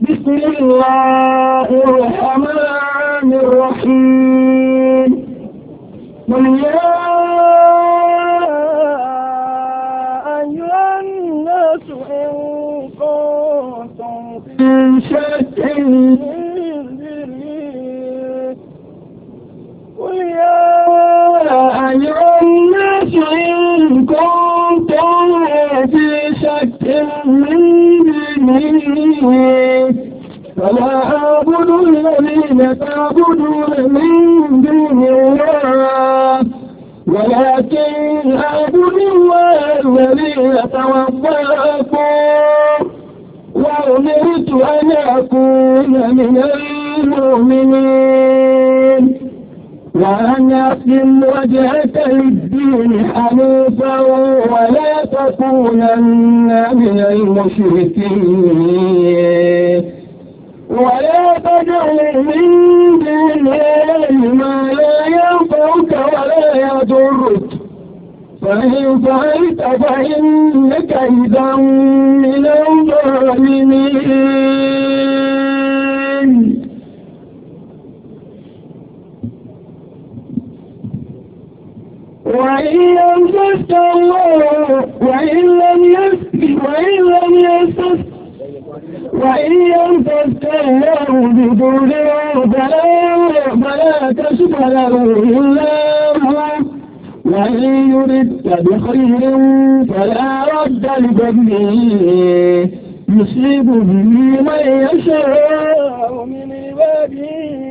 بسم الله الرحمن الرحيم قل يا أيها الناس إن كنتم في شك قل يا أيها تسليمه فلا أعبد الذين تعبدون من دون الله ولكن أعبد الله الذي يتوفاكم وأمرت أن أكون من المؤمنين وأن أقم وجهك للدين حنيفا ولا تكونن من المشركين ولا تدع من دونه ما لا ينفعك ولا يضرك فإن فعلت فإنك إذا من الظالمين وإن لم تستووا وإن لم وإن لم يستووا وإن لم تستووا بدون فلا فلا كشف له إلا هو وإن يردك بخير فلا رد لفضله يصيب به من يشاء من عباده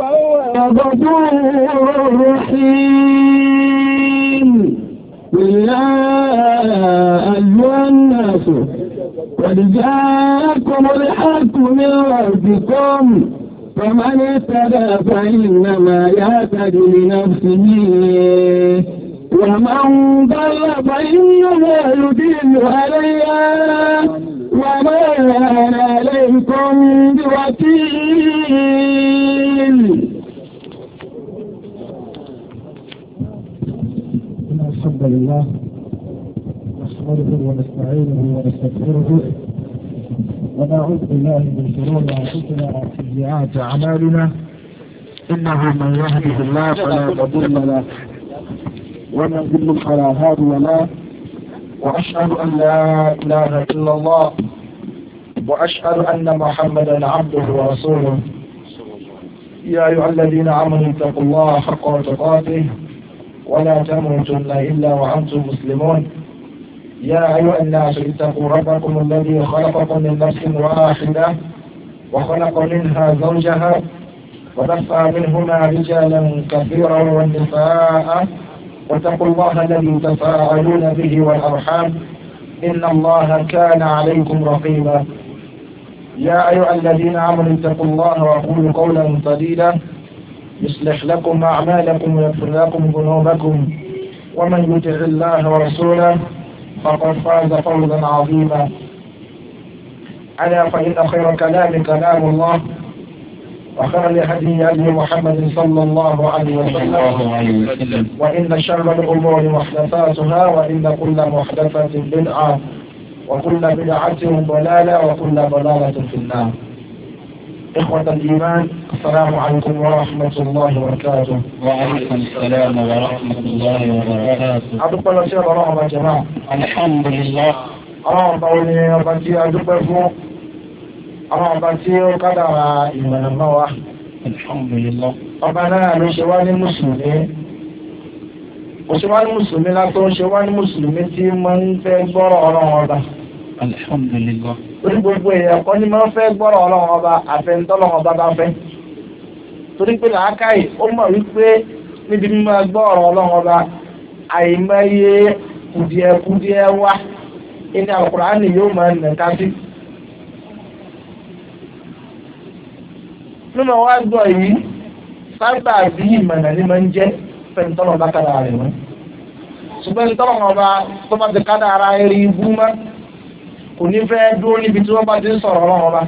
وهو غفور رحيم قل يا أيها الناس قد جاءكم الحق من ربكم فمن اهتدى فإنما يهتدي لنفسه ومن ضل فإنما يدل عليها وما أنا عليكم بوكيل الحمد لله نحمده ونستعينه ونستغفره ونعوذ بالله من شرور انفسنا وسيئات اعمالنا انه من يهده الله فلا مضل له ومن يضلل فلا هادي له وأشهد أن لا إله إلا الله وأشهد أن محمدا عبده ورسوله يا أيها الذين آمنوا اتقوا الله حق تقاته ولا تموتن إلا وأنتم مسلمون يا أيها الناس اتقوا ربكم الذي خلقكم من نفس واحدة وخلق منها زوجها ونفى منهما رجالا كثيرا ونساء واتقوا الله الذي تفاعلون به والأرحام إن الله كان عليكم رقيبا يا أيها الذين آمنوا اتقوا الله وقولوا قولا سديدا يصلح لكم أعمالكم ويغفر لكم ذنوبكم ومن يطع الله ورسوله فقد فاز فوزا عظيما ألا فإن خير كلام كلام الله وخير هدي هدي محمد صلى الله عليه وسلم وإن شر الأمور محدثاتها وإن كل محدثة بدعة وكل بدعة ضلالة وكل ضلالة في النار إخوة الإيمان السلام عليكم ورحمة الله وبركاته وعليكم السلام ورحمة الله وبركاته عبد الله سيد الله جماعة الحمد لله أرى أرى أرى أرى أرى àwọn ọba tí ó kádàrà ìmọ̀nàmọ́ wa ọba náà ló ṣe wá ní mùsùlùmí ó ṣe wá ní mùsùlùmí látó ṣe wá ní mùsùlùmí tí mo ń fẹ́ gbọ́rọ̀ ọlọ́run ọba. torí gbogbo èèyàn kan ní mo ń fẹ́ gbọ́rọ̀ ọlọ́run ọba àfẹnutọ́lọ́run ọba bá fẹ́ torí pé làákàyè ó mọ̀ wípé níbi mímọ́ gbọ́ ọ̀rọ̀ ọlọ́run ọba àìmọye kùdìẹ̀kùdìẹ̀ wa ẹni àkùrá nìyó máa ń nàka sí. mímọ wá gbọ́ yìí sábà bí ìmọ̀nà ni máa ń jẹ́ fẹ́ni tọ́lọ̀ bá kára rẹ̀ mọ́ ṣùgbọ́n ní tọ́lọ̀ ọba tó bá ti kára ara eré ibú mọ́ kò ní fẹ́ dúró níbi tí wọ́n bá ti ń sọ̀rọ̀ ọlọ́run ọba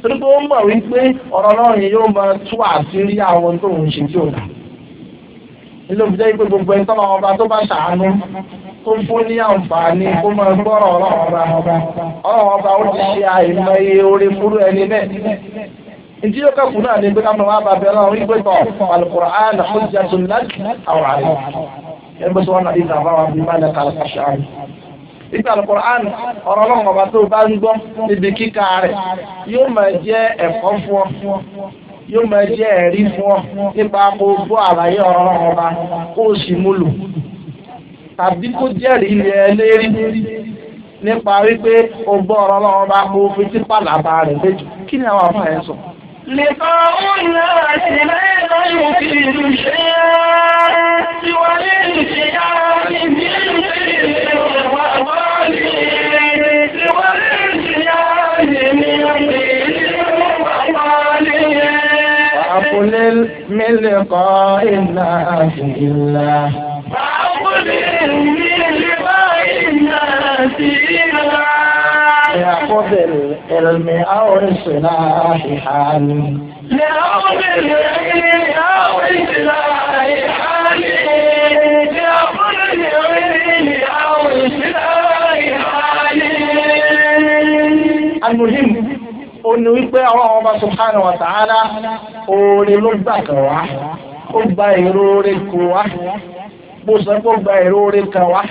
torí pé ó mọ̀ wípé ọ̀rọ̀ ọlọ́run yìí yóò máa tú àṣírí àwọn tó ń ṣe tí ò dá nínú ìjẹ́ ìpè gbogbo ẹni tọ́lọ̀ ọba tó bá ṣàánú tó ń fún ní àǹfààní kó máa gbọ́rọ̀ ọlọ́run ọba ọlọ́run ọba ó ti ṣe àìmọye oore fúrú ẹni bẹ́ẹ̀ ìdí yóò kẹ́kù náà ní gbẹ́ká mọ̀ wá bá bẹ̀rẹ̀ àwọn ìgbẹ́ tọ̀ alukur'an hujjatun lak aw alayk ẹgbẹ́ sọ wọn àdìsá bá wọn bí má lẹ́ka alkashari ìgbà alukur'an ọ̀rọ̀ ọlọ́run ọba tó bá ń gbọ́ níbi kíkà rẹ̀ yóò máa jẹ́ ẹ̀kọ́ fún ọ yóò máa jẹ́ ẹ̀rí fún ọ nípa kó tàbí kó jẹ́rìí ilẹ̀ ẹlẹ́rí nípa wípé o gbọ́ ọ̀rọ̀ ọlọ́run ọba kó fi tí pàlàbà rẹ̀ lẹ́jọ́ kí ni àwọn àfáà yẹn sọ. لقاء الناس لا يفيد شيئا سوى الانشياء من ووالي سوى الانشياء من ووالي وأقلل من لقاء الناس إلا فأقلل من لقاء الناس إلا لأخذ العلم أو انصلاح حالي لأخذ العلم أو انصلاح حالي لأخذ العلم أو انصلاح حالي المهم ó ní wípé àwọn ọba subhanahu wa ta'ala oore ló gbà kàn wá ó gba èrò oore kò wá bó sọ pé ó gba èrò oore kàn wá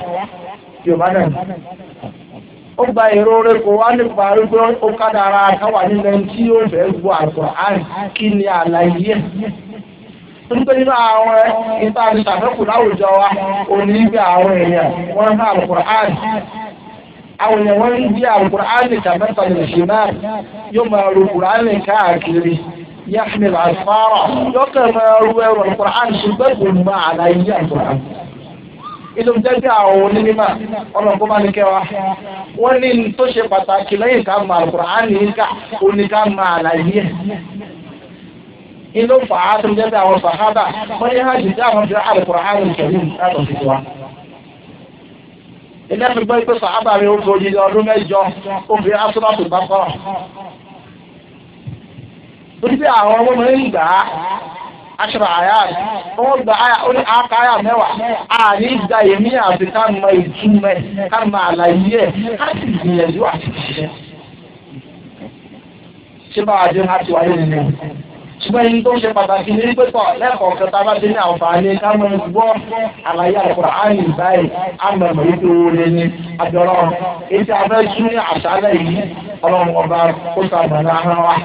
ó gba èrò rẹ̀ kò wá nípa arúgbó ó kádàrá káwà nílẹ̀ tí ó fẹ́ gbọ́ àgbọ̀ àìsí kí ni àlàyé ẹ̀ nítorí nínú àwọn ìta ní láwùjọ wa òní bí àwọn èèyàn wọ́n ń bá àwọn èèyàn wọ́n ń bí yóò máa káàkiri yóò kẹ́ máa ẹrù ṣùgbọ́n kò máa àlàyé ilé ìjẹ́ bí àwọn onímọ̀ ọmọ nǹkan bá ní kẹwa wọ́n ní tó ṣe pàtàkì lẹ́yìn ká máa Kùránì ká oníká máa láyé ẹ̀ inú fà á tó jẹ́ bí àwọn sàhábà wọ́n ní hajj tí àwọn fi Al-Kùránì Karim látọ̀ sí wa ilé ẹ̀fẹ̀ gbọ́ pé sàhábà mi ó òjijì ọdún mẹ́jọ ó fi asúlọ́tù torí pé àwọn ọmọ mi ń gbà á aṣọ àyà rẹ̀ wọ́n gba àyà ó ní àkà àyà mẹ́wàá àní ìgbà yẹmí àti ká mọ ìtumọ̀ ẹ̀ ká mọ àlàyé ẹ̀ ká sì gbìyànjú àti ṣiṣẹ́. ṣé báwa dé láti wáyé nínú ẹ̀? ṣùgbọ́n ẹni tó ṣe pàtàkì ní pípọ̀ lẹ́kọ̀ọ́ kẹta bá dé ní àǹfààní kámọ́ gbọ́ àlàyé àkùrọ̀ àyìn báyìí àmọ̀mọ̀ yìí tó wọlé ní àjọrọ̀ èyí tí a fẹ́ sún ní àṣálẹ̀ yìí ọlọ́run ọba kó sàmọ̀nà ahọ́n wa.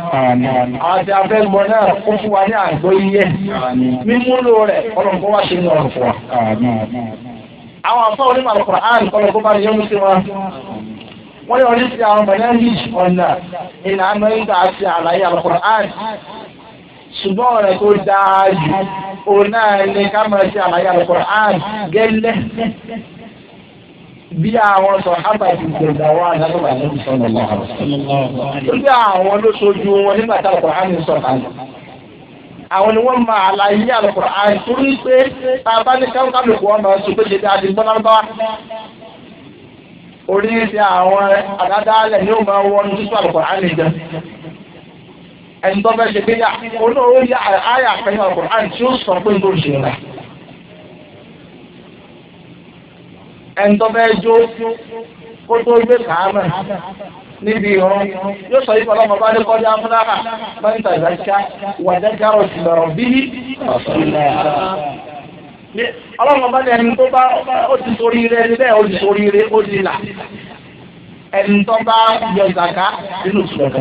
àwọn tí a fẹ́ gbọ́ náà kó fún wa ní àgbọ̀ iye mímúlò rẹ̀ ọlọ́run kó wá ṣe ní ọ̀rọ̀ fún wa. àwọn àfọ onímọ̀ àkùrọ̀ àyìn ní yẹ́mú sí wọn wọ́n yọ ìlànà ìgbà àti àlàyé àlùkùránì ṣùgbọ́n ọ̀rẹ́ tó dáa jù òun náà ni ká máa ṣe àlàyé Al-Qur'an gẹ́lẹ́ bí àwọn sọ̀hábà ti gbẹ̀dà wá lábàbà lẹ́yìn sọ̀nà lọ́wọ́. ó bí àwọn ló ṣojú wọn nígbà tá Al-Qur'an ń sọ̀rọ̀ àwọn ni wọ́n máa àlàyé Al-Qur'an torí pé bàbá ní káwọn kálukú wọn máa sọ pé ṣe bí adigun náà bá wà oríṣi àwọn àdádálẹ̀ ni ó máa wọ́n ẹni tó bẹ́ẹ̀ ṣe pé yá olóró yá àyà àfẹ́yìn ọkùnrin àti tí ó sọ pé ń tó ṣe rà. ẹni tó bẹ́ẹ̀ jó kó tó gbé kàámẹ̀ níbi ìrún yóò sọ ìfọ̀lọ́ ọmọ bá dé kọjá fúnáhà mẹ́ta ìdájá wàjá járọ̀ ìlọ̀rọ̀ bí ọlọ́run bá ẹni tó bá ó ti sórí ire ẹni bẹ́ẹ̀ ó ti sórí ire ó ti là ẹni tó bá yọ ìzàká nínú ìṣòro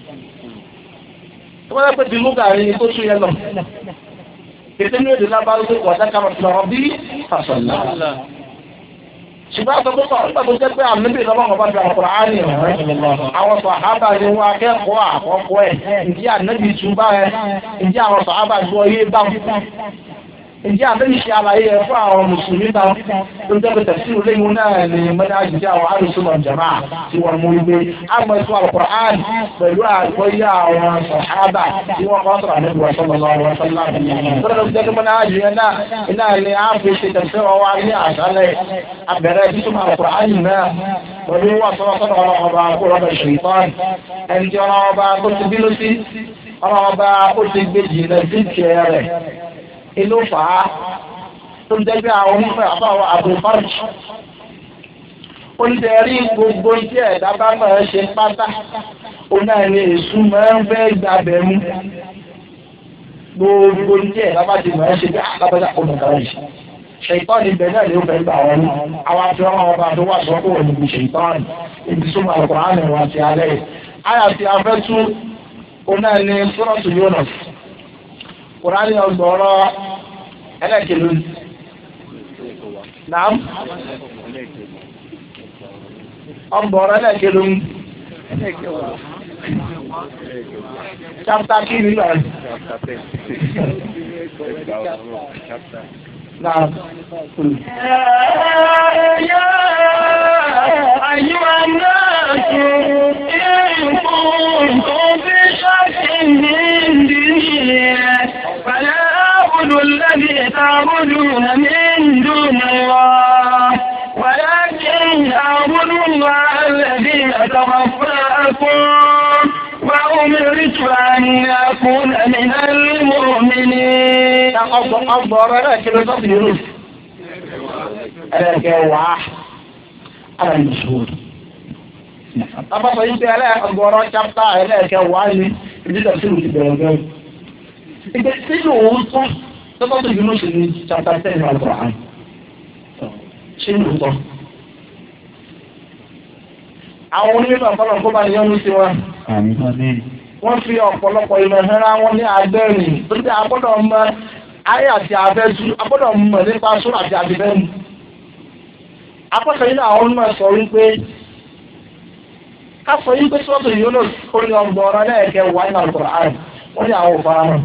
tó bá pẹ́ bínú gàrí ni tó tún yẹ lọ. ètò inú èdè lábára tó wà dákàrà lọ́rọ́ bí fàṣọlá. ṣùgbọ́n àtọ́gbọ́n kan nígbà tó jẹ́ pé àmì níbi ìlọ́wọ́ kan bá fi àwọn kùrán ní ọ̀rẹ́ àwọn sàhábà ni wọn akẹ́kọ̀ọ́ àkọ́kọ́ ẹ̀ ǹjẹ́ ànábì tún bá ǹjẹ́ àwọn sàhábà gbọ́ yé bá ìdí àbẹ́ni ṣe àlàyé ẹ̀ fún àwọn mùsùlùmí táwọn tó ń jẹ́pẹ̀ tẹ̀sí ilé ìwọ̀n náà ní mẹ́ta àjèjì àwọn àrùsùnmọ̀ jama tí wọ́n mú ilé àmọ́sọ alukur'an pẹ̀lú àgbọ́yé àwọn sàhábà tí wọ́n kọ́ sọ̀rọ̀ níbi wọ́n sọ̀rọ̀ lọ́wọ́ wọ́n sọ̀rọ̀ lọ́wọ́ tó ń jẹ́pẹ̀ mẹ́ta àjèjì náà iná ilé àfẹ́sẹ̀ tẹ̀sí ọwọ́ ní àṣálẹ̀ abẹ̀rẹ̀ títún alukur'an náà pẹ̀lú wọ́n sọ̀rọ̀ sọ̀rọ̀ ọlọ́ọ̀bá kó rọ́bẹ̀ ṣèitán ẹni tí ọlọ́ọ̀bá kó ti bí lọ sí ọlọ́ọ̀bá kó ti gbé jìnnà sí ìṣẹ́ rẹ̀ inú fà á tó ń dẹ́gbẹ́ àwọn onífẹ́ àbáwọ̀ àbúfárì oúnjẹ rí gbogbo iṣẹ́ ẹ̀dá bá máa ń ṣe pátá òun náà ni èṣù máa ń fẹ́ gbàbẹ̀ mú gbogbo iṣẹ́ ẹ̀dá bá ti máa ń ṣe bí alábẹ́dá ọmọ kan yìí ṣèyítọ́ọ̀nì ibẹ̀ náà ni ó fẹ́ gbà wọn àwọn àti ọmọ ọba tó wà sọ́kò wọn níbi ṣèyítọ́ọ̀nì ibi tó máa kọ́ àmì wọn àti alẹ́ yìí àyà tí a fẹ́ tú òun náà ni sọ́rọ̀tù kùránì ọgbọ̀rọ̀ ẹlẹ́kìlú nàám ọgbọ̀rọ̀ ẹlẹ́kìlú chapter kí nígbà rẹ̀ nàám. Ẹ̀yà àyíwá náà tún ìfún tó bí ṣáàkì ní ìdílé. الرسول الذي تعبدون من دون الله ولكن اعبدوا الله الذي يتوفاكم وأمرت أن أكون من المؤمنين أفضل لكن تطير ẹlẹ́kẹ̀wàá ara ìṣòro. Abáṣọ yìí pé ẹlẹ́gbọ̀rọ̀ chápítà ẹlẹ́kẹ̀wàá ni ìdílé sí ìlú ti bẹ̀rẹ̀ bẹ̀rẹ̀. Ìgbésí ìlú òun tún sọ́kọ́tù yunus ní chapter ten al-Qur'an ṣé ní ìtọ́. àwọn onímọ̀ ọ̀pọ̀lọpọ̀ bá yọ́nú sí wa wọ́n fi ọ̀pọ̀lọpọ̀ ìmọ̀ ìhẹ́ra wọn ní abẹ́rìn tó ti agbọ́dọ̀ mọ ayé àti abẹ́jú agbọ́dọ̀ mọ nípa sóra àti abẹ́rìn. apọ́sọ̀ yìí làwọn onímọ̀ sọ wípé ká sọ yìí pé sọ́ọ̀tù yunus ó ní ọgbọ̀n ọ̀rọ̀ náà ẹ̀kẹ́ wáyé náà Al-Qur'an wọ́n ní àwọn ò fara náà.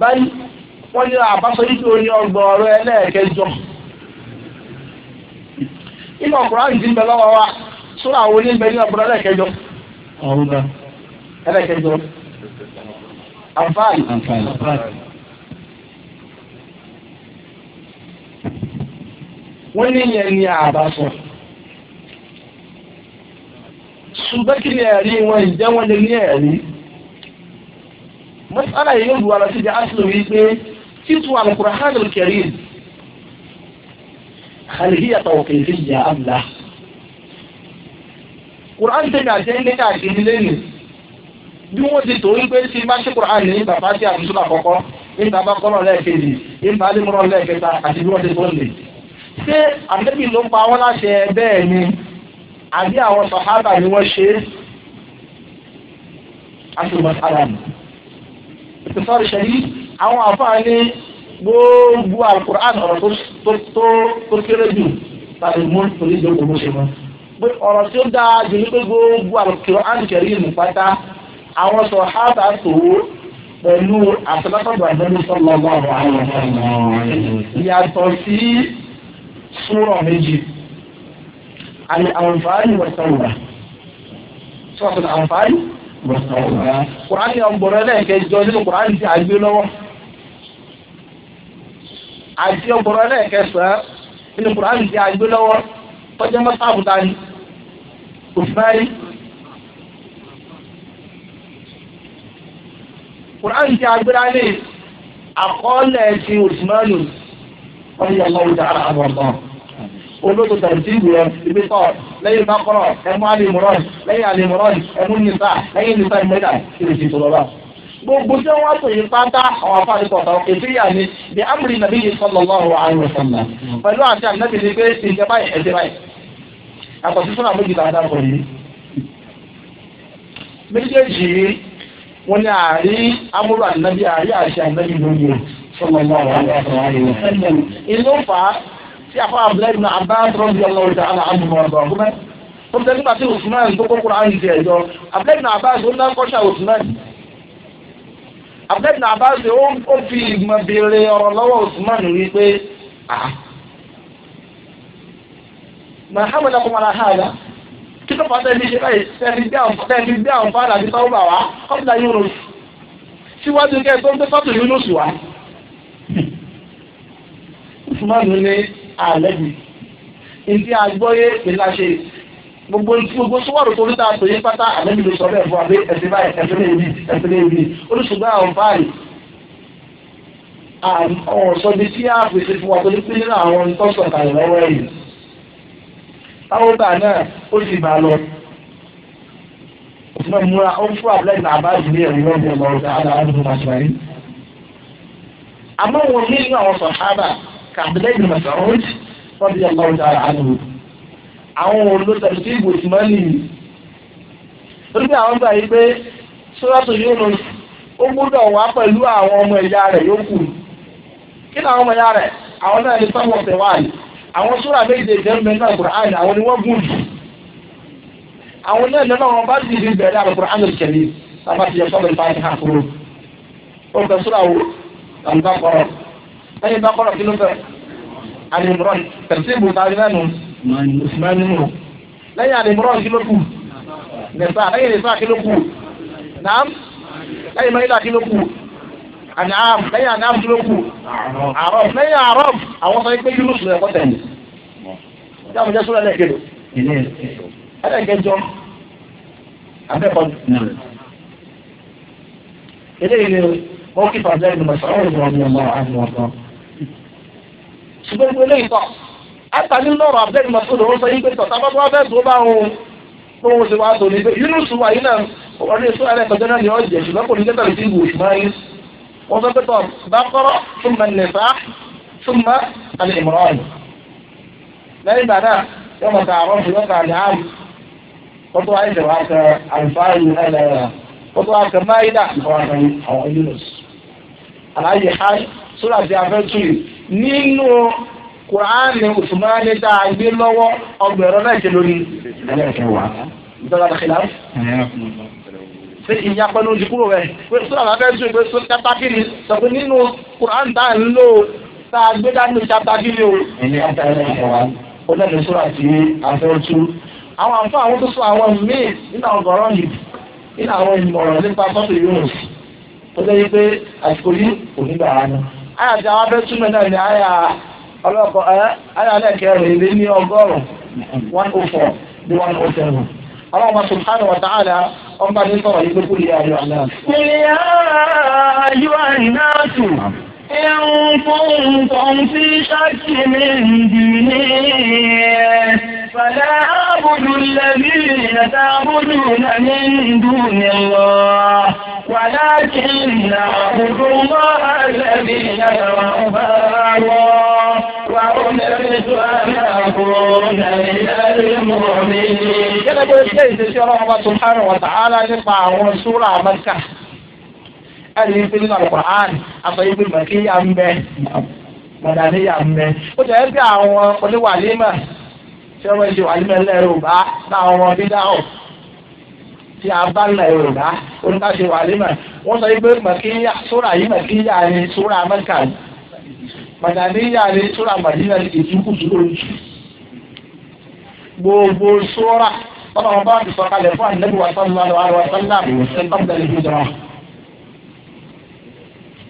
báyìí wọ́n ní àbáṣọ tó ní ọgbọ̀n ọ̀rọ̀ ẹlẹ́ẹ̀kẹjọ. inú ọ̀pọ̀lọ́ ti ń bẹ lọ́wọ́ wa sórí àwọn oníbẹ̀ ní ọ̀pọ̀lọ́ ẹlẹ́ẹ̀kẹjọ. ẹlẹ́ẹ̀kẹjọ. àǹfààní. àǹfààní. wọ́n ní yẹn ní ṣùgbọ́n kí ni ẹ̀rí wọn lè ní ẹ̀rí. mọ́sálà yìí yóò lu wa lọ síbi aṣọ wí pé títú alukur'anul karim halihiya tawqifiyya amla kur'an tẹ̀mí àti ẹ̀ ń lé káàkiri lẹ́yìn bí wọ́n ti tó wípé tí bá ṣe kura ní bàbá tí àbùsù àkọ́kọ́ nígbà bá kọ́nà lẹ́ẹ̀kejì nígbà alẹ́mọ́rọ́ lẹ́ẹ̀kẹta àti bí wọ́n ti tó lè. ṣé àbẹ́bí ló ń pa wọ́n láṣẹ bẹ́ẹ̀ ni àbí àwọn sàhábà ni wọ́n ṣe é ìfẹ́sọ́rì ṣẹlí àwọn àfáà ní gbogbo alukur'an ọ̀rọ̀ tó kéré jù tàbí mú torí ìjọba owó ṣe mọ́. ọ̀rọ̀ tí ó dáa jù ní pé gbogbo alukur'an kẹrí ìlú pátá àwọn sọ hábà tó pẹ̀lú àtàlátọ̀dọ̀ àgbẹ̀mí sọ́lọ́ ọgbọ̀n àwọn yàtọ̀ sí súrọ̀ méjì àlè àǹfààní wọ̀sán wà sọ́ọ̀tún àǹfààní kùránì ọ̀gbọ̀rọ̀ lẹ́ẹ̀kẹjọ nínú kùránì tí a gbé lọ́wọ́ àti ọ̀gbọ̀rọ̀ lẹ́ẹ̀kẹsàn-án nínú kùránì tí a gbé lọ́wọ́ tọ́jú mọ́sáàbù dání òfúráyé. kùránì tí a gbé dání àkọọ́lẹ̀ ti Usmanu ọ̀yọ̀ lọ́wọ́ dára àwọn ọ̀gbọ̀n olóòtú tẹ̀síìlì ẹ ibi tọ́ lẹ́yìn bákọ́rọ̀ ẹmú alimurọ́ọ̀n lẹ́yìn alimurọ́ọ̀n ẹmú nìta lẹ́yìn nìta ìmẹ́ta kiri ti tó lọ́wọ́. gbogbo tí wọ́n tó yìí pátá àwọn afáàlì kọ̀ọ̀kan ètúyà ni bí amúri nàbí yìí sallallahu alaihi wasallam pẹ̀lú àti ànábì ni pé ìjẹ́ báyìí ẹ̀jẹ̀ báyìí. àkọsí fún àmójì dáadáa kọ yìí. méjèèjì wọn ni àárí amúrò ànábì àárí àṣẹ ànábì lóye sallallahu alaihi wasallam. ìlú fà á sí afọ abúlé ibùdó Abbas rọ́bì ọlọ́wọ́ ìjà àlà àbùmù ọ̀dọ̀ ọ̀gbọ́n tó tẹ́lẹ̀ nípa tí Usman tó kókó ra ìjẹ ẹ̀jọ abúlé ibùdó Abbas ó náà kọ́ṣà Usman abúlé ibùdó Abbas ó fi ìgbìmọ̀ béèrè ọ̀rọ̀ lọ́wọ́ Usman rí pé ah, mahamadu akumara hada kí ló fà sẹ́ni ṣe báyìí sẹ́ni bí àwọn sẹ́ni bí àwọn fáwọn àti sọ́wọ́ bà wá kọ́bílà Yunus síwájú kẹ́ ẹ tó ń tẹ́ sọ́tù Yunus wá. àlẹ́bì ìdí àgbọ́yé ìlàṣẹ gbogbo gbogbo sọ́wọ́rọ̀ tó níta tó yí pátá àlẹ́bì ló sọ bẹ́ẹ̀ fún abẹ́ ẹ̀sìn báyìí ẹ̀sìn èyí ẹ̀sìn èyí olùsùgbọ́n àwọn báyìí àwọn sọ́bi tí a pèsè fún wa tó ní pínlẹ̀ àwọn tọ́sọ̀ kàlẹ̀ lọ́wọ́ ẹ̀yìn táwọn gbà náà ó sì bá lọ òtún náà múra ó fún àbúlẹ̀ ní àbájú ní ẹ̀rí lọ́dún ọ̀gá àdáhùn àmọ́ wọn nínú àwọn sọ̀hábà kàbílẹ̀ ibn Mas'ud radiyallahu ta'ala anhu àwọn olóṣèlú tí ìbò ti máa ń nìyí. torí pé àwọn gbà yí pé Suratu Yunus ó gbọ́dọ̀ wá pẹ̀lú àwọn ọmọ ẹ̀yà rẹ̀ yókù kí ni àwọn ọmọ ẹ̀yà rẹ̀ àwọn náà ní sáwọn ọ̀sẹ̀ wáyé àwọn súrà méje ìdẹ́rùmẹ́ náà Qur'an àwọn ni wọ́n gùn jù àwọn náà lọ́nà wọn bá sì rí bẹ̀rẹ̀ àwọn Qur'an sábà ti yẹ sọ́dọ̀ ìfàyè hàn fún un ó bẹ súrà wo làǹkà kọ́rọ̀ lẹ́yìn bá kọ́rọ̀ kí ló fẹ́ alimurọ́n tẹ̀sí ìbò tàbí lẹ́nu mẹ́nu lẹ́yìn alimurọ́n kí ló kù nìfà lẹ́yìn nìfà kí ló kù nàám lẹ́yìn mẹ́yìlá kí ló kù ànàám lẹ́yìn ànàám kí ló kù àrọ́f lẹ́yìn àrọ́f àwọn sọ pé yunus lọ ẹ̀kọ́ tẹ̀lé jáwé jẹ́ sọ́lá lẹ́ẹ̀kẹ́lò ẹlẹ́ẹ̀kẹ́jọ abẹ́kọ̀ọ́ eléyìí ni wọ́n kí fàájá ìgbìmọ̀ sọ́wọ́ ìgbìmọ̀ ọ̀dọ́ ṣùgbọ́n ìwé lè tọ̀ àtà nínú ọ̀rọ̀ abdul masoud ọ̀rọ̀ sọ yín pé tọ̀tà bá tó wá fẹ́ tó bá òun tó wọn ṣe wá tó ní pé yunus wà yín náà wọn ní sọ́ọ́ ẹlẹ́kọ̀ọ́jọ́ náà ni ó jẹ ṣùgbọ́n kò ní jẹ́tà lùtí ìwò ṣùgbọ́n yín wọ́n sọ pé tọ̀ bákọ́rọ́ thumma nisa thumma al-imran lẹ́yìn ìgbà náà yọ mọ̀ kàárọ̀ ṣùgbọ́n kàárọ̀ àmì wọ́n tó wá ìṣẹ̀ wá kẹ àlùfáàyè náà lẹ́yìn wọ́n tó wá yunus àlàyé hàn sórí àti afẹ́ tùlù nínú kùránì Usmani tá gbé lọ́wọ́ ọgbẹ̀rún náà ṣe lórí ẹlẹ́ẹ̀kẹwàá ìjọba àdàkìlá ṣe ìyapa kúrò rẹ̀ pé sọ́dọ̀ bá fẹ́ pé sọ pé nínú kùránì ń lò àyà tí àwọn abẹ́ túmọ̀ náà ni àyà ọlọ́kọ̀ àyà lẹ́kẹ̀ẹ́rẹ̀ ìdí ní ọgọ́rùn-ún one oh four ní one oh seven. اللهم إن كنتم في شك من دينه فلا أعبد الذين تعبدون من دون الله ولكن أعبد الله الذي يرفعه وأمرت أن أكون من المؤمنين. كما قلت سبحانه وتعالى نقع ونسورة مكة ẹni yìí pé nínú Al-Qur'an aṣọ yìí pé mọ̀kí yà ń bẹ mọ̀dàní yà ń bẹ ó jẹ́ pé àwọn oníwàlímọ̀ tí wọ́n ṣe wàlímọ̀ lẹ́rùbá láwọn ọmọ bídáhùn tí a bá lẹ̀ Yorùbá oníkàṣe wàlímọ̀ wọ́n sọ pé mọ̀kí yà sóra yìí mọ̀kí yà ni sóra Mẹ́kà mọ̀dàní yà ni sóra Màdínà ìdúkùtù lójú gbogbo sóra ọlọ́run bá ti sọ kalẹ̀ fún àdínẹ́bí wa sọ́lá wa sọ́lá ọ̀sẹ̀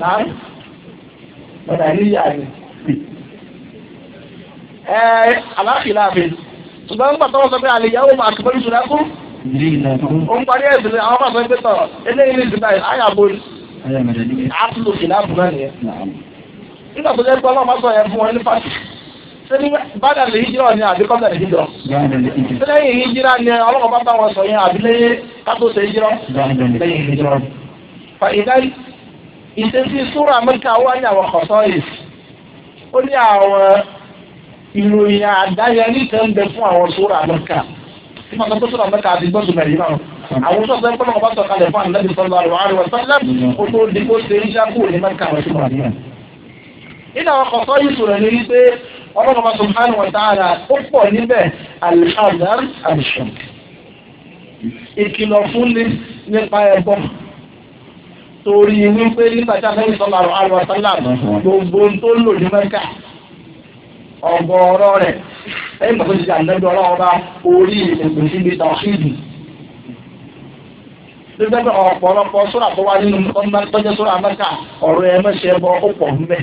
náà but i need you aláàfin láàfin ṣùgbọ́n nígbà tó wọ́n sọ pé ma ìyàwó máa tó bọ́lú ìṣúná fún. ibi ń parí ẹ̀sìn ní àwọn máa sọ pé tọ̀ eléyìí ní ìdúgbà yìí àyà bo àtúntò kìlá àbúrò nìyẹn. nígbà tó jẹ́ pé ọlọ́run máa sọ yẹn fún wọn ní fásitì hijira ni àbí kọ́dà lè hijira. sẹ́ni hijira ni ọlọ́run wọn sọ hijira. hijira. fa ìṣesí súrà mẹ́ta wá ní àwọn kọ̀sọ́ yìí ó ní àwọn ìròyìn àdáyẹrí kan ń bẹ fún àwọn súrà mẹ́ta tí wọ́n sọ pé súrà mẹ́ta àti gbọ́dọ̀ mẹ́rin náà àwọn tó sọ pé wọ́n bá sọ kalẹ̀ fún ànábì sọ́lá rẹ̀ wọ́n wọ́n sọ́lá ó tó di kó ṣe iṣẹ́ kúrò ní mẹ́ta àwọn súrà mẹ́ta. nínú àwọn kọ̀sọ́ yìí sọ̀rọ̀ ní wípé ọlọ́run bá subhanahu wa ta'ala ó pọ̀ níbẹ̀ alhadar alsham ìkìlọ̀ fún ni nípa ẹ̀bọ̀n torí wípé nígbàtà fẹ́ẹ́ sọ́mà àrùn sọ́là gbogbo tó lò ní mẹ́kà ọgọ́rọ́ rẹ̀ ẹ̀yìn mọ̀ tó ti jàǹdẹ́bí ọlọ́wọ́ bá orí ìpèsè síbi tàwọ́sídì. Lọ́jọ́ pé ọ̀pọ̀lọpọ̀ sóra tó wá nínú tọ́jọ́ sóra mẹ́kà ọ̀rọ̀ ẹ̀ mẹ́sẹ̀ bọ ó pọ̀ mbẹ́.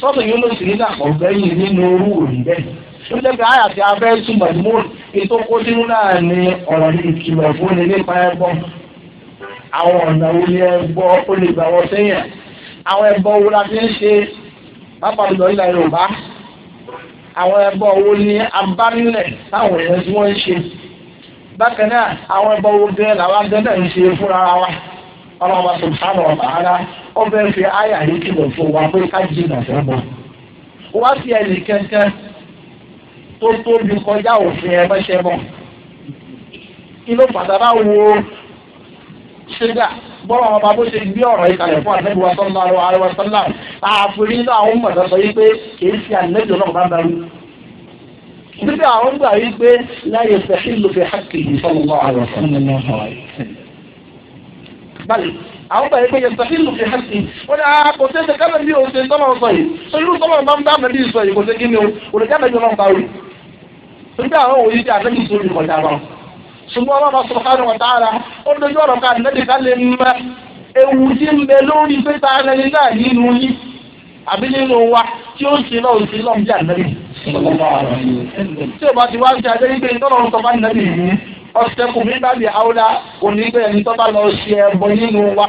Sọ́ọ̀tù yóò lọ sí nígbà pọ̀ gbẹ́yìn nínú orú òní bẹ́ẹ̀. Lọ́jọ́ pé àyà tí a fẹ́ túmọ̀ ètò kó sínú náà ni ọ̀rọ̀ ìkìlọ̀ fún ilé pa ẹ̀gbọ́n àwọn ọ̀nà wo ni ẹbọ ó lè gbà wọ sẹ́yìn àwọn ẹbọ wo la fi ń ṣe pápá ìlọ ilẹ̀ Yorùbá àwọn ẹbọ wo ni abánilẹ̀ táwọn èèyàn tí wọ́n ń ṣe bákan náà àwọn ẹbọ wo gẹ́gẹ́ làwọn agẹ́dẹ̀ ń ṣe fúnra wa ọlọ́wọ́ sọ̀tàn ọ̀bà ara ó fẹ́ fi àyà yìí kìlọ̀ fún wa pé ká jìnnà fẹ́ bọ̀ wá sí ẹnì kankan tó tóbi kọjá òfin ẹ mọ́ṣẹ́ bọ̀ kí ló pàtàkì wo ṣẹ́gà bọ́lá ọba bó ṣe gbé ọ̀rọ̀ yìí kalẹ̀ fún àtẹ́bí wa sọ́nà àrò àrò wa sọ́nà àforí náà àwọn mọ̀tò sọ yìí pé kìí ṣe àlejò náà bá ń darí. Bíbí àwọn gbà yìí pé láyé fẹ̀sí ló fi hákì yìí sọ́nà àrò sọ́nà. Báyìí àwọn gbà yìí pé yẹ̀sẹ̀sí ló fi hákì wọ́n ní ah, kò sí ẹsẹ̀ bí o ṣe sọ́nà sọ yìí sọ irú sọ́nà bá ń bá mẹ́bí sọ yìí kò sí ni o kò lè kábẹ̀ bí o náà bá rí. Bíbí àwọn òyìnbí àtẹ́jú sórí kọjá náà ṣùgbọ́n ọlọ́run subhanahu wa ta'ala ó dojú ọ̀rọ̀ ká àdínẹ́bì ká lè mọ ewu tí ń bẹ lórí pé ta ẹni náà nínú yín àbí nínú wa tí ó ṣe náà ṣe náà ń jẹ́ àdínẹ́bì. tí o bá ti wá ń ṣe àdínẹ́bì pé ìtọ́lọ́run sọ bá àdínẹ́bì yìí ọ̀sẹ̀ kù mí bábí àwòlá onígbé ẹni tó bá lọ ṣe ẹbọ nínú wa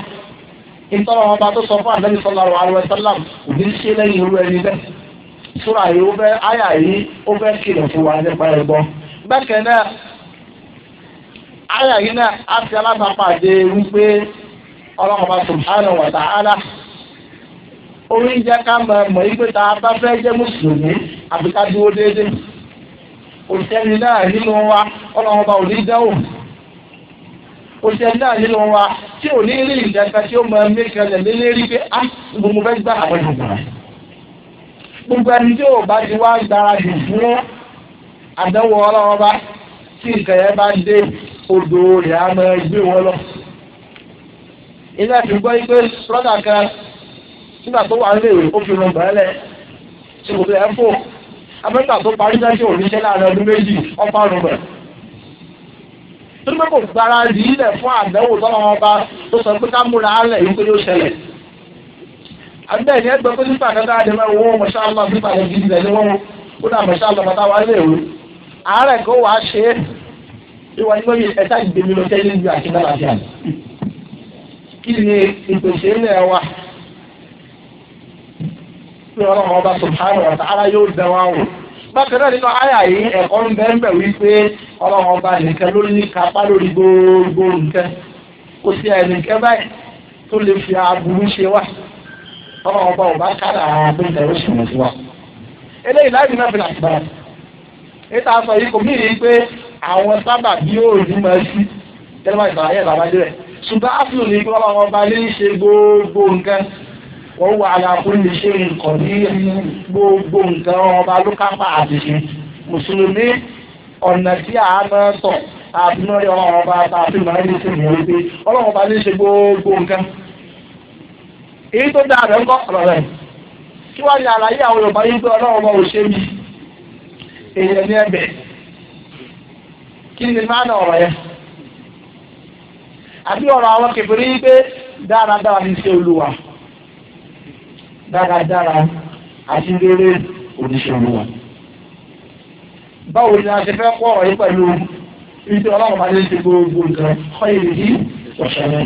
ìtọ́lọ́run bá tó sọ fún àdínẹ́bì sallallahu alaihi wasallam òbí ṣe lẹ́yìn irú ẹni bẹ́ẹ̀ sóra yìí ó fẹ́ áyà yìí ó fẹ́ kìlọ̀ fún wa nípa ẹbọ bẹ́ẹ̀ kẹ́ náà àyà yìí náà á ti alábàápàdé wípé ọlọ́mọba subhanahu wa ta'ala oúnjẹ ká mọ̀ mọ̀ wípé tá a bá fẹ́ jẹ́ mùsùlùmí àbí ká dúró déédéé òṣèlú náà nínú wa ọlọ́mọba ò ní dánwò òṣèlú náà nínú wa tí ò ní rí ìdẹ́ka tí ó mọ mẹ́kẹlẹ̀ lélẹ́rí pé á ah, gbogbo fẹ́ gbà àwọn ìgbà gbogbo ẹni tí ò bá ti wá gbáradì fún àdánwò ọlọ́mọba tí ìkẹyẹ bá dé odò rẹ̀ á máa gbé wọn lọ. iná ti gbọ́ pé rọ́dà kan nígbà tó wà nílé ìwé ó fi ràn bẹ́ẹ̀lẹ̀ tí kò tẹ̀ ẹ́ fò amẹ́ta tó parí sáà tí ò níṣẹ́ láàrin ọdún méjì ọ̀pá ọ̀rùn bẹ̀. torípé kò gbára rí ilẹ̀ fún àdánwò tọ́lọ́ wọn bá tó sọ pé ká múra álẹ̀ yìí pé yóò ṣẹlẹ̀. àbẹ́ ẹ̀ gbọ́ pé nípa àkàtà àdèmọ̀ ìwọ̀n mọ̀ṣáláà nípa àdèmọ̀ ìdílé ni wọ́n kó dà mọ̀ṣáláà bàtà wà nílé ìwé. àárẹ̀ kó wàá ṣe é ìwà ni wọ́n yẹ ẹ̀ta ìgbèmí lọ tẹ́lẹ̀ ju àti lálàáfíà lọ. kí ni ìpèsè ilẹ̀ wa pé ọlọ́run ọba subhanahu wa ta'ala yóò dán wa wò. bákan náà nínú àyà yìí ẹ̀kọ́ ń bẹ́ẹ̀ ń bẹ̀ wípé ọlọ́run ọba nìkan ló ní kápá lórí gbogbo nǹkan kò sí ẹnìkan báyìí tó lè fi aburú ṣe wá ọlọ́run ọba ò bá kára àgbẹ̀dẹ̀ ó sì mọ̀ sí wa. eléyìí láì ní náà fi làtìbára ètò àṣọ yìí kò mí àwọn sábà bí yóò rí máa sí tẹ́lẹ̀má ìgbà ayé bàbá dé rẹ̀ ṣùgbọ́n áfíò ní kí wọ́n wọn bá lè ṣe gbogbo nǹkan wọ́n wà aláàbò lè ṣe nǹkan ní gbogbo nǹkan wọn bá ló kápá àti ṣe mùsùlùmí ọ̀nà tí a máa tọ̀ àbínúrí ọlọ́run ọba àti ìmọ̀ ẹni tí mo rí pé ọlọ́run ọba lè ṣe gbogbo nǹkan èyí tó dáa rẹ̀ ń kọ́ ọ̀rọ̀ rẹ̀ kí wọ́n ní àlàyé àwọn Yorùbá yìí pé ọlọ́run ọba ò ṣe mí èèyàn ní ẹ̀bẹ̀ kini ni máa na ọ̀rọ̀ yẹn àbí ọ̀rọ̀ àwọn kẹfìrí pé dáradára ní ṣe olúwa dáradára àti rere olúwa báwo ni a ti fẹ́ kọ́ ọ̀rọ̀ yìí pẹ̀lú ibi ọlọ́run bá lè ṣe gbogbo nǹkan kọ́ ìlú yìí ọ̀ṣẹ́ náà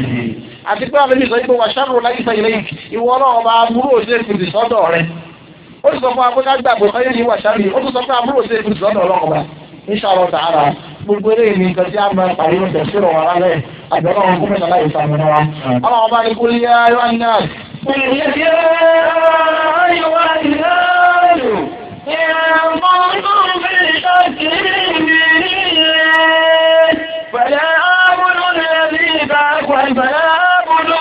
àti pé àwọn ènìyàn ìgbò wàṣàrò láyé sọ ilé ìwọ ọlọ́run bá burú òṣèlú sọ́dọ̀ ó sì sọ fún akókò yìí ó sì inshallah ta'ala gbogbo eléyìí ni nǹkan tí a máa pàdé ní tẹ̀síwọ̀n wa lálẹ́ àgbẹ̀rọ̀ wọn gómìnà láyé ìsàmìnà wa. ọlọ́run ọba ní kúlí ayọ́ àná. kúlí ayọ́ àná. ìrànwọ́ فلا أعبد الذي بعث ولا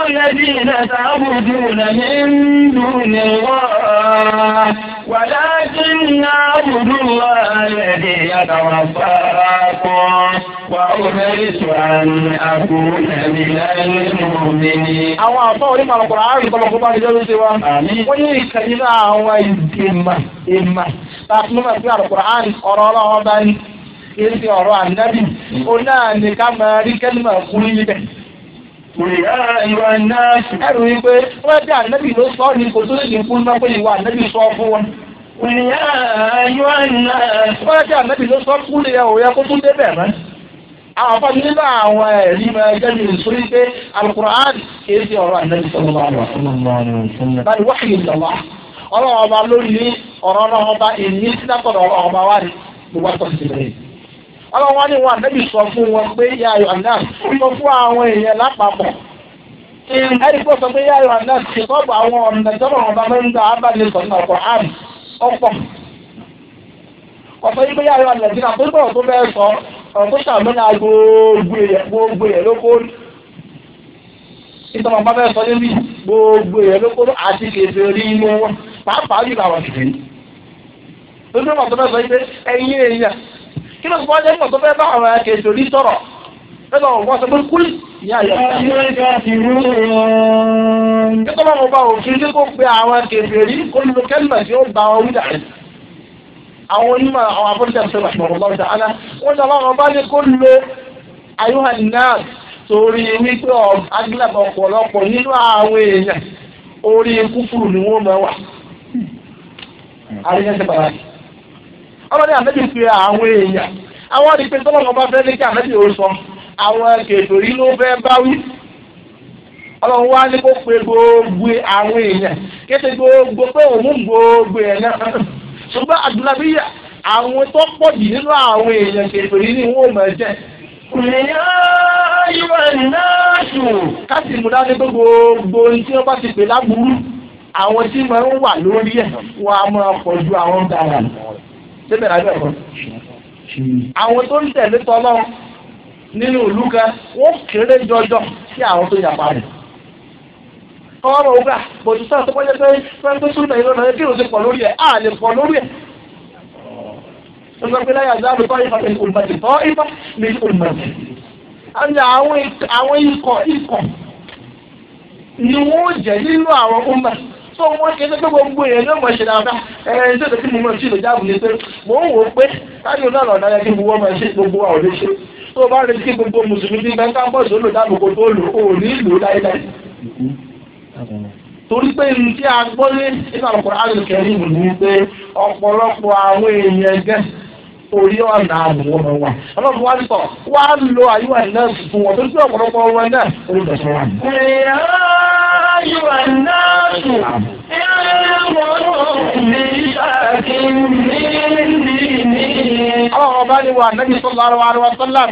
الذين تعبدون من دون الله ولكن نعبد الله الذي يتوفاكم وأمرت أن أكون من المؤمنين. àwọn àbọ̀ onímọ̀ ọ̀pọ̀lọpọ̀ àárín ìbọ̀lọpọ̀ bá ní wọ́n yé ìkànnì náà àwọn ìgbìmọ̀ ìmọ̀ láti mú ẹ̀sìn àlùkò àárín ọ̀rọ̀ ọlọ́wọ́ bá ní. ọ̀rọ̀ ó náà ní ká máa rí níbẹ̀. Ìyá ìwà náà ẹrù wípé wọ́n dá ànábì ló sọ ní kò tó lè dín fún náà pé ìwà ànábì sọ fún wọn. Ìyá ìwà náà wọ́n dá ànábì ló sọ fún ìyá òyà kó tún débẹ̀ mọ́. Àwọn afọ́jú nínú àwọn ẹ̀rí máa jẹ́ mi sọ wípé Al-Qur'an kìí ṣe ọ̀rọ̀ ànábì sọ̀rọ̀ máa wà. Báyìí wáyé ìjọba ọlọ́wọ́ ọba lórí ọ̀rọ̀ ọlọ́wọ́ ọba èmi sí ọlọ́run wá ní wọn àtẹ́bí sọ fún wọn pé yá ayọ̀ àná sọ fún àwọn èèyàn lápapọ̀ ẹni pé sọ pé yá ayọ̀ àná ti sọ́ọ̀bù àwọn ọ̀nà tọ́lọ̀ ọba mẹ́ta abáni sọ̀tún ọ̀pọ̀ àm ọ̀pọ̀ ọ̀pọ̀ yí pé yá ayọ̀ àná ti kàpé bọ̀rọ̀ tó bẹ́ẹ̀ sọ ọ̀rọ̀ tó ṣàmúnà gbogbo èèyàn lóko ìtọ́mọ̀ bá bẹ́ẹ̀ sọ níbi gbogbo èèyàn lóko àti kèfè rí inú wọn pàápàá jùlọ àwọn kèfè ní. lójú èèyàn kí ló ń bọ́ jẹ́ nígbà tó fẹ́ bá àwọn akẹ́sọ̀ rí sọ̀rọ̀ lọ́dọ̀ ọ̀gbọ́n sọ pé kúlì ní àyà kíkọ́ bá wọn bá òfin tí kò pe àwọn kèfèrí olùdó kẹ́lìmọ̀ tí ó bá wọn wíjà rẹ̀ àwọn onímọ̀ àwọn abọ́dé ṣe wà ṣọ̀rọ̀ lọ́wọ́ ṣáná wọ́n sọ wọn bá ní kó lo ayúhàn náà torí wípé agílàbọ̀ ọ̀pọ̀lọpọ̀ nínú àwọn èèyàn orí kúfùrù ni wọ́n máa wà ọlọ́ni ànábì fi àwọn èèyàn àwọn ọ̀dì pé tọ́lọ́mọ bá fẹ́ lé kí ànábì ó sọ àwọn kètòrí ló fẹ́ bá wí ọlọ́run wá ní kó pe gbogbo àwọn èèyàn kété gbogbo pé òun mú gbogbo ẹ̀ náà ṣùgbọ́n àdúràbíyà àwọn tó pọ̀ jù nínú àwọn èèyàn kètòrí ni wọ́n mọ̀ jẹ́ ìyá náà sùn. káàsì múdá ní gbogbo ohun tí wọ́n bá ti pè láburú àwọn tí wọ́n wà lórí ẹ̀ wọ́n á máa pọ̀ ju àwọn dára lọ síbẹ̀ lábẹ́ ọ̀rọ̀. àwọn tó ń tẹ̀lé tọ́lọ́ nínú ìlú kan wọ́n kéré jọjọ sí àwọn tó yàpá rẹ̀. ọmọ ògbà bòtú sáà tó kọjá pé pé súnmọ́ ìlú náà kí òsì pọ̀ lórí ẹ̀ á lè pọ̀ lórí ẹ̀. sọ́sọ́ pé láyà záàlù tọ́ ìfà tẹ̀lé olùbàdì tọ́ ìfà ní olùbàdì. àwọn ikọ̀ ikọ̀ ni wọ́n jẹ́ nínú àwọn ọmọ tó wọ́n ṣe pé gbogbo èèyàn ló mọ̀ ṣe dáadáa ẹ̀ẹ́n tó tẹ̀sí mo mọ̀ sí ìlú jáàbù ní pé mò ń wò ó pé táyọ̀ náà lọ̀dá yẹ kí gbogbo ọmọ ẹ̀ṣẹ́ gbogbo àwọn lè ṣe tó bá retí kí gbogbo mùsùlùmí bí bẹ́ńkà ń bọ̀ sí olùdáàbò kò tó lò ó ní ìlú láíláí. torí pé ní tí a gbọ́ ní ìlànà kọ̀ọ̀rọ̀ orí ọ̀nà àbùwọ̀n wa ọlọ́run wá nípa wá lo àyíwá iná fún wọn torí pé ọ̀pọ̀lọpọ̀ ọ̀rọ̀ iná orí ìdọ̀tún wa. ẹ̀yà àyíwá iná sùn ẹ̀rọ ọ̀rọ̀ mi àti mi ní ní. àwọn ọba ni wà nẹ́bí sọ́lá àrùwá sọ́lá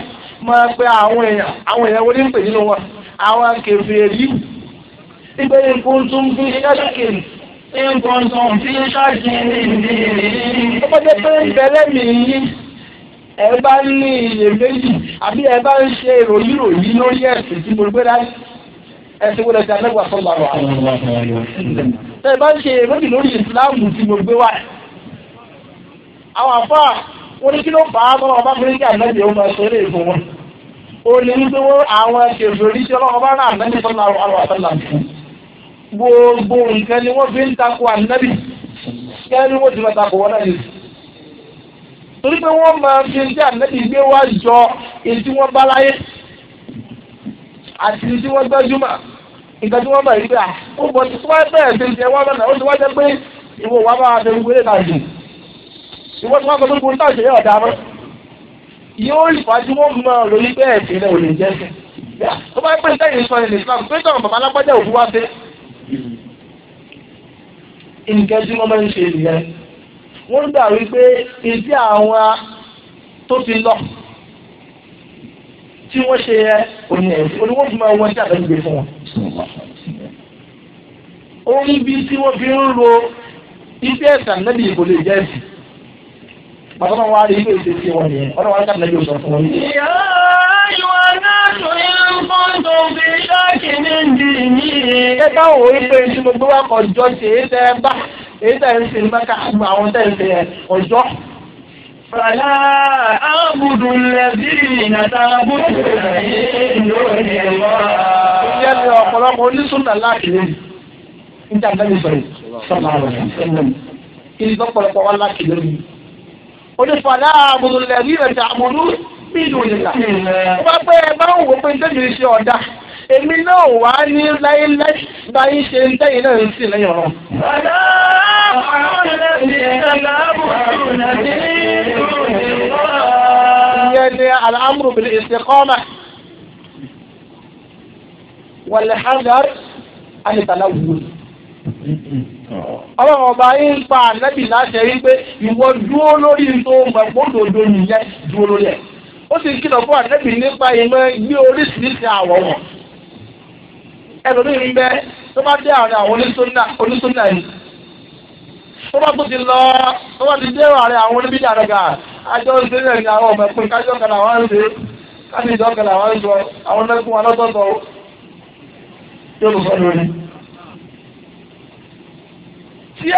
máa pe àwọn èèyàn àwọn èèyàn wọlé ń pè nínú wọn àwọn kèfèrí ìgbẹ́yìn kúntùm bí ẹ̀ṣẹ̀ kèfèrí. Ọmọdé pé ń bẹ̀rẹ̀ mi yín, ẹ bá ń ní iyèméjì àbí ẹ bá ń ṣe ìròyìn ròyìn lórí ẹ̀sìn tí mo gbé dání. Ẹ̀sìn wo lẹ́sìn alẹ́gbà sọ́gbà wà. Ṣé ẹ bá ń ṣe ìròyìn lórí ìsìláàmù tí mo gbé wá? Àwọn àfà wọn ní kí ló fà á tọ́lọ́ ọba fún ìgbà náà yóò máa ṣeré ìfún wọn. Ó ní wípé àwọn ẹ̀ṣẹ̀ ìròyìn tí ọlọ́run bá rà náà gbogbo nǹkan ni wọ́n fi ń takò ànábì kẹ́lẹ́ ni wọ́n ti fẹ́ takò wọn náà yìí. torí pé wọ́n máa fi ń tí ànábì gbé wá jọ èyí tí wọ́n bá láyé àti tí wọ́n gbẹ́júmọ̀ nǹkan tí wọ́n mọ̀ yìí pé ah, ó bọ̀ tí wọ́n bẹ̀rẹ̀ ṣe ń jẹ wọ́n mọ̀nà ó ti wá jẹ́ pé ìwọ wà máa fẹ́ gbé náà jù ìwọ tí wọ́n kọ́ tó kún táwọn ìṣẹ̀lẹ̀ ọ̀dà mọ́ yóò ìfàjú wọn mọ lórí bẹ́ẹ̀ sí ilẹ̀ òní jẹ́ sí. tó bá pè sẹ́yìn sọ ilẹ̀ Islam pé tọ̀rọ̀ bàbá alágbájá òkú wá sí nǹkan tí wọ́n máa ń ṣe nìyẹn wọ́n gbà wípé ìdí àwọn tó ti lọ tí wọ́n ṣe yẹ òní ẹ̀sìn oníwọ́n fún ma wọ́n tí àbẹ̀ gbé fún wọn. ohun bí tí wọ́n fi ń ro iṣẹ́ ẹ̀sán náà nìyí kò lè jẹ́ ẹ̀sìn. bàbá wọn wá rí ilé ìṣesí wọn nìyẹn ọlọ́wọ́n á dàbí lẹ́yìn fún wọn. ìyá ìwà náà tó ẹ káwọn orí pé tí mo gbé wá ọjọ́ ṣe é tẹ́ bá èyí tẹ́ ń ṣe ní bákà àgbà àwọn tẹ́ ń ṣe ọjọ́. Fàlà àbùdù lẹ́bí ìnàta àbùdù rẹ̀ lórí ẹ̀rọ. Ìyá mi ọ̀pọ̀lọpọ̀ oníṣúná láàkiri níta bẹ́ẹ̀ sọ̀rọ̀ sọ̀rọ̀ ẹ̀mẹ̀mẹ̀. Ìlú ọ̀pọ̀lọpọ̀ wá láàkiri. Onífàlà àbùdù lẹ́bí ìnàta àbùdù ìlú ìlà. wọ́n pẹ́ ẹ máa ń wò pé tẹ́jú iṣẹ́ ọ̀dà èmi náà wà á ní láyéláyé báyìí ṣe ń tẹ́yìn náà ń sìn lẹ́yìn ọ̀run. ìyẹn ni al-amru bil-istiqama wal-hadar àyètàláwùú ọlọ́run ọba yìí pa ànábì láṣẹ yìí pé ìwọ dúró lórí tó mọ̀ gbọ́dọ̀ dodo nìyẹn dúró lórí ẹ̀. ó sì ń kìlọ̀ fún àdébì nípa ìmọ̀ ní oríṣiríṣi àwọ̀ wọn ẹlòmíín bẹ tó bá dé àárẹ̀ àwọn onísúnà ni tó bá tó lọ tó ti dé àárẹ̀ àwọn oníbíjà rẹ̀ àjọ ìṣẹ̀lẹ̀ ní àwọn ọmọ ẹ̀pin kájọ kan àwọn ṣe kájọ ìjọ kan àwọn wọn lọ́tọ̀ọ̀tọ̀ yóò lọ sọ lórí. tí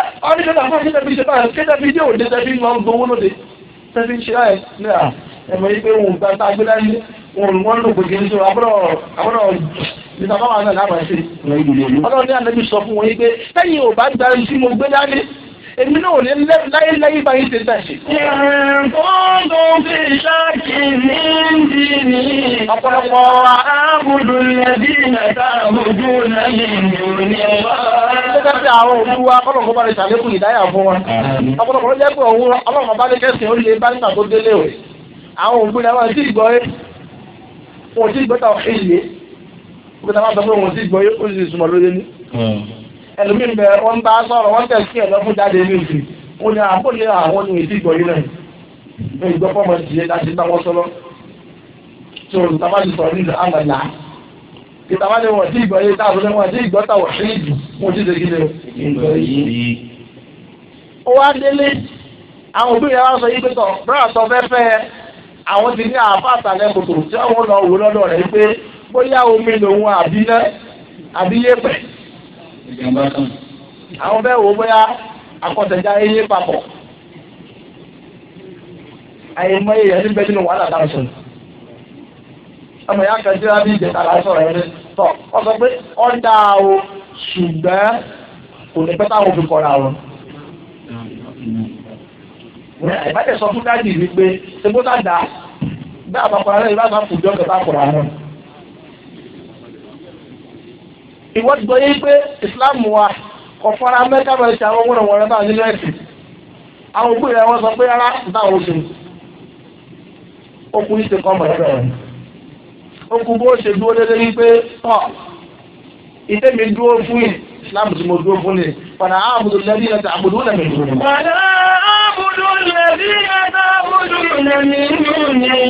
fún ẹ̀mọ̀ yìí pé wọn gba tá a gbé láyé wọn wọn lò gbèsè ní sọ àbúrò àbúrò nígbà máa wà náà láwọn ẹsẹ ọlọ́run ní ànábi sọ fún wọn yìí pé lẹ́yìn ò bá gba tí mo gbé láyé èmi náà ò ní láyé láyé báyìí ṣe tàṣe. ìrìnkóńdó fi ṣáàkì ní ìdí ni. ọ̀pọ̀lọpọ̀ àbùdù lẹ́bí mẹ́ta àbùdù lẹ́yìn ìròyìn wá. ṣé ká fi àwọn òbí wa ọlọ́run bá lè ṣàlékún ìdáyà fún ọ̀pọ̀lọpọ̀ ló jẹ́ pé òun ọlọ́run bá lè kẹ́sìn ó lè bá nígbà tó délé òwe àwọn òògùn náà wọ́n ti gbọ́ yé wọ́n ti gbọ́ tàwọn èyí yé wọ́n ti sọ pé wọ́n ti gbọ́ yé ó sì sùnmọ́ lóde ní. ẹlòmíín bẹ wọ́n bá sọ̀rọ̀ wọ́n tẹ̀ sí ẹ̀ lọ́fún jáde ní ìsìn wọ́n ní àbó ní àwọn ní èyí gbọ́ yé náà ní ìgbọ́ pọ̀ mọ́ ti yé láti bá wọ́n sọ́lọ́ tó olùtàbá ti sọ̀rọ̀ nílùú àgbàlá ìtàbá ni wọ́n ti gbọ́ yé táwọn ní wọ́n ti gbọ́ tàwọn èyí jù wọ́n ti dègí lé o. ó wá délé àwọn òbí rẹ̀ wá sọ yí pé tọ̀ bọ́lá sọ fẹ́ fẹ́ àwọn ti ní àáfà àtàlẹ́ kòtò tí àwọn lọ wò lọ́dọ̀ rẹ̀ pé bóyá omi lòun àbí náà àbí yépè. àwọn bẹ́ẹ̀ wò bóyá akọ̀tẹ̀já eyé papọ̀. àyèmọ eyé yẹn níbẹ̀ nínú wàhálà táwọn sọ̀rọ̀. ọmọ ìyá kan jẹ́ra bí ìjẹta la sọ̀rọ̀ yẹn tọ̀ ọ sọ pé ọ̀ dáa o ṣùgbọ́n kò ní pẹ́ táwọn òfin kọ́ra wọn ìbátẹ̀ sọ fún dájì wípé ṣebó náà dá bá àpapọ̀ra náà ìbá máa fòjọ́ kẹta àpọ̀ra náà. ìwọ ti gbọ́ yé pé Islam wa kò fara mẹ́ta máa ṣe àwọn wọ̀nà wọ̀nà náà nínú ẹ̀sìn àwọn òkú ìyá wọn sọ pé rárá báwo ṣe okùn yìí ti kọ́ mọ̀ lọ́dọ̀ rẹ̀ okùn bó ṣe dúró déédéé iṣẹ́ mi dúró fún yìí islam tí mo dúró fún ni fana abudu lẹbi yẹn ta abudu lẹbi yẹn. fana abudu lẹbi yẹn ta abudu lẹbi yẹn.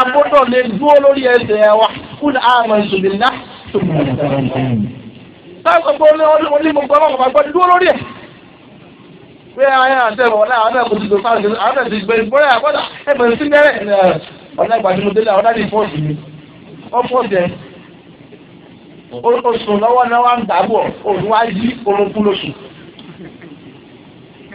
agbọ́dọ̀ lè dúró lórí ẹsẹ̀ wa kúlẹ̀ àmọ̀ ìṣòdìlá tó mọ̀ táwọn gbogbo onímọ̀ gbọ́dọ̀ kọ̀ gbọ́dọ̀ dúró lórí ẹ̀ pé ayé àtẹ̀wọ̀ náà àwọn ẹ̀kọ́ ti dòkà àwọn ẹ̀kọ́ ti gbẹ̀rẹ̀ bọ́lá àgbọ̀dà ẹ̀bẹ̀rẹ̀ sí mẹ́rẹ̀ ọ̀nà ìgbàdúró délé oṣù lọ́wọ́ náà wà ń dàbọ̀ òun wá yí orogún lóṣù.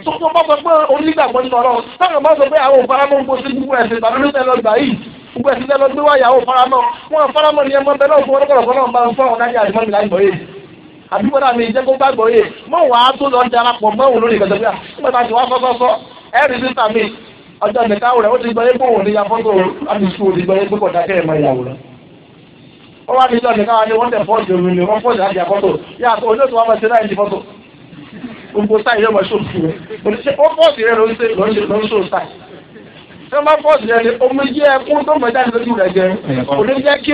tó tó bá sọ pé onígbàgbọ́ ní ọlọ́run táwọn bá sọ pé àwọn òfaramọ́ ń gbóṣe gbogbo ẹ̀sìn ìbànújẹ́ lọ gbà yìí gbogbo ẹ̀sìn tẹ́ lọ gbé wá ìyàwó faramọ́ wọn faramọ́ ni ẹmọ bẹ́ẹ̀ lọ́wọ́ fọwọ́lọ́kọ̀lọ́kọ̀ náà bá ń fọ́ ọ̀nà ìyá ìmọ̀ ìlànà yìí àdúgbò náà mi jẹ́ kó gbàgbọ́ yìí mọ̀ wá tó lọ darapọ̀ mọ́ òun lórí ìgbàgbọ́ yà nígbà tá a ti wá sọ́sọ́sọ́ ẹ̀rí sísà mi ọjọ́ nìkan rẹ̀ ó ti gbọ́ wọ́n wá ní ìjọ nìkan wá ní wọ́n tẹ̀ fọ́ọ̀jù omi wọ́n yàtọ̀ wa máa ṣe láì di fọ́tò gbogbo sáì yóò rẹ̀ sáì tí wọ́n bá rẹ̀ omi jẹ́ ẹkún tó mọ̀ jáde lójú rẹ̀ kò ní jẹ́ kí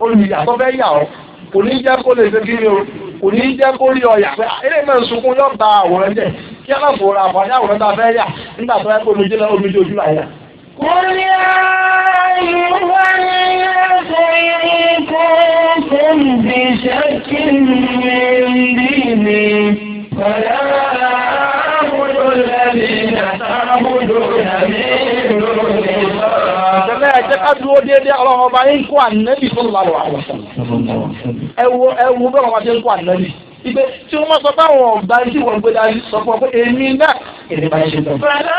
olùyà olùyà tó fẹ́ yà ọ́ kò ní jẹ́ kó lè ṣe kí ni o kò ní jẹ́ kó rí pé ah, sunkún yóò àwòrán jẹ kí àwòrán tá a fẹ́ yà nígbà قل يا أيها الناس إن كنتم بشك من ديني فلا أعبد الذين تعبدون من دون Ẹ̀rẹ́ ẹ̀jẹ̀ ká dúró déédéé ọlọ́run ọba ń kó ànábì tó lálọ́ àwọn ọ̀sán. Ẹ wo bẹ́ẹ̀ wọ́n máa ṣe ń kó ànábì. ibẹ̀ tí wọ́n sọ fáwọn ọ̀gbá tí wọ́n gbé dání sọ fún ọ pé èmi náà èmi máa ṣe tán. bàbá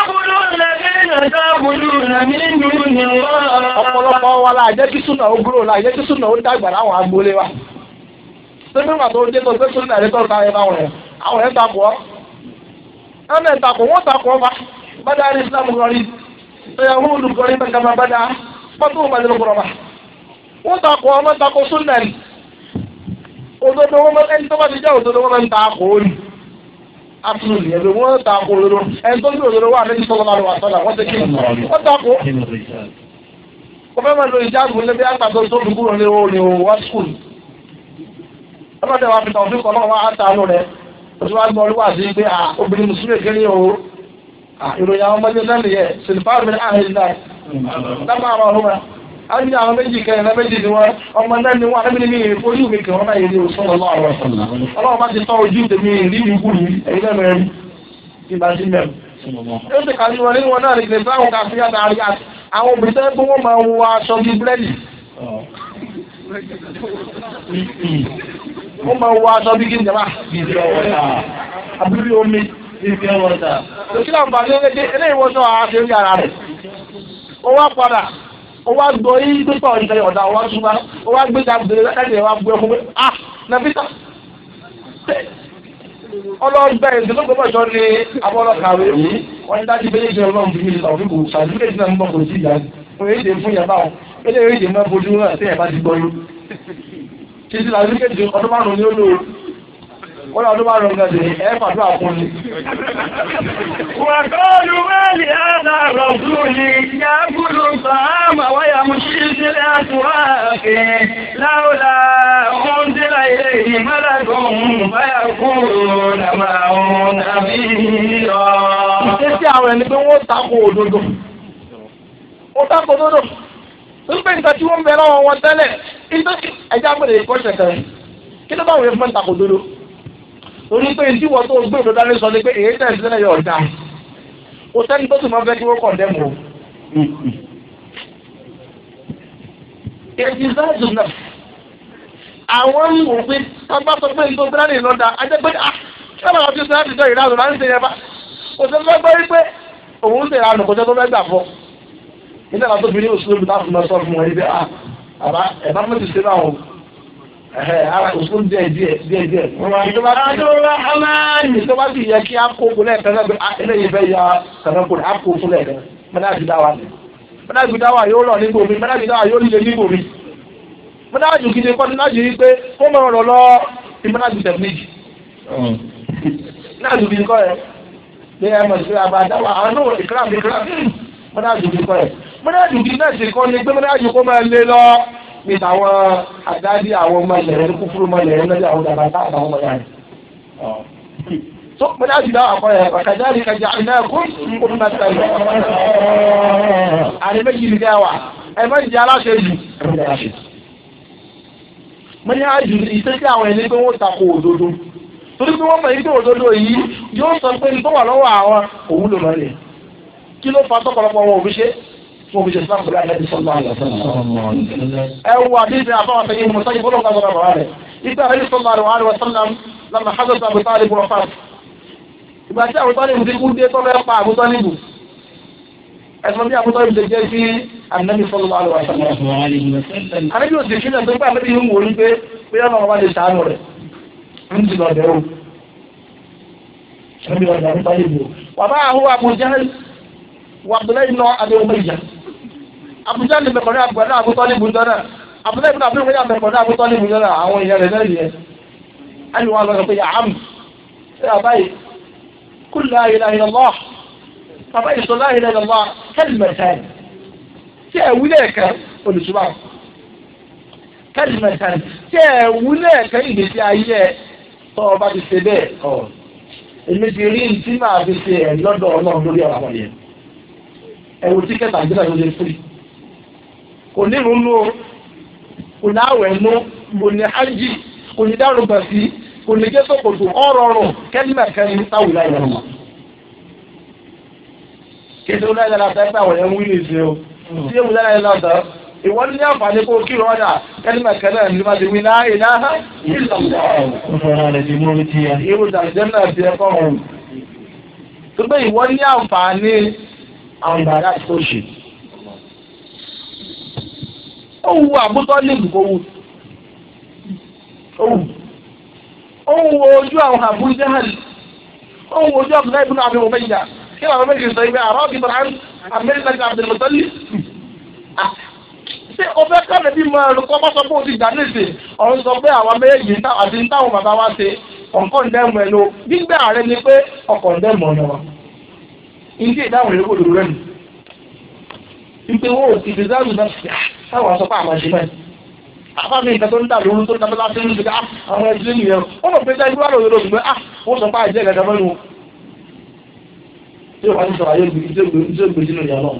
àbúrò nàbí nàbí àbúrò nàbí nínú ni wọ́n. ọ̀pọ̀lọpọ̀ wa la jẹ́ kí súnà ó gbúrò la jẹ́ kí súnà ó dàgbà láwọn agboolé wa. sẹ́mi wà tó ń dé tó gbé súnà rẹ̀ tọ́ka ẹ̀ báwọn ẹ̀ àwọn ẹ̀ takò ọ́. ẹ̀mẹ̀ takò wọ́n takò ọ́ fa bàdà ní Islam kọrí ẹ̀yàwó wọ́n takò ọmọ takò súnà rẹ̀ òdodo wọn ẹni tó bá ti jẹ́ òdodo wọn máa ń ta àpò òní absolutely ẹ̀rọ wọn ta àpò òdodo ẹni tó ní òdodo wà lẹ́yìn sọ́kọ́ máa lọ wà sọ́dà wọ́n ti kí wọ́n ta àpò. wọ́n fẹ́ máa lo ìjáàbù ilé bí àgbàdo tó dùn kúrò ní òní o wá skul. ọlọ́dẹ wa fi tàn fún kọ́nà wa àtàánú rẹ̀ oṣù wa gbọ́ olúwa sí pé obìnrin mùsùlùmí kiri o ìròyìn àwọn ọmọdé náà nìyẹn sèlfàmì àhìlá lápá àwọn ọ̀hún àti àwọn méjì kẹrin náà ni wọn ọmọ náà ni wọn àdébìnrin mi ìrìn ojú mi kì wọn náà yẹ ní lọ́wọ́ àwọn ọ̀sán ọlọ́wọ́ bá ti tọ́ ojú tèmi rí mi yìí èyí náà mẹ́rin bí bá wọ́n máa ń ń wọ aṣọ bíi kí ni jàmbá. àbúrò omi ìfẹ́ wọ́ta. òṣìlá ó wá gbọ́ yí pé tọ́ ìtẹ̀lé ọ̀dà wa túbá ó wá gbé ta láti ẹ̀wà bu ẹkún ah nàbíta ọlọ́gbà ẹ̀sìn lóko bọ̀jọ́ abọ́lọ́kàwé mi wọ́n ní dájú bẹ́ẹ̀ jẹ́ ọlọ́run bí mi lọ fún kò sàdúrà ìdílé mi bọ̀ kò sí ìyá òun èdè fún yàrá o eléyìí èdè mọ́ bojú náà sí ẹ̀ bá ti gbọ́ yín títí làwọn ìdílé ọdún márùn-ún ni ó lò wọ́n lọ́dún bá rọrùn gẹ̀dẹ̀ ẹ pàdúrà fún mi. wàkọ́ọ̀lù mẹ́lì àdá rọ̀kú ni yàgùlù sàámà wáyà mú sí sílé àtúwáàkì láwùlà òun sílá ilé ìmọ́lágùn báyà kúrò nàmà òun àbí yọ. ìṣesí àwọn ẹni pé wọ́n tako òdodo wọ́n tako òdodo torí pé tí tó gbé ìdọ́dá lé sọ ni pé èyí tẹ̀ sílẹ̀ yọ̀ ọ̀dà o sẹ́ni tó sì máa fẹ́ kí wọ́n kàn dẹ́mu o. èyí záàzù náà àwọn ń wò pé ká bá sọ pé nítorí bíláàdì lọ́dà ajẹ́ pé ah sábà wọn fi ṣe láti jọ ìlànà láti ṣe yẹn bá kò sẹ́ni fẹ́ gbọ́ rí pé òun ń tẹ̀lé àlùkò tó fẹ́ gbà fọ́ nígbà tó fi ní òṣèlú ara ìṣòro díẹ̀ díẹ̀ díẹ̀ díẹ̀. àdúrà rahman. ìjọba sì yẹ kí a kó fún ẹ kẹsàn án eléyìí fẹ́ ya kẹsàn án a kó fún ẹ kẹsàn án mẹ́tàbí dáwà ni mẹ́tàbí dáwà yóò rọ̀ nígbò mi mẹ́tàbí dáwà yóò líle nígbò mi mẹ́tàbí kìíní kọ́ ní láti rí pé ó mọ̀ ọ̀rọ̀ lọ mẹ́tàbí tẹ̀míìkì. mẹ́tàbí kìíní kọ́ ẹ̀ pé ẹ mọ̀ sí àbá dáwà àánú ìkíráàmù ìkíráàmù mẹ́tàbí kìíní kọ́ ẹ̀ mẹ́tàbí kìíní bí àwọn àdáàdì àwọn ọmọ ilẹ̀ rẹ̀ kúkúrú ọmọ ilẹ̀ rẹ̀ lọ́dẹ àwọn dàbà tá àwọn ọmọ yàrá. so pẹ̀lú àjùlọ àkọ́ yẹn kàjá rí kàjá iná kó kó tó náà tẹ̀lé. àrẹ méjì ní kẹwà ẹ má jẹ aláṣẹ jù mo ní àjù ìṣẹ́jú àwọn ẹni pé wọ́n takò òdodo torí pé wọ́n mọ̀ èyí tó òdodo yìí yóò sọ pé ní wà lọ́wọ́ àwọn òun ló kí ló fa tọ́pọ̀lọpọ̀ wọn òbí ṣe fún omi ṣẹ̀ṣẹ̀ láti gbàgbé ẹbí sọ́lá àlọ́sán. ẹ wo àdéhùn àbáwọn afẹ́yẹ́ mọ̀ sáyé bọ́lọ́ gbàgbọ́ bàbá rẹ̀ ìgbà ẹbí sọ́lá àlọ́ àlọ́ sọ́lám lọ́mọ hajj Abu Talib bọ̀ fà. ìgbà tí Abu Talib ti kú dé tọ́lọ́ pa Abu Talib ẹ̀sùn bí Abu Talib ti jẹ́ sí anabi sọ́lá àlọ́ àlọ́sán. anabi anabi ń wò wàbá àhó Abu wà abdullahi nọ abẹ́ omi ìjà abuja ni mẹkọrẹ abẹkọrẹ abutọ ni bujọ náà abdullahi ibùdó abẹ́rẹ́ abẹkọrẹ abutọ ni bujọ náà àwọn èèyàn rẹ̀ náà yẹ ẹni wọn lọ pé yàám ṣé àbáyé kul la ilaha illallah àbáyé sọ la ilaha illallah kalimatan tí ẹ wúlẹ̀ kan olùsùmá kalimatan tí ẹ wúlẹ̀ ayé ẹ tọ́ ọba ti ṣe bẹ́ẹ̀ ọ̀ èmi ti rí ní tí ṣe ẹ̀ lọ́dọ̀ ọlọ́run lórí ọ̀rọ̀ àwọn yẹn ẹ̀wù tí kẹta ìjọba yóò lè fún yìí kò ní ìrònú o kò ní àwẹ̀ nú kò ní ájì kò ní dárúbà sí kò ní jésù kòtò ọ̀rọ̀rùn kẹ́límà kẹ́lí táwùlá ìrọ̀rùn mọ́. kéde wúlá ìlànà àti ẹgbẹ́ àwọn ẹ̀wù yìí ṣe o hmm. tí ewu lára ìlànà àtà ìwọ ní àǹfààní kó kí ló wájà kẹ́límà kẹ́lí ní ma ti wí náà àwọn ìbàdà tó ṣe. ó wu àbútọ́ léèkì kó wù ó wù ó wu ojú àwọn àbú jahal ó wu ojú àbúrò ibùdó àbí ọmọ ìyá kí làwọn méjì sọ ibi àrọ́ bí bàrán àmẹ́ríkà àti àbẹ̀lẹ̀mọ̀tọ́lì. ṣé o fẹ́ ká lẹ́bí mọ ẹ̀rọ kọ́ bá sọ o ti gbà nísìn ọ̀run sọ pé àwọn méjì àti táwọn bàbá wa ṣe ọ̀kọ̀ǹdẹ̀mù ẹ̀ ló gbígbé ààrẹ ni pé ọ̀kọ̀ǹdẹ̀mù ọ̀nà wa ilé ìdáhùn ìlú òdòdó rẹ̀ ni ipe owó òsì ìdíjáàrù náà táwọn aṣọ pa àmàṣe náà àbámi nǹkan tó ń dà lóru tó ń dábẹ́ láti ń dùkà àwọn ẹgbẹ́ nìyẹn ó mọ̀ pé dájú wà ah wọ́n sọ pé àìjẹ́ ìgbàgbà mẹ́nu tí ó wà ní sọ ayé ìgbè sínú ìyá náà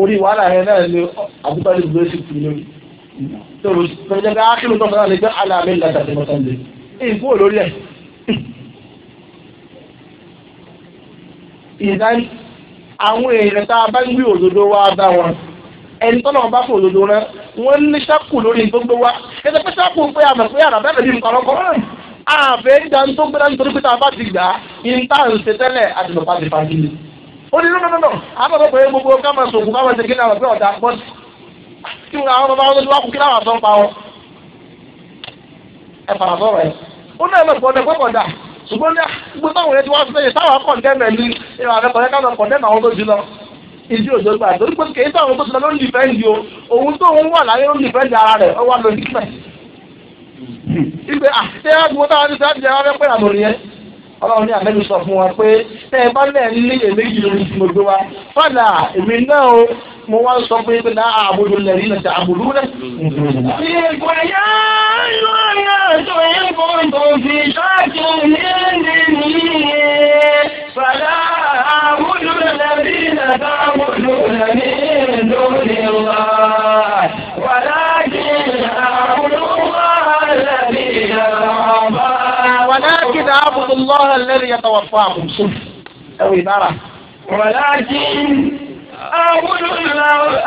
orí wàhálà yẹn náà ni àbúkà ní ìgbé sí ti lórí tó lọ jẹ́ pé ákìlù ìdárí àwọn èèyàn tá a bá gbé òdodo wá bá wọn ẹni tọ́nà wọn bá fún òdodo rẹ̀ wọ́n ní sákù lórí gbogbo wa kẹsẹ̀ pé sákù pé àmọ̀ pé àràbà bẹ̀rẹ̀ bí nǹkan ọkọ̀ rẹ̀ àfẹ́ ìjà ń tó gbéra nítorí pé tá a bá ti gbà á yín tá à ń ṣe tẹ́lẹ̀ àti bàbá ti fagi ni. ó ní nínú nínú àwọn ọmọ pé gbogbo káma sògùn káma ṣe kíni àwọn pé ọ̀dà pọ́ kí ni àwọn bàbá wọn tó wá kú kí láwọn àtọ́ ń pa wọn. ẹ fara sọ̀rọ̀ ẹ ó náà lọ ṣùgbọ́n ní gbogbo àwọn ẹni tí wọ́n fi lẹ́yìn sáwọn kọ̀ndẹ́mẹ̀ ní ìwà rẹ̀ kọ̀ndẹ́ káwọn kọ̀ndẹ́mẹ̀ àwọn tó ti lọ ìdí òjò gbà torí pé kèé sáwọn tó ti lọ ló ń dìfẹ́ǹdì o òun tó ń wà láyé ó ń dìfẹ́ǹdì ara rẹ̀ ó wà lọ ìdíkmẹ̀. ìgbé àti ẹ̀rọ gbogbo táwọn ti sáà di ara rẹ̀ pẹ̀lú àlòrì yẹn ọlọ́run ní àmẹ́lú sọ fún wa pé tẹ́ ẹ bá lẹ̀ ní èmi yìí lórí ti gbé wa fọ́nà èmi náà mo wá sọ pé pé náà àbúrò lẹ́rìí náà ti àbúrò náà. ìgbà yá yọ yá tó yẹ kó tó fi ṣáàtì nílé nìyẹ fàlà àbúrò lẹ́rìí náà tó àbúrò lẹ́rìí lórí wa wàlá kí àbúrò wa lẹ́rìí náà bá. ولكن اعبدوا الله الذي يتوفاكم صدق او عباره ولكن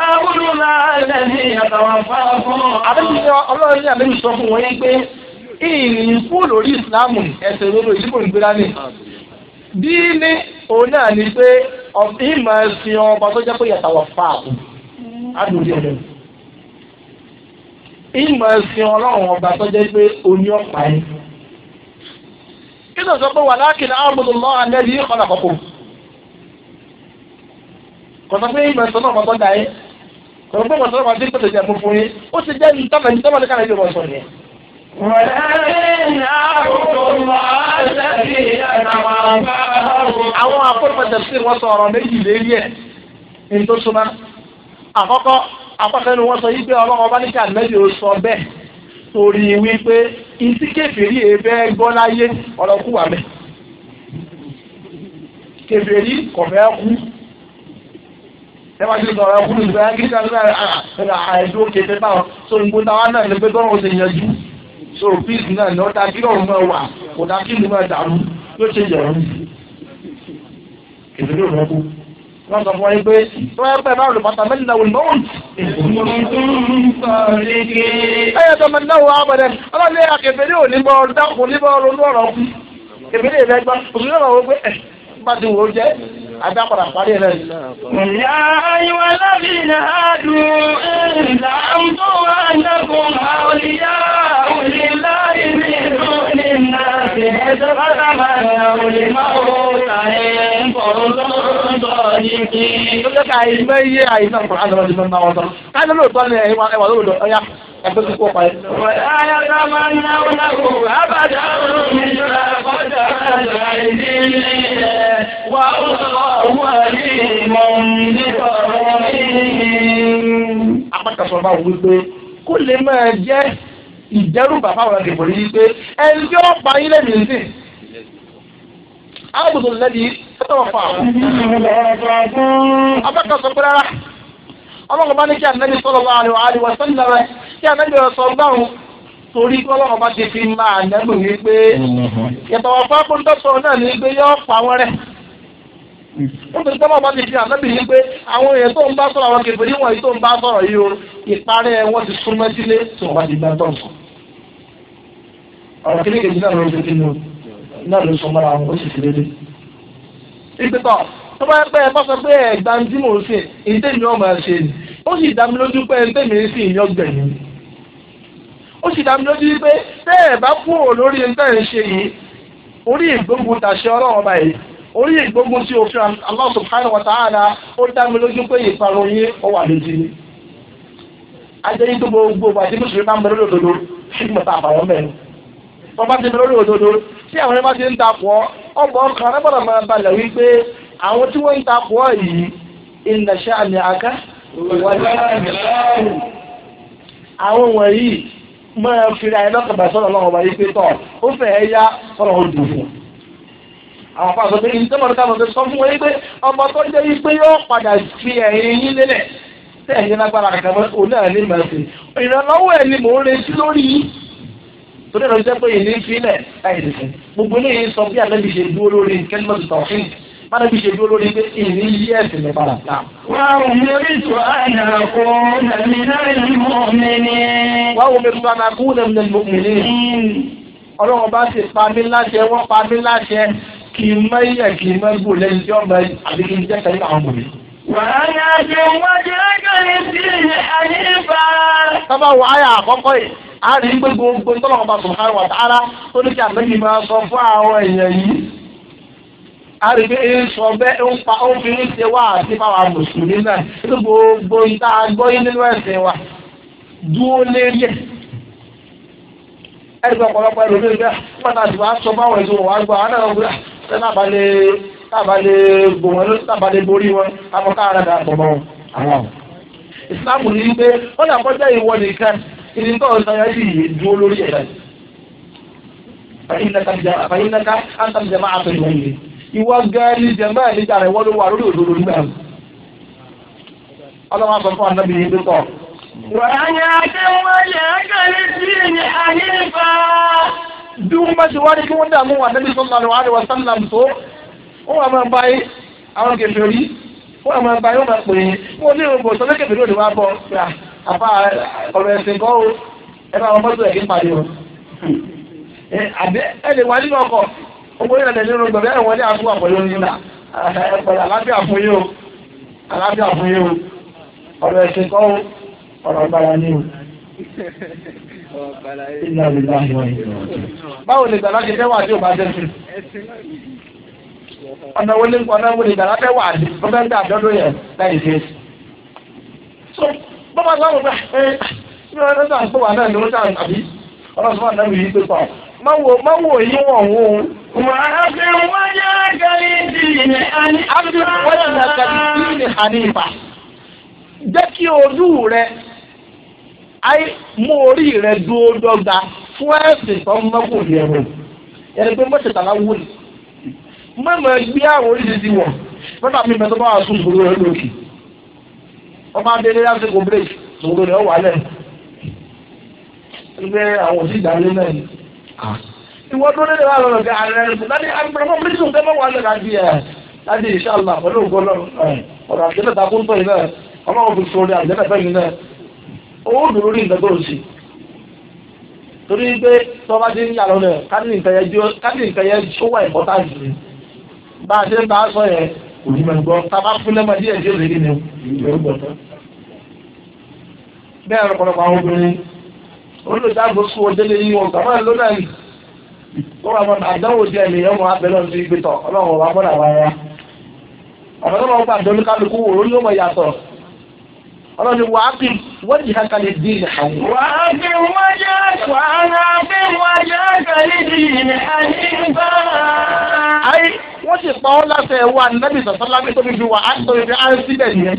Àwùlùmá lẹ́ni àtàwàfà fún. Àbẹ́bí sọ ọlọ́run ní àbẹ́bí sọ fún wọn yín pé ìrìn kú lórí ìsìláàmù ẹ̀sẹ̀ lóró ìdíkò ìgbéra ni. Bí ní òun náà ni pé ìmọ̀ ẹ̀sìn ọba tó jẹ́ pé yàtàwàfà kù. Adùnjẹ rẹ̀. Ìmọ̀ ẹ̀sìn ọlọ́run ọba tó jẹ́ pé oní ọ̀pá ẹ̀. Kí ló sọ pé wàlákìlá àbùdùn lọ́ kọ̀sọ́ pé ìmọ̀ ẹ̀sọ́ náà mọ̀ tọ́jà yé kọ̀sọ́ pé mọ̀ sọ́nà máa dé pẹ̀lú ìjà fúnfún yé ó ti jẹ́ ìtọ́mọ̀ ìtọ́mọ̀ ní káàdì ìmọ̀ sọ̀rọ̀ yẹn. àwọn akọ́nìmọ̀tẹ̀ sí wọn sọ ọ̀rọ̀ méjì lérí ẹ̀ ní tó súnmọ́ àkọ́kọ́ akọ́kẹ́nu wọn sọ yípe ọlọ́wọ́ bá ní kí àmẹ́jì ó sọ bẹ́ẹ̀ torí wípé ìtí kẹfìrí ẹ̀fẹ́ gbọ́ láyé ọlọ́kùwà mẹ́ kẹfìrí kọ̀fẹ́ kú ẹwàjú sọ̀rọ̀ ẹkùn ìgbà kíkà náà àìdó kété báwọn so nǹkan táwọn náà lè pé tọ́rọ̀ ó ṣe yanjú so peace náà ni ó ta kí ọ̀run máa wà kò dá kí ìlú máa dàrú yóò ṣe yẹ̀rọ ní ìdílé òun ẹkú wọ́n sọ fún wa pé tó ẹ pẹ́ báwo lè pàtà mẹ́lìnà wò lọ́wọ́ ẹ̀yẹ tó mẹ́lìnà wò abẹ́rẹ́ ọlọ́lẹ́ akẹ́fẹ́ ní òní bọ́ dákùn ní bọ́ ronú ọ̀rọ̀ kú èmi lè rẹ́gbá òṣèlú ọ̀rọ̀ wọ́n adápadà parí ẹ̀ lẹ́yìn. ìyá ayíwá lábì ní àdùn ìlà àmútó wa nàkùn àwòlíyá òlìlá ìmí ìlú nínà ìrẹsẹ̀ pátámà òlìmọ́ òòtà ẹ̀ ń bọ̀ lọ́dọ̀ ní kí. lókè ká ìgbẹ́ iye àìsàn kò á ẹgbẹ́ tó kọ́ parí. wàlá yàrá máa ń náwó náwó àbàdà òmìnira kọjá àìsí ilé wà ó wà ní ìmọ̀ nípa ọ̀rọ̀ yìí. apákàsọ̀ bá wù pé kó lè máa jẹ́ ìdẹ́rù bàbá àwọn àgbègbè yìí pé ẹni tí wọ́n pa yín lẹ́mìí sí. àbùdó lẹ́bi tọ́wọ́ fà. apákàsọ̀ pé rárá ọlọ́run bá ní kí ànábì sallallahu alaihi wa sallam kí ànábì sọ gbáhùn torí pé ọlọ́run bá ti fi máa ànábì wípé ìtọ̀wọ̀ fáfúndọ́sọ náà ní pé yọ pa wọ́n rẹ̀ ó ti tọ́lọ́ bá ti fi ànábì yìí pé àwọn èèyàn tó ń bá sọ̀rọ̀ àwọn kèfèrí wọ̀nyí tó ń bá di gbàtọ̀ sọ. ọ̀rọ̀ kékeré náà ló ń ṣe kí ni o náà ló ń tó bá pẹ́ ẹ bá sọ pé ẹ gba tí mò ń sìn ìtẹ́ mi ò máa ṣe ni ó sì dá mi lójú pé ìtẹ́ mi ń sìn ìyàn gbẹ̀yìn ó sì dá mi lójú pé tẹ́ ẹ bá kú ò lórí ìtẹ́ ń ṣe yìí orí ìgbógun tàṣẹ ọlọ́run ọba yìí orí ìgbógun tí òfin Allah subhanahu wa ta'ala ó dá mi lójú pé ìparun yín ó wà lójú ni ajẹ́ yín tó gbogbo àti mùsùlùmí máa ń bẹ̀rẹ̀ lòdòdó ṣùgbọ́n tá a bàyọ̀ mẹ́rin wọ́n bá ti bẹ̀rẹ̀ lòdòdó tí àwọn ẹ̀ bá ti ń takọ̀ ọgbọ̀n kan rẹ́bọ̀dọ̀ máa balẹ̀ wípé àwọn tí wọ́n ń takò ọ́ yìí ìnà ṣáàmì aká àwọn wọ̀nyí máa fira ẹ lọ́kàn bàtọ́ ọlọ́run ọba yìí pé tọ̀ ó fẹ́ ẹ yá ọ̀rọ̀ odò fún àwọn apá àgbẹ̀ ní tẹ́mọ̀ níta lọ́sẹ̀ sọ fún wọn yìí pé ọmọ tó jẹ́ yìí pé yóò padà fi ẹ̀yìn yín lélẹ̀ tẹ́ ẹ̀yìn lágbára kankan mọ́ òun náà ní màá sí ìrànlọ́wọ́ ẹ̀ ni mò ń retí lórí torí ẹ̀rọ jẹ́ pé ìní fílẹ̀ láì bára bí ṣe dúró lórí pé ìní yí ẹ̀sìn mi padà sá. wà á wù mí orí tó àná kó nàmí náà ní mọ́ mi ní. wà á wù mí tó àná kó nàmí náà ní mọ́ mi ní. ọlọ́run bá ti pa mí láṣẹ wọ́n pa mí láṣẹ kì í mọ iyẹ̀ kì í mọ gbò lẹ́yìn jẹ́ kẹ́lí àwọn mọ̀ àyíká. sábà wọ àyà àkọ́kọ́ yìí a rí gbogbo gbogbo tọ́lọ́mọba sọ̀rọ̀ káàrọ̀ wà tó ní kí àgbẹ̀yìn sọ fún àwọn èèyàn yìí àrídé sọ bẹ́ẹ̀ ń pa ó fi ń ṣe wá àti fáwọn mùsùlùmí náà nínú gbogbo ìta gbọ́yé nínú ẹ̀sìn wa dúró lérí ẹ̀. ẹ̀rí kan ọ̀pọ̀lọpọ̀ ẹ̀rọ lórí bẹ́ẹ̀ pátá tí wàá sọ báwọn èso wàá gbọ́ àwọn náà gbọ́dọ̀ ṣe náà balẹ̀ náà balẹ̀ gbò wọn náà balẹ̀ borí wọn àmọ́ káàrà dà pọ̀ mọ́ àwọn. ìsìláàmù ní pé ó ní àkọ́jọ́ ìwọ nìkan ìdíkọ̀ ọ̀sán yẹn ìwọ gan ni jẹ̀mọ́ ẹ̀ níjà rẹ̀ wọ́n ló wà lórí òdodo nígbà mi. ọlọ́wọ́n sọ fún anábì yìí pípọ̀. wàhálà àti wọn lè kọ́lé sí ní àyíká. bí wọ́n bá ti wá ní kí wọ́n dààmú wà nábì sọ́nà lọ́wọ́ àdìwọ̀ sọ́nà tó wọ́n wà máa báyìí àwọn kẹfẹ́ rí wọ́n máa báyìí wọ́n máa pè é wọ́n ní òbò owó yẹn lè nínú gbọ̀dọ̀ ẹ̀wọ̀n ní àfún àpọ̀lọ́ nílà ẹ̀pẹ̀lẹ̀ àlàáfíà fún yóò àlàáfíà fún yóò ọ̀rọ̀ ẹ̀sìn kọ́ ọ̀rọ̀ ọ̀gbára ní o. báwo lè gbàlá ṣe fẹ́ wà tí ò bá jẹ́ sí? ọ̀nà wo ni ọ̀nà wo lè gbàlá fẹ́ wà tí ó fẹ́ ń dà dọ́dọ̀ yẹn láì sáwọn gbà ẹ́ ẹ́ ẹ́ ẹ́ mọ́wò yí wọ̀n wò ó. Wàá fi wájà kàlí dìní àní. Àbí wájà kàlí dìní àní ìfà. Jẹ́ kí ojú rẹ ayé mú orí rẹ dúró dọ́gba fún ẹ̀sìn tó ń mọ́kò ní ẹ̀rọ. Ẹni pé mọ́ṣẹ̀ tàbá wò ni. Mọ́mọ́ gbé àwọn oríṣiríṣi wọ̀. Bọ́dà mi bẹ̀rẹ̀ tó bá wà sùn gbogbo rẹ̀ lókè. Ọba Adélé lásìkò bírèkì, Ẹgbẹ́ àwọn òṣìṣẹ́ ìdánilé náà Ah. ìwọ tó nílẹ̀ wà lọ́dọ̀ ààrẹ láti àgbẹ̀rẹ̀mọ́ mílíọ̀nù tẹ́lẹ̀ wà lọ́dọ̀ àti ẹ̀ láti ìṣàlá pẹ̀lú ògbọ́n ọ̀rọ̀ àjẹ́lẹ̀ takún tó yìí náà ọlọ́run fi sọ̀rọ̀ àjẹ́lẹ̀ fẹ́mi náà owó dúró ní ìgbẹ́ tó ń ṣe torí pé tọ́ba ti ń yà lọ́dọ̀ káàdì ìkẹyẹ ó wà ìpọ́tàjì bá a ṣe ń bá a sọ yẹn òyìnbó tábà fúnlẹ̀ mọ́ díẹ̀ díẹ̀ lè olùdáàbò sún wọn délé yín wọn kàmá ló náà tó wà mọ́ta àdánwò jẹ́ ènìyàn mọ́ abẹ́lẹ́ ọ̀dún ibi tọ̀ ọlọ́run ọba mọ́ra wa ya ọ̀nà tó máa gbà dọ́lú kálukú wò ló mọ̀ yàtọ̀ ọlọ́run wà á kì wọ́n jì hàn kálí dín ní àwọn. wà á kì wọ́n jẹ́ wà á kì wọ́n jẹ́ kálí dín ní àyíká. ayé wọ́n ti pa ọ́ láfẹ̀ẹ́ wa nàbì sọ̀tọ́ lábẹ́ tó fi wà á sọ ibi à ń síbẹ̀ nìyẹn.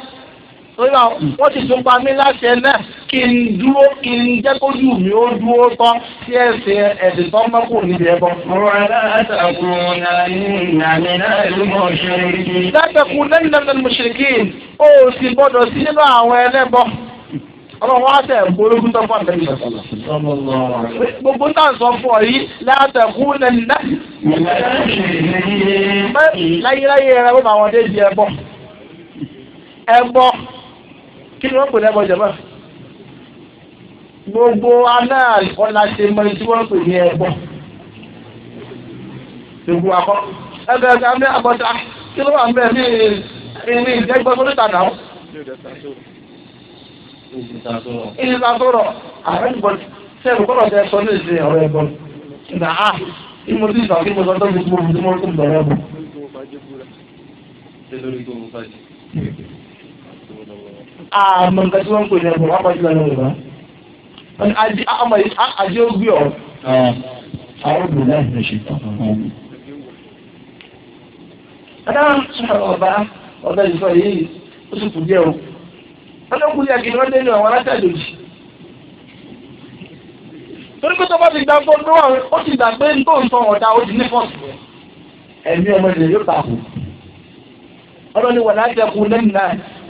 torí wọ́n ti tún pa mí láṣẹ náà kí n dúró kí n jẹ́ kójú mi ó dúró tán sí ẹ̀sìn ẹ̀sìn tó mọ́ kò níbi ẹ̀bọ. látẹ̀kùn lẹ́yìn lẹ́yìn mùsùlùmí ó sì gbọ́dọ̀ sí nínú àwọn ẹlẹ́bọ ọlọ́run wá tẹ̀ gbólógún tó fún àtẹ̀lẹ́ ìṣẹ̀lẹ̀. gbogbo ń tàn sọ fún ọ yìí látẹ̀kú lẹ́nu náà. láyé láyé rẹ̀ wọ́n bá wọn dé di ẹbọ ẹbọ kí ni wọ́n pè lẹ́bọ jẹ̀mọ́ gbogbo aná ọ̀la ṣe mọ tí wọ́n pè ní ẹ̀bọ gbogbo akọ ẹgbẹ́ ẹgbẹ́ abẹ́ àbọ̀tà kí ló wà ń bẹ̀ ní ìrìn ìjẹ́gbẹ́ tó níta náà. ìlú ta sọ̀rọ̀ ààrẹ ìbọn sẹ́ẹ̀rù kọ́lọ̀ tẹ sọ ní ìsìn ọ̀rọ̀ ẹ̀bọ ìgbà á ìmọ̀ sí ìgbà kí mo sọ tó gbogbo ìdúmọ̀ tó ń bẹ̀rẹ̀ àmọ̀ ah, nǹkan tí wọ́n ń pè ní ẹ̀bùn wọ́n pàṣẹ lọ́nà yorùbá àjẹ ogbe ọ̀. àwọn obìnrin náà ń ṣe tán. adáwọn sọ̀rọ̀ ọba ọ̀dọ́ ìsọ yìí ó sì kù díẹ̀ o wọ́n tó kú díẹ̀ kí wọ́n dé ní àwọn alátàlójì. torí pé tọ́pọ̀ ti gbà fún ọdún wọn ó ti gbà pé nígbà òun sọ ọ̀dà ó ti ní fọ́ọ̀sì. ẹ̀mí ọmọ ìlẹ̀ yóò tà kù. ọlọ́ni wà láti ẹkùn lẹ́yìn náà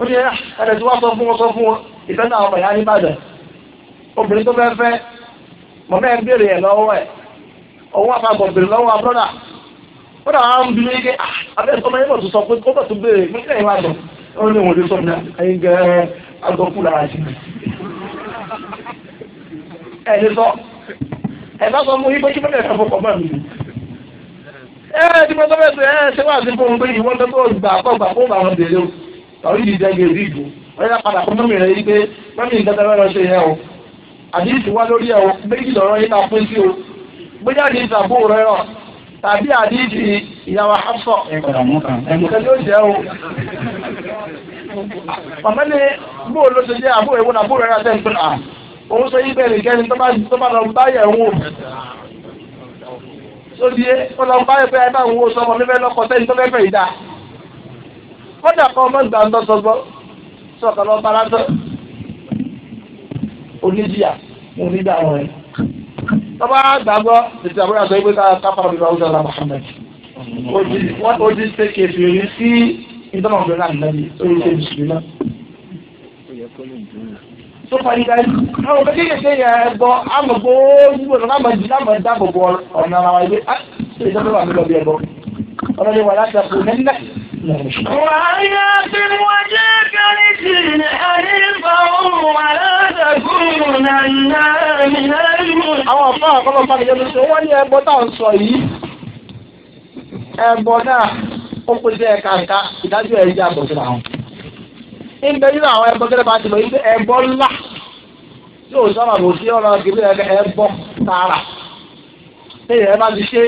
ó ní ah, ẹ̀rẹ̀ tí wọ́n sọ fún wọn sọ fún wọn ìtẹ́nà àwọn ọmọ ìyá ní obìnrin tó fẹ́ fẹ́ mọ̀mẹ́ ń béèrè ẹ̀ lọ́wọ́ ẹ̀ òun àpapọ̀ béèrè lọ́wọ́ abúrọ́dà ó dà wọ́n bí wípé ah, abẹ́rẹ́ tó máa sọ pé ó bọ̀ pé ó ní gẹ́ lára ẹ̀ sọ ẹ̀ bá sọ mú tọ́rí ìdíje ẹgbẹ́ ìdí ìdú wọ́n yá padà fún mọ́mì rẹ̀ yí pé mọ́mì nǹkan tẹ́lẹ̀ lọ ṣe yẹn o àdìsí wá lórí ẹ̀ o méjì lọ́rọ́ yín ta pín sí o gbéjà àdìsí àbó rẹ̀ rọ̀ tàbí àdìsí ìyàwó Hafsa nǹkan tó jẹ́ o. màmá ni bó ló ṣe jẹ́ àbó ìwọ́n àbó rẹ̀ rà tẹ́ ń pè à òun sọ yí bẹ́ẹ̀ nìkẹ́ni tó bá lọ báyẹ̀ ń wò sódìé ó lọ báyẹ̀ pé ẹ kọ́dà kọ́ ọmọ ìgbà ń tọ́tọ́ gbọ́ sọ̀kọ̀ lọ bá látọ̀ oníjìyà mo ní dà wọ́n ẹ̀. tọ́ba gbàgbọ́ tètè àbúrò àtọ́ ìgbésà káfàrọ̀ bíbá ọ̀dọ́ ọ̀la Muhammad ó ti ṣe kèfì rí sí ìdánwò ọ̀gbẹ́rẹ́ àgbẹ̀lẹ́ orí ṣe mùsùlùmí náà. tó parí dájú àwọn ọmọ kékeré yẹn gbọ́ àmọ̀ gbogbo ọ̀nà àmọ̀ jù láàmọ̀ dáàbò bọ̀ ọ̀nà àwọn ẹgbẹ́ وأياسر وجهك لدين حنيفا ولا تكونن من المسلمين. àwọn àbá àkọ́kọ́ bá mi jẹ́ lóṣù wọ́n ní ẹbọ náà ń sọ yìí ẹbọ náà ó kó sí ẹ̀ka ẹ̀ka ìdájọ́ ẹ̀rí jẹ́ àbọ̀síra wọn. ń bẹ nínú àwọn ẹbọ gẹ́gẹ́ bá ti lọ yìí pé ńlá yóò sọ̀rọ̀ bò sí ọ̀rọ̀ kìbí ẹbọ tààrà. ẹ̀yẹ̀ ẹ bá ti ṣe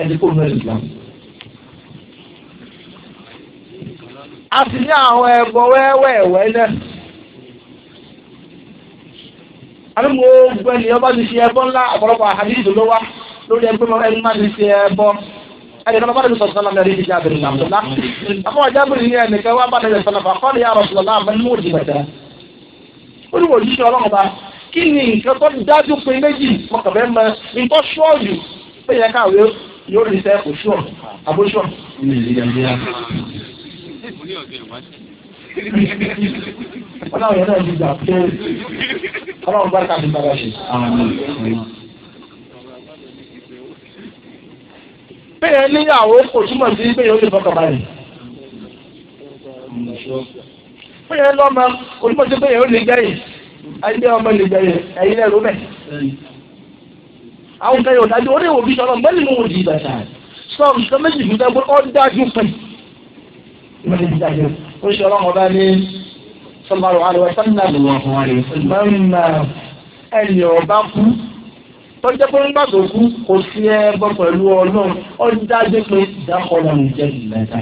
ẹ̀dínkù nínú ẹ̀sìn a sì ní àwọn ẹbọ wẹ́wẹ́wẹ́ náà. àbí mo gbọ́ ènìyàn bá ti ṣe ẹbọ ńlá ọ̀pọ̀lọpọ̀ àhàdìsì ló wá lórí ẹgbẹ́ mọ́ ẹni máa ti ṣe ẹbọ ẹni tó bá bá sọ̀tọ̀ sọ́nà mẹ́rin ìjà bẹ̀rẹ̀ nàmúlá. àmọ́ ọjà bẹ̀rẹ̀ ní ẹnì kan wá bá tẹ̀lé sọ́nà fàkọ́lì yà rọ̀sùlọ̀ náà mẹ́rin mú òjì bẹ̀tẹ̀. ó ní òjì kí ni nǹkan tó dájú pé méjì mọ̀kànlẹ́ mọ nǹkan ṣọ́ọ̀yù pé yẹ káwé yóò rí sẹ́ òṣùọ̀ àbóṣùọ̀ mo ọlọ́run yẹn náà ti gbà pé ọlọ́run bá ká fi bára ṣe. bẹ́ẹ̀ níyàwó kò túmọ̀ sí pé yóò lè fọkàn balẹ̀. bẹ́ẹ̀ lọ́mọ kò túmọ̀ sí pé yóò lè gbẹ̀yìn ayé ọmọ lè gbẹ̀yìn ẹ̀yin ẹ̀rú bẹ̀. àwọn kan dájú orí ìwòbí sọ̀rọ̀ mẹ́lì mú ìbàdàn sọ̀rọ̀ nǹkan méjì fún dájú ó dájú pẹ̀lú ìmọ̀lẹ́ ti dàgbé ó ṣe ọlọ́mọ bá ní sọmọrọ àlùwà sọ́nà ló wọ̀ fún wa rè mọ́nà ẹnì ọba kú tọ́jú pé nígbà tó kú kò sí ẹ bọ́ pẹ̀lú ọlọ́run ó ń dájú pé dákọ̀ọ́lá ń jẹ́ ìlẹ́ta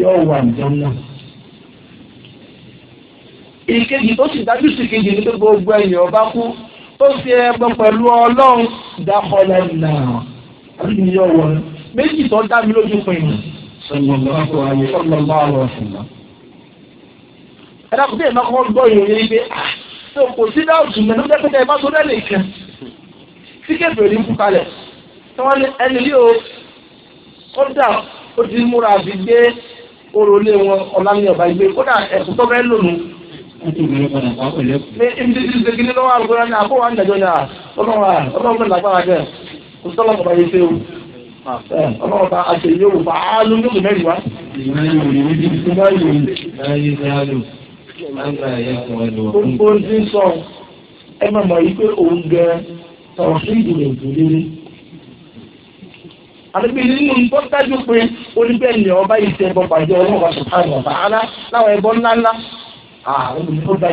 yóò wà nìjọ náà. ìkejì tó sì dájú sí kejì ní gbogbo ẹnì ọba kú tó fi ẹ bọ́ pẹ̀lú ọlọ́run dákọ̀ọ́lá náà àbí yóò wọ̀ méjì tó dá mi lójú pinnu sọlọ lọ́wọ́ ayé sọlọ lọ́wọ́ ọ̀sìnà. ẹ̀dá kò bí ẹ̀ma kọ́ gbọ́ ìròyìn yìí pé ah, ṣé o kò sí dáàtú mẹ́ta ló dẹ́pẹ́tẹ́ ẹ̀ bá tó dẹ́lẹ̀ kan tí kébìrì ní kúkalẹ̀ tí wọ́n ní ẹni yìí o kódà ó ti múra àbí gbé oró lé wọn ọ̀lànà ọ̀bà ìgbé kódà ẹ̀sùn tó bẹ́ẹ̀ lónìí. ní ibi tí ti segin lọ́wọ́ àgbo náà àkó wa ń dàjọ́ náà ọlọ́wọ́ bá aṣẹ yóò fà á ló ní mẹ́rin wá. gbogbo ń ti sọ ẹ máa mọ̀ yìí pé òun gẹ sọ̀rọ̀ sí ìdìbò ìdílé. àdébí nínú ìtọ́jú pé oníbẹ̀ ni ọba yìí tẹ ẹbọ pàdé ọlọ́wọ́ bá sọ̀rọ̀ àgbà láwọn ẹbọ ńláńlá àwọn olùkọ́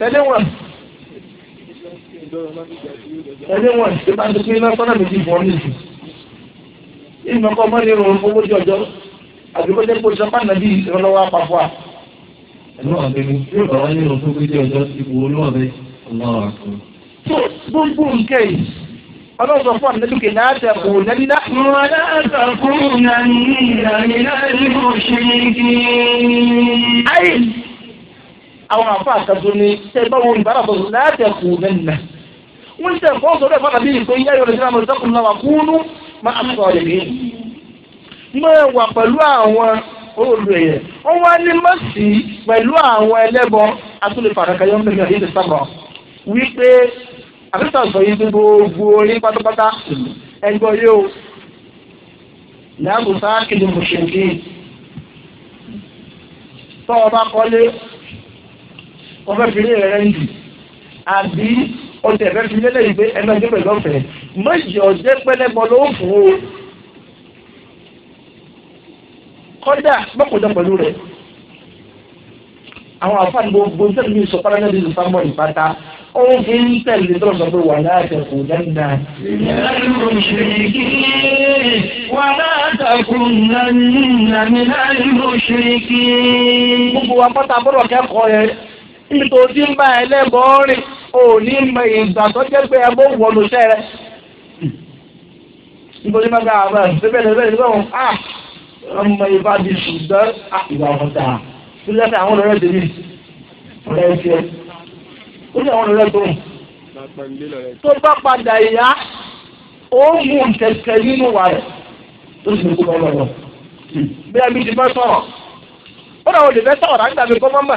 tẹ̀lé wọn tẹ̀lé wọn ṣe bá ń dúpẹ́ iná sọ́nà méjì fún ọ nìyí ìmọ̀ kọ́ mọ́ni rò owó tí ọjọ́ àdúgbò jẹ́ kó sọ́pà nàbí ìrànlọ́wọ́ àpapọ̀ à. ẹ̀rọ àbẹ̀mí yóò bá wọn nínú fún gbígbé ọjọ́ ìbò olóòbẹ̀ ọlọ́run àkùn. tó gbogbo nǹkẹ́ yìí ọlọ́run sọ fún àdúgbò náà tẹ̀kù nẹ́nà. mo aláǹtakùn nàní ìlànà ìlú òṣèlú àwọn àfa àkàtún ni ṣe bá wọn ìbára bọ̀ láti ẹ̀kú mẹ́nà wọ́n ṣe ẹ̀kọ́ sọ̀rọ̀ ẹ̀fọ́ àbí ìpè yẹ́ yọ̀rọ̀ ìṣẹ́lá mọ̀lẹ́ tọkùnrin náà wà kúnú máa ń sọ ọ̀rẹ́ mi. mọ́ ẹ wà pẹ̀lú àwọn olóòlù ẹ̀yẹ wọ́n wá ní mọ́sí pẹ̀lú àwọn ẹlẹ́bọn atúlẹ̀ fàdákàyọ́ mẹ́rin àyè ìṣàbọ̀ wípé àbísà sọ yìí gbogbo orí wọ́n fẹ́ fi lé rẹ̀ ń dì àbí ọtí ẹ̀fẹ́ fi lélẹ̀ yìí pé ẹnu ọjọ́ pẹ̀lú ọ̀fẹ́ méjì ọjọ́ pẹ́lẹ́bọ ló fún o kọ́dà mọ́kànjá pẹ̀lú rẹ̀ àwọn àfáàní gbogbo sẹ́ni mi sọ fara náà bí sọ mọ́ ìpátá ó ń fi ń tẹ̀lé tó lọ́sọ̀ pé wà látẹ̀kùn lẹ́nà. ìyàlùkùn ṣe kí wà látẹ̀kùn lẹ́nà mi láì lóṣèké. gbogbo apáta bọ́lọ̀ kẹ́kọ̀ọ́ yẹn nítorí ń bá ẹlẹ́bọ̀ọ́ rìn ò ní mọ ìgbà tó jẹ́ pé ẹbọ wọnú iṣẹ́ rẹ. nítorí máa gba àbá bẹ́ẹ̀ bẹ́ẹ̀ bẹ́ẹ̀ bẹ́ẹ̀ à ah, ọmọ ìbá di ṣùgbọ́n ah, ìwà ọ̀tá tó lẹ́sẹ̀ àwọn ọ̀rẹ́ tèmi ọ̀rẹ́ ẹ̀ṣẹ̀ ó ní àwọn ọ̀rẹ́ tó ń. tó bá padà ìyá ó mú kẹ̀kẹ́ nínú wa rẹ̀ tó sì ń kó lọ́wọ́ bí ẹbí ti fẹ́ sọ̀rọ̀ ó náà wọ́n lè fẹ́ sọ̀rọ̀ àgbàgbé kọ́ mọ́mọ́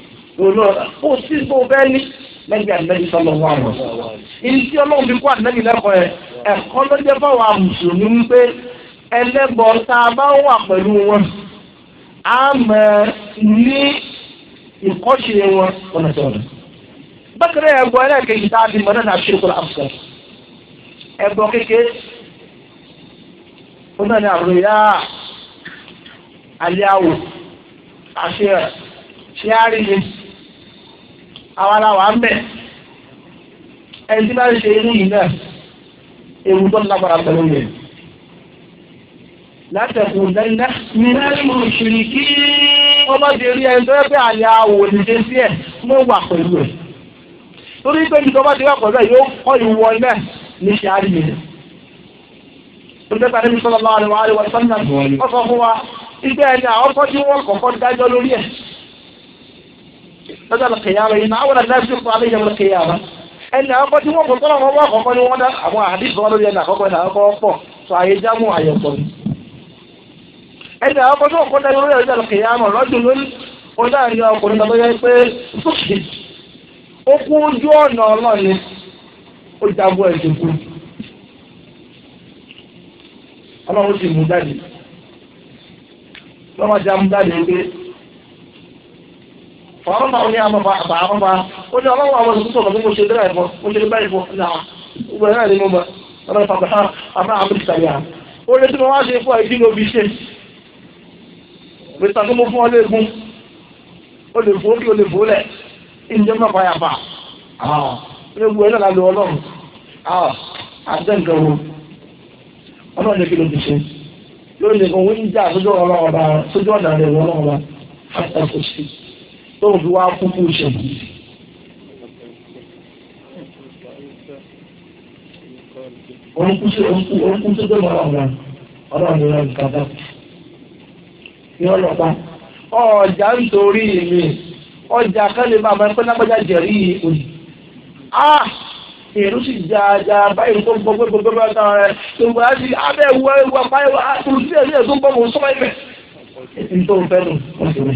olóòrà kó o sì bó o bẹ́ẹ̀ ní lẹ́yìn ànábì sọ́lọ́ wà wọ́n. ìdí tí ọlọ́run fi kó ànábì lẹ́kọ̀ọ́ ẹ̀ ẹ̀kọ́ ló jẹ́ fáwọn àmùsùlùmí ń pé ẹlẹ́bọ̀ tá a bá wà pẹ̀lú wọn á mọ̀ ní ìkọ́ṣe wọn ọ̀nà tó ọ̀nà. bákan náà ẹ̀gbọ́n tá a ti mọ̀ náà ṣe kúrò àbùsọ̀ ẹ̀gbọ́n kékeré ó náà ní àròyá àlẹ́ àwò àṣẹ ṣíárì yìí àwa la wà ń bẹ̀ ẹni tí bá ń ṣe irú yìí náà ewu tó lágbára pẹ̀lú rẹ̀ látẹ̀kùn lẹ́nà ní ẹ̀rù ṣìrìkí ọmọdé rí ẹni tó yẹ pé àlẹ́ àwò òdìdé sí ẹ̀ mo wà pẹ̀lú ẹ̀ torí pé nítorí ọmọdé wà pẹ̀lú ẹ̀ yóò kọ́ ìwọ náà ní ṣe àdìmí rẹ̀ olùdókòwò àdébí sọ́lá lọ́wọ́ àríwá àríwá sọ́nà ọ̀sán fún wa ìgbẹ́ ẹni àwọn tó ti wọ́n kọ̀ọ̀kan dájọ́ lórí lọ́jọ́ àlùkìyàmọ̀ yìí náà àwọn àdáyé tó sọ àlẹ́yìn àlùkìyàmọ̀ ẹni àkọ́kọ́ tí wọ́n ni wọ́n dá àwọn àyè ni fọwọ́n máa ní àmọ́ bá àmọ́ bá ó ní ọlọ́wọ́ àwọn ìṣúṣọ ọ̀gá mo ṣe dẹ́rẹ́ ẹ̀fọ́ mo ṣe dẹ́rẹ́ ẹ̀fọ́ náà gbogbo ẹ̀rọ ni mo mọ̀ ọ̀rọ̀ ìfàgbà ha àmọ́ àmọ́ ìṣàlẹ̀ à ó lè tí mo wá ṣe fún ẹ̀dí ní obi ṣe mr tó mo fún ọ léegun ó lè fò kí ó lè fò lẹ̀ ìjọ mọ̀ báyà bá gbogbo ẹ̀rọ lálẹ́ ọlọ́run àjẹ́ nǹkan wo ọlọ́run ní kí ló ti ṣe yóò lè kó wíńdà sójú ọ̀nà rẹ̀ ọlọ́run ọba tóun fi wá kú kú ṣe. olùkúṣe olùkúṣe tó lọ́wọ́ wọn ọlọ́run ni wọ́n kà bá ní ọlọ́pàá. ọjà nítorí mi ọjà kan lè máa máa pẹ́ lápẹ́jà jẹ̀rí òní. èrò sì dáadáa báyìí tó ń bọ́ gbogbo gbogbo ọ̀tá rẹ̀ ṣùgbọ́n àti abẹ́ ìwọ ìwọ apá ìwọ àtúntì ẹ̀rí ẹ̀ tó ń bọ́ mọ̀ sọ́wọ́ ibẹ̀. ètò ìfẹ́ nù ọ̀sẹ̀ mi.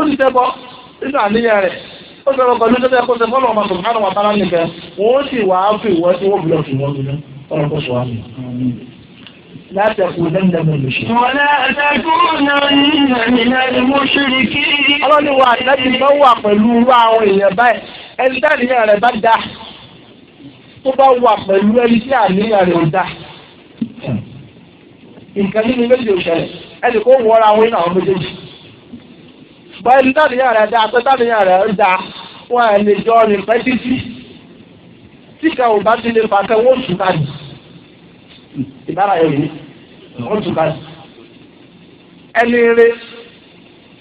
ó ti tẹ́bọ́ nínú àníyàn rẹ̀ ó sọ̀rọ̀ pẹ̀lú tó tẹ́ kó tẹ́ fọ́lọ̀ ọmọ sọ̀rọ̀ àwọn àtàrà nìkan wọ́n sì wà á fi wọ́n tí wọ́n bìlọ̀ sí wọn nínú ọ̀rọ̀ kó sọ àmì. láti ẹ̀kú dẹ́mdẹ́mẹ́ ló ṣe. wọlé ẹ̀dẹ́gbọ́nà nínú ìmúṣirikí. ọlọ́ni wa àtẹ́jú máa wà pẹ̀lú àwọn èèyàn báyìí ẹni tá àníyàn rẹ̀ bá da tó bá wà pẹ̀lú ẹni tí àníyàn rẹ̀ ò da nǹkan nínú méjì òṣèlè ẹnì kó wọra àwọn inú àwọn méjèèjì bọ́ ẹni táníyàn rẹ̀ dáa pé táníyàn rẹ̀ ń dáa wọn ẹ̀ lè jọ rìn pẹ́ títí tí kan ò bá ti lè pàṣẹ wọ́n tù ká ní ìbára ẹ̀ yìí wọ́n tù ká ní. ẹni rẹ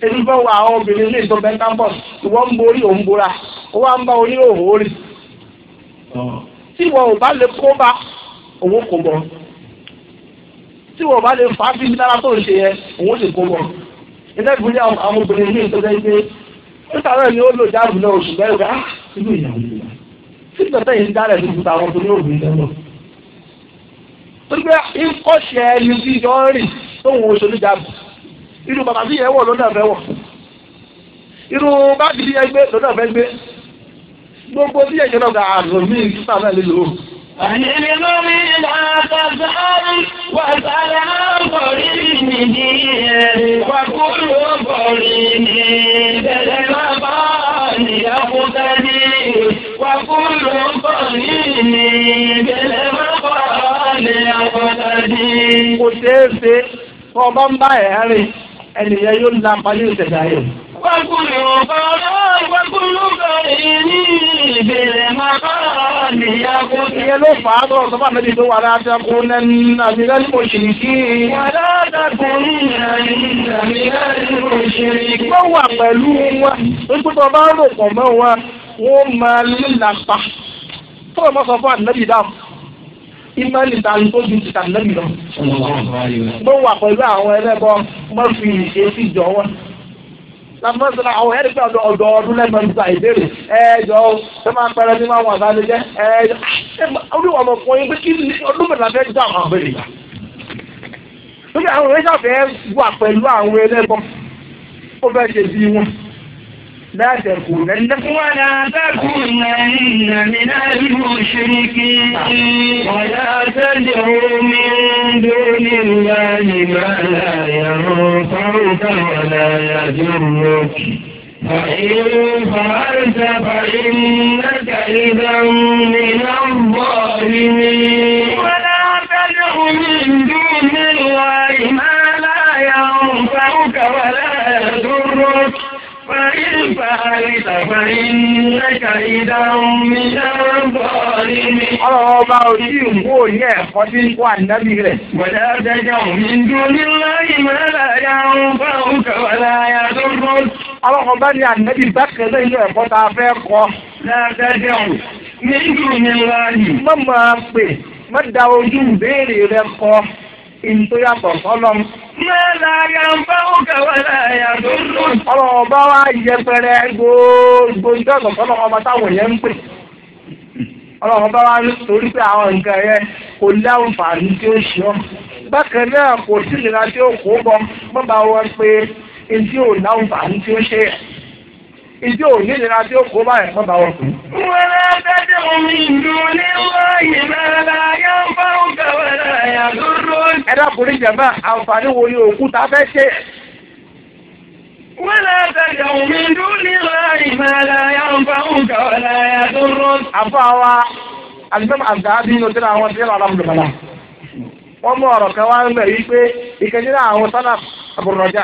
ẹni bọ́ wà àwọn obìnrin ní ìtọ́ bẹ́ńtàbọ̀s ìwọ́n ń borí òun bora ó wá ń bá oníròhò rì tí wọn ò bá lè kó bá owó kò bọ̀ tí wọn ò bá lè fà á bí dára tó ń ṣe yẹ òun sì kó bọ̀ iná ìfúnjẹ àwọn obìnrin ní ìtọ́jẹ́ ilé níta náà ni ó lò jáàbù náà oṣù bẹ́ẹ̀ bá ah, inú ìyàwó ìyá tí tọ́tẹ́ yìí dálẹ̀ ní ìfúta àwọn obìnrin obìnrin lọ́wọ́. pípẹ́ ìkọ́ṣẹ́ ẹni bí yọ ń rìn tóun oṣù ní jáàbù irú bàbá tí yẹn wọ̀ lọ́nà fẹ́ wọ̀ irú báàgì yẹn gbé lọ́nà fẹ́ gbé gbogbo tí yẹn yọ náà gà àrùn mí عن الإمام لا تسأل واسأل عن قرينه وكل قرينه بالمقال يقتدي وكل قرينه بالمقال يقتدي. kò ṣeé ṣe ọba ń bá ẹ̀ rìn ẹnìyẹn yóò ní láǹfààní ìṣẹ̀dá yẹn. wákùnrin ọ̀gá wákùnrin ọ̀gá ìní ìbẹ̀rẹ̀ máa bá níyàwó. ìyẹn ló fà á lọ́rọ̀ sọ́fà níbi tó wà látàkù nẹ́nu àbílẹ̀ ní mo ṣìrì kí. wà látàkù nínú àbílẹ̀ ní mo ṣìrì kí. wọ́n wà pẹ̀lú wọn nígbà tó bá rò pọ̀ mọ́ wọn wọ́n máa lílàpá. fọ́ọ̀mù ìmọ̀lì tàbí tó ju ti tàbí lẹ́bi lọ. mo wà pẹ̀lú àwọn ẹlẹ́bọ mo fi èsì jọ wọn. lamọ́sọ̀rọ̀ àwọn ẹ̀rí pé ọ̀dọ̀ ọ̀dọ̀ ọdún lẹ́gbẹ̀ẹ́ nípa ìbéèrè ẹ̀ẹ́dọ̀ tó máa pẹ̀lẹ́ ní máa wà sáré jẹ́ ẹ̀ẹ́dọ̀ olúwa ọmọ fún yín pé kí ọdún mẹ́ta fẹ́ gbà àwọn àbẹ̀rẹ̀ yìí. lókè àwọn ẹ̀rí sàfẹ́ wà pẹ̀lú àwọn ẹlẹ́bọ ó fẹ́ ṣe bí wọn. لا تكونن ولا تكونن من المشركين ولا تدعوا من دون الله ما لا ينفعك ولا يضرك فإن فعلت فإنك إذا من الظالمين ولا تدع من دون الله ما لا ينفعك ولا يضرك فإن فعلت فإنك إذا من الظالمين. ọlọ́wọ́ bá orí ìwò ní ẹ̀kọ́ tí ń kó ànábì rẹ̀. wọ́dà dájà min dunillahi ma la yanfa'uka wa la yadurruk. ọlọ́wọ́ bá ní ànábì bá kẹ́lẹ́ ilé ẹ̀kọ́ tá a fẹ́ kọ́. dáadáa min dunillahi. má máa pè má da ojú ìbéèrè rẹ kọ ìntòyàtọ̀ sọ́lọ́mù. Ọ̀rọ̀ ọba wa yẹpẹrẹ gbogbo ìjọsọ̀ fọ́nà ọba táwọn yẹn ń pè. Ọ̀rọ̀ ọba wa torí pé àwọn nǹkan yẹn kò láǹfààní tí ó ṣe ọ́. Bákan náà kò sí ìlera tí ó kó bọ́, mọ́ bá wọn pé etí ò láǹfààní tí ó ṣe yẹn ìdí ò ní ìlera tí ó kó báyìí fún báwọn kù. wọ́n á dájọ́ omi ìlú ní wáyé lára yóò bá òkè wẹ̀rẹ̀ àyà dúró. ẹ dákùnrin jẹ̀mọ́ àǹfààní wo ni òkúta fẹ́ ṣe. wọ́n á dájọ́ omi ìlú ní wáyé lára yóò bá òkè wẹ̀rẹ̀ àyà dúró. àfa wa àgbẹ̀mọ̀ àgbàbí inú tí àwọn tí wọ́n lọ́mọdé wọ́n mú ọ̀rọ̀ kan ń bẹ̀ yí pé ìkẹ́jú àwọn sọ́nà àbùrọ̀jà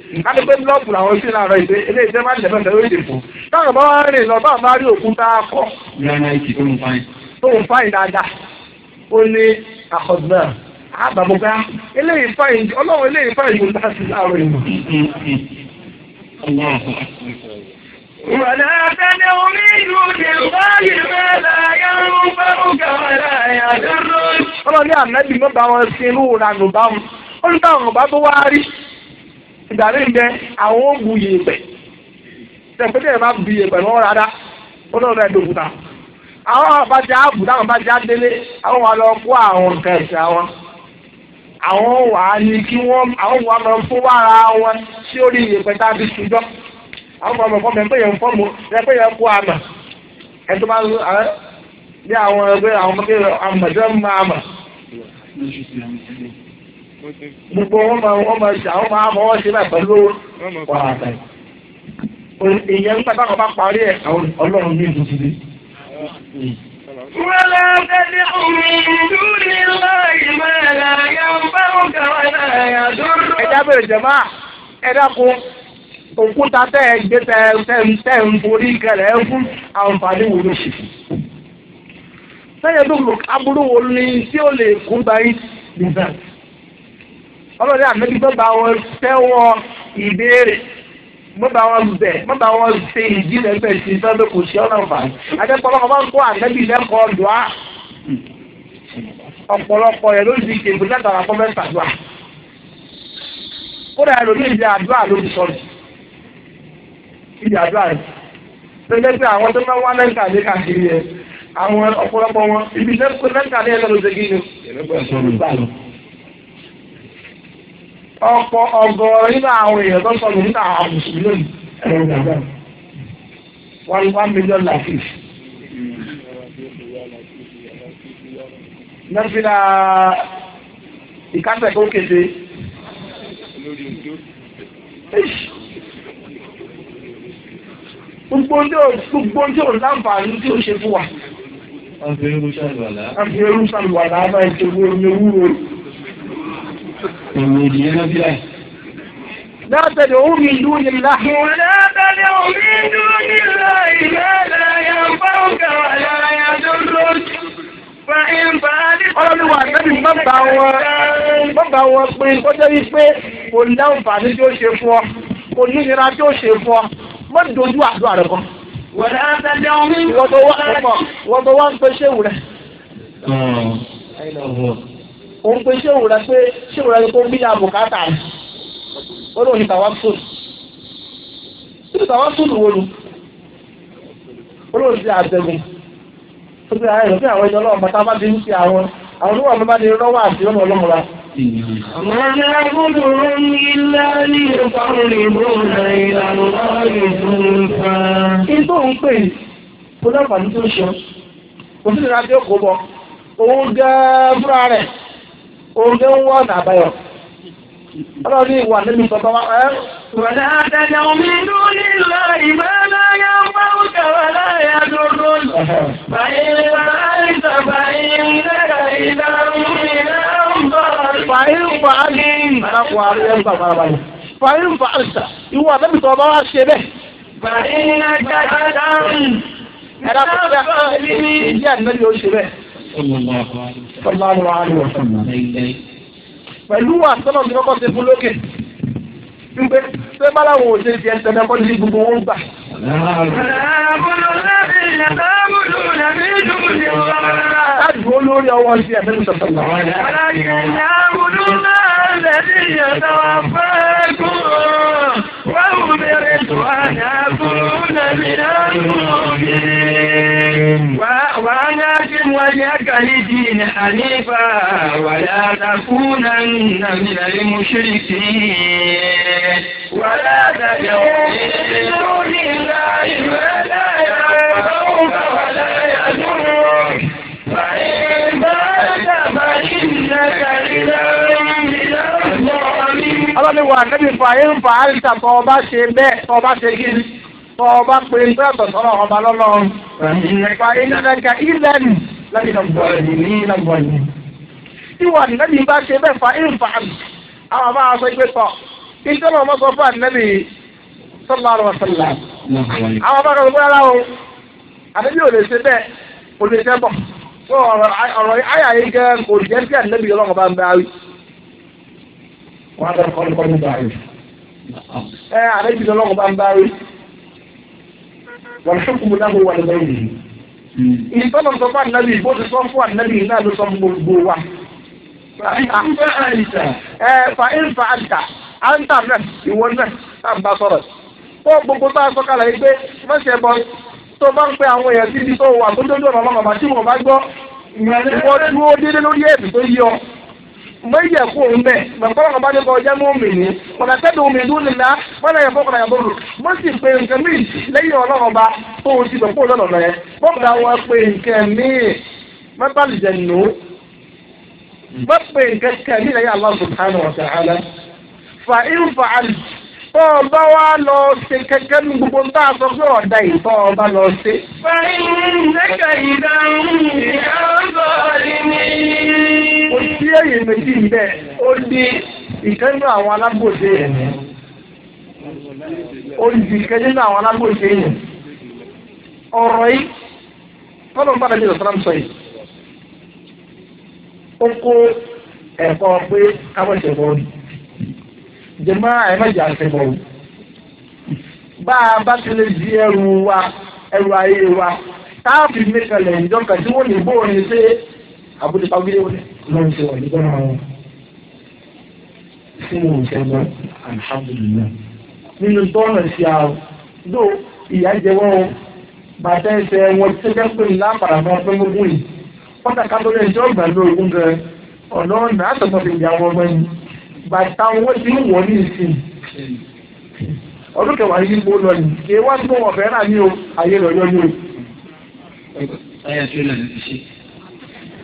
láti pé búlọ́ọ̀kù làwọn sí láàárọ̀ ìgbé ilé iṣẹ́ má tẹ̀lé ọ̀sẹ̀ lóde fún táwọn bá wá rìn lọ bá bá rí òkúta akọ. tó ń fáyìn dáadáa ó ní àkọ́gbà àbàbọ̀gbà eléyìí fáyìn ọlọ́run eléyìí fáyìn kò dá sí láàárọ̀ ìmọ̀. ولا تدع من دون الله ما لا ينفعك ولا يضرك. ọlọ́run ní ànábì mọ́ bá wọn sin irú ìranù bá wọn ó ní báwọn bá tó wá rí ìgbà mi jẹ àwọn ó bu yèèpẹ̀ tẹ̀pẹ́tẹ̀ bá bu yèèpẹ̀ lọ́wọ́ rárá ó lọ́wọ́ náà dòkú ta àwọn àbájá àbù táwọn àbájá délé àwọn wà lọ kó àwọn nǹkan ẹ̀sìn àwọn àwọn wà á ní kí wọ́n àwọn wà máa fún wàrà wọn sí orí yèèpẹ̀ tá a fi ṣùjọ́ àwọn ọmọ ọmọ ẹgbẹ́ yẹn fọ́ọ̀mù ẹgbẹ́ yẹn kó àmà ẹ tó bá ní àwọn ẹgbẹ́ àwọn ọmọ kékeré àmọ̀ gbogbo wọn máa wọn máa ṣe àwọn máa mọ wọn ṣe báyìí pẹ̀lú wọn àgbà ìyẹn nígbà táwọn bá parí ẹ̀ ọlọ́run ní ìdúró sílé. ولا تدع من دون الله ما لا ينفعك ولا يضرك. ẹ dábẹ̀rẹ̀ jẹ̀má ẹ dákun òkúta tẹ́ ẹ gbé tẹ́ tẹ́ ń borí kẹlẹ̀ ẹ fún àǹfààní wo ló ṣe. sẹ́yìn tó lò aburú wo ni tí ó lè kú báyìí nìkan ọlọ́run àmẹ́bí tó bá wọn fẹ́ wọn ìbéèrè mo bá wọn bẹ mo bá wọn ṣe ìdílé bẹ ṣe sọdọ kò ṣe ọ̀nà fà àtẹ̀pọ̀ ọmọ bá ń kó àtẹ́bí lẹ́kọ̀ọ́ dùá ọ̀pọ̀lọpọ̀ yẹn ló ti ṣe ìbùdó àtàwọn akọ́mẹ́ntà dùá kódà yẹn lòdì ìdí àdúrà ló ti sọ̀rọ̀ ìdí àdúrà rẹ̀ pẹ̀lẹ́ pé àwọn tó máa ń wá mẹ́ńtà ní káàkiri yẹn àwọn ọ̀pọ̀lọpọ̀ wọn ibi mẹ́ńtà ní ẹ̀ ọ̀pọ̀ ọ̀gọ̀ọ̀rọ̀ nínú àwọn èèyàn tó sọnù nínú àwọn mùsùlùmí lónìí ẹ̀rọ ìgbàgbọ́ one one million lafif. nọ́ọ̀sìnà ìkásẹ̀ tó kéde. gbogbo ndé ò láǹfààní tí ó ṣe fún wa. a fi irú sàlùwàlá. a fi irú sàlùwàlá báyìí tó gbóòórùn ewúro ẹ̀wọ̀n ènìyàn ló bílẹ̀. Látẹ̀lẹ̀ ó mi lú ní ilá. Látẹ̀lẹ̀ ó mi lú ní ilá ìlà ìlàyà fáwọ́kà àyàyà tó lójú. Ọlọ́run wà tẹ́lẹ̀ bàbá wọn bàbá wọn pé ó jẹ́ wípé kò láǹfààní tí ó ṣe fún ọ, kò nílera tí ó ṣe fún ọ, mọ́ dojú àdúrà rẹ̀ Wọ́n tó wá ń pe ṣéwù rẹ̀ òun pé ṣé òun rẹ pé ṣé òun rẹ ni kó ń bíyà bùkátà ni ó lóun ní tàwákùn ní tàwákùn wò lu ó lóun ti àtẹ̀gùn ó ti àyẹ̀wò pé àwọn ìjọba ọmọ tá a bá ti ń ṣe àwọn àwọn oníwà ọmọ bá ti rọ́wọ́ àti ọmọ ọlọ́mọ la. Àwọn agbódò ń ilá ní ìfọ̀rùn ìbò ìlànà ìfúnfà. Igbó ń pè fúnlọ́pàá ní tó ṣe. Òṣìṣẹ́ ìrìnàjò kò bọ̀. Òun gẹ́ẹ́ fúra rẹ̀ òun ló ń wọ ọ̀nà àbáyọ. Ọlọ́run ní ìwà níbi sọ bá ẹ́. Wọ̀dà àtẹ̀lẹ̀ omi inú nílò ìbẹ́ láyé ọgbà òkè wà láyé àdúgbò. Bàyìí bàyìí sàbàyìí ń dẹ́rẹ̀ ìdààmú ìdáhùn bọ̀. Bàyìí bàyìí ń dàpọ̀ àríyá ń bàbá balẹ̀. Bàyìí bàyìí sà ìwà níbi sọ bá wá ṣe bẹ́ẹ̀. Bàyìí ń dàgbà dáhùn. Ẹ̀dá kò fẹ́ ìdí àdínẹ́bí ó ṣe bẹ́ẹ̀ sọlọ́lọ́ àríwọ̀ sọ̀rọ̀ pẹ̀lú àtọ́nà tí wọ́n kọ́ ṣe fún lókè. Ìgbé ṣé báláwo ò ṣe ti ẹ̀ tẹ̀lé kọ́ ní gbogbo wọn gbà. Láti wo lórí ọwọ́ sí ẹ̀fẹ́ mi sọ̀tọ̀ lọ. وأنا أقم وجهك لدين حنيفا ولا تكونن من المشركين wàlá àtàkẹ́ òní lórí ìlà ìlú ẹ̀dá ẹ̀rọ ọ̀hún kàwálá ẹ̀dúró. Ọlọ́ni wa nẹ́bí fàáyé ń fa àríta tọ́ ọba ṣe bẹ́ẹ̀ tọ́ ọba ṣe gírí tọ́ ọba pé tọ́ọ̀tọ̀ sọ́rọ̀ ọba lọ́lọ́run. Fàáyé nílẹ̀ka ìlẹ́nu lábí lọ́gbọ̀nyìn ní lọ́gbọ̀nyìn. Tí wà nẹ́bí bá ṣe bẹ́ẹ̀ fàáyé ń fa àmì. Àwọn bá a sọ ìgbésọ̀ ìjọba ọmọ sọ fún ànábì sallallahu alaihi wasallam àwọn ọba kan sọ fún aláwọ ànábì ò lè ṣe bẹ́ẹ̀ kò lè ṣe bọ̀ fún ọ̀rọ̀ ayà yìí gẹ́ kò jẹ́ sí ànábì ọlọ́run ọba ń bá wí. wọ́n á dọ̀rọ̀ kọ́ni kọ́ni bá wí. ẹ ànábì ọlọ́run ọba ń bá wí. wọ́n ṣùkùn náà wọ́n lè bẹ́ẹ̀ sọ fún ànábì náà ló sọ gbogbo wa. fa àńtà náà ìwọ náà tá à ń bá sọ̀rọ̀ fún gbogbo tá a sọ kalẹ̀ yìí pé mọ̀ṣẹ́ bọ́ tó bá ń pe àwọn èèyàn síbi tó wà tó dójú ọ̀nà ọmọ tí wọ́n bá gbọ́ ìwọ dúró dédé lórí ẹ̀bì tó yí ọ o mẹ́ gbàgbọ́ ọ̀nà bá dé kọ jẹ́ mọ́mì ní kọ̀nà tẹ́tù mi dún nìlá wọ́n náà yẹ bọ́ọ̀lù pe nǹkan míì lẹ́yìn ọlọ́run tó o ti kó fa irúfà àlù bọ́ ọ bá wá lọ ṣe kẹ́kẹ́ ní gbogbo ń bá a sọ pé ọ̀dà ìbọn ọba lọ ṣe. fẹ́yìn lẹ́kẹ̀ ìdáhùn ìyá ọ̀sọ̀ọ̀lì ni. ó sí èyí méjì bẹ́ẹ̀ ó di ìkẹ́nu àwọn alágbòde yẹn ó di ìkẹ́nu àwọn alágbòde yẹn ọ̀rọ̀ yìí fọ́nà bá dàbí ìdọ̀tàn sọ yìí ó kó ẹ̀kọ́ pé káwọn ṣe wọ́n rí jẹ̀mọ́ àìmọ̀jà àṣẹbọ̀ o bá a bá ti lè di ẹrù wa ẹrù ayé wa táàbì mẹ́kànlẹ̀ ìjọba tí wọ́n lè bóorin ṣe àbúlé pàgídé wọn lọ́wọ́ ṣe wà nígbà náà wọn. sí mo ń sẹ́gbọ́n alhamdulilayi nínú tọ́nà sí a dó ìyá jẹ wọ́n bàtà ẹsẹ̀ wọn ti ṣẹ́gbẹ́ pé ńlá àpàràmọ́ pé gbogbo yìí pọ́tàkàtọ́ lẹ́yìn tí ó gbà ní ogun gan ọ̀nà ọ̀nà àtọ̀tọ̀ fi ìyàwó ọgbẹ́ni bàtà owó tí ń wọ̀ ní ìsìn ọdún kẹwàá yìí ń bó lọ ní kí wá sí wọn fẹ́ náà ní o ayé lọ yọ ní o.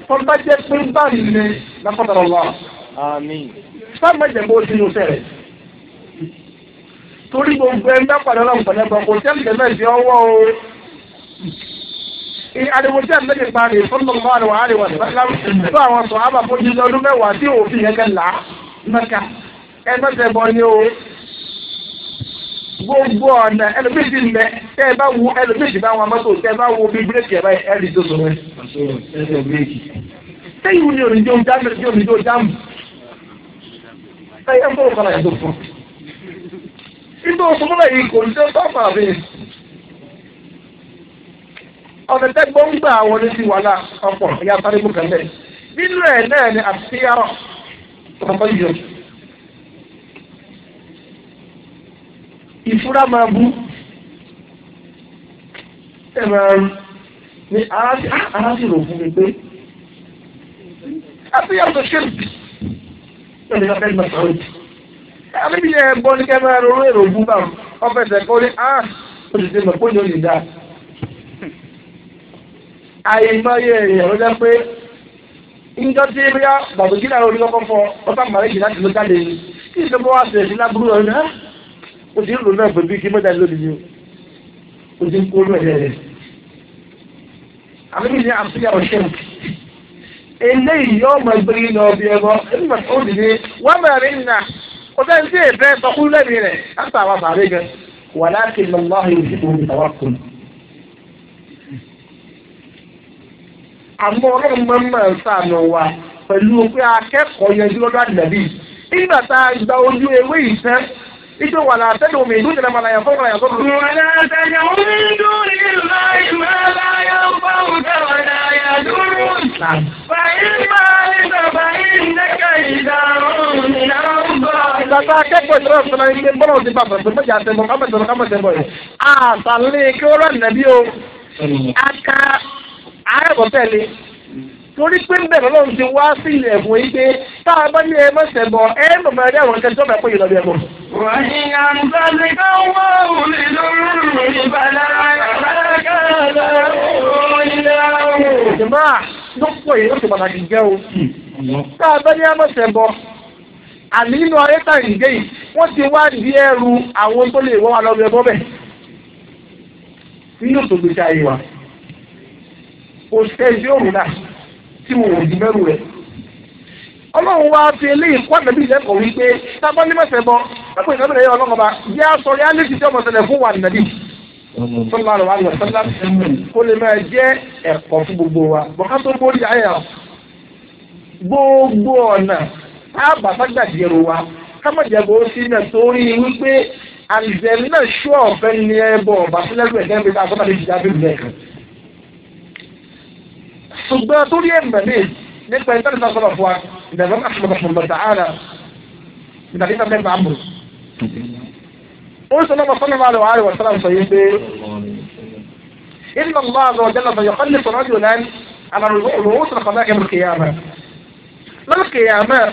wọ́n bá jẹ́ pé báyìí ni lápapọ̀ wà sáà mẹ́jẹ̀ bó sínú sẹ́rẹ̀ torí gbogbo ẹgbẹ́ pàdé ọlọ́run pẹ̀lú ẹgbẹ́ kò tẹ́lẹ̀ tẹ́lẹ̀ fi ọwọ́ o ariwo tí a lè parí fún lọ́wọ́ àríwá àríwá tó àwọn sọ̀ ábà fojú lọ́dún mẹ́wàá tí òfin yẹn kẹ́ là á mẹ́ka ẹ mẹ́sẹ̀ bọ́ ni o gbogbo ọ̀nà ẹlòmíjì ń bẹ tẹ́ ẹ bá wo ẹlòmíjì bá wọn mọ́tò tẹ́ ẹ bá wo bí bírèkì ẹ bá ẹ rí tó sọ̀rọ̀ ẹ sẹ́yìn wo ni òrìjọ́ jáàmù òrìjọ́ o jáàmù ẹ̀yẹ́ ń bọ̀ kọ́ra ẹ̀ tó fún un ibi òṣùmọ́lẹ̀ yìí kò ní tó fà mí. ọ̀nà tẹ́gbọ́n gbà wọlé sí wàhálà ọ̀pọ̀ ìyá sáré mú kẹ́lẹ́ nínú ẹ̀ náà ni àti tọkọyọ ìfúra máa bú ẹ máa rú ní aráàlú ah, fún mi pé àfihàn ṣèlú ẹni náà fẹ́ẹ́ máa sọ̀rọ̀ jù àbíbi yẹn gbọ́ ní kẹ́mẹ́ ronú èrò bú bá wọn fẹsẹ̀ kó ní áà ah, ó sì ti mọ̀ kó ní olè dáa àyè máa yẹ èèyàn ló jẹ́ pé níjọ́ tí bóyá bàbùkí náà orí kọ́kọ́ fọ ọ́sà màrẹ́jì láti ló jáde ní kí ni gbogbo wa ṣe sí lábúrú ọ̀rẹ́ náà ó ti ń lò náà pẹ̀lú kí mẹ́ta lónìí ni ó ti ń kó lóyè rẹ̀ àbíbí ni àmúṣíyà ọ̀ṣẹ́ eléyìí yóò mọ ẹgbẹ́ yìí lọ bí ẹbọ ẹgbẹ́ ó dìde wọ́n mẹ́rin náà ó fẹ́ sí ìfẹ́ sọkúrú lẹ́bi rẹ̀ àmọ́ ọlọ́run máa ń máa ń sàánú wa pẹ̀lú pé akẹ́kọ̀ọ́ yanjú lọ́dọ̀ àdìdàbí nígbà tá a gba ojú ewé ìtẹ́ ijó wà láà tẹ́lẹ̀ omi ìlú ìjọba àlàyé fún àlàyé fún mi. wọ́n á tẹ̀lé omi dùn nígbà ìmọ̀ láyé fáwọn tẹ̀wọ̀n láyé dúró. fàyín máa ń sọ̀bà ìdẹ́kẹ̀ ìdàrún náà ń bọ̀. ìgbàgbọ́ akẹ́kọ̀ọ́ ìṣòro bọ́lá òdi bàbà tó mọ̀jà àtẹ̀mọ̀ kámẹ́tẹ̀mọ̀ kámẹ́tẹ̀mọ̀ yìí. àtàlẹ́ kí ó rẹ̀ nẹ̀bí o ààrẹ kò tẹ̀lé torí pé ń bẹ̀ lọ́lọ́run ti wá sí ilẹ̀ ẹ̀bùn yìí pé tá a bá ní ẹ mọ̀ sẹ̀bọ̀ ẹ mọ̀ mọ̀ ẹ̀rí àwọn kẹjọ́ bẹ̀ pé ìlọ́bí ẹ̀bùn. wàyí àǹtàlẹ̀ kan wá òun lè lórí ìbàdàn àbárakáàdà òun ilé àwọn. ìjọba lọ́pọ̀ yìí ó ti pàtàkì jẹ́ o tá a bá ní ẹ mọ̀ sẹ̀bọ̀ àní nínú ayé tá ìdè yìí wọ́n ti wá di ẹrù àwọn tó lè wọ́ wa lọ́ òṣìṣẹ́ iṣẹ́ òmìnira tí mo wò di mẹ́rù rẹ̀. ọlọ́run wá fi eléyìí kọ́ àgbẹ̀bí ìlẹ́kọ̀ọ́ wípé tábọ́ ní mẹ́sẹ̀ bọ́ lápò ìgbàgbọ́ yẹn ọlọ́run ọba jẹ́ aṣọ reality tí ọmọ ṣẹlẹ̀ fún wa nàbí. sọlá rẹ̀ wà lọ sọlá kó lè máa jẹ́ ẹ̀kọ́ fún gbogbo wa bọ̀ká tó bórí àyà gbogbo ọ̀nà àbàtàgbàdìẹ̀rù wa kámọ̀jẹ̀bọ̀ ó sí náà torí wípé àlùjẹ̀ náà ṣú ọ̀fẹ́ ni ẹ bọ̀ bàtúlẹ̀ ṣùgbọ́n tó rí ẹ̀mẹ̀ méjì nípa ẹ̀tọ́ ní sọ́sọ́rọ̀ fún wa ìdàgbọ́ àṣùgbọ́n fún lọ́tà ààrẹ ìdàgbé náà mẹ́ta àmọ̀. ó sọ lọ́mọ sọ́nà máa lọ ààrẹ wọ̀ sọ yìí pé inna Allah azza wa jalla fa yukhalifu rajulan ala ru'us al-khala'iq min al-qiyamah lal qiyamah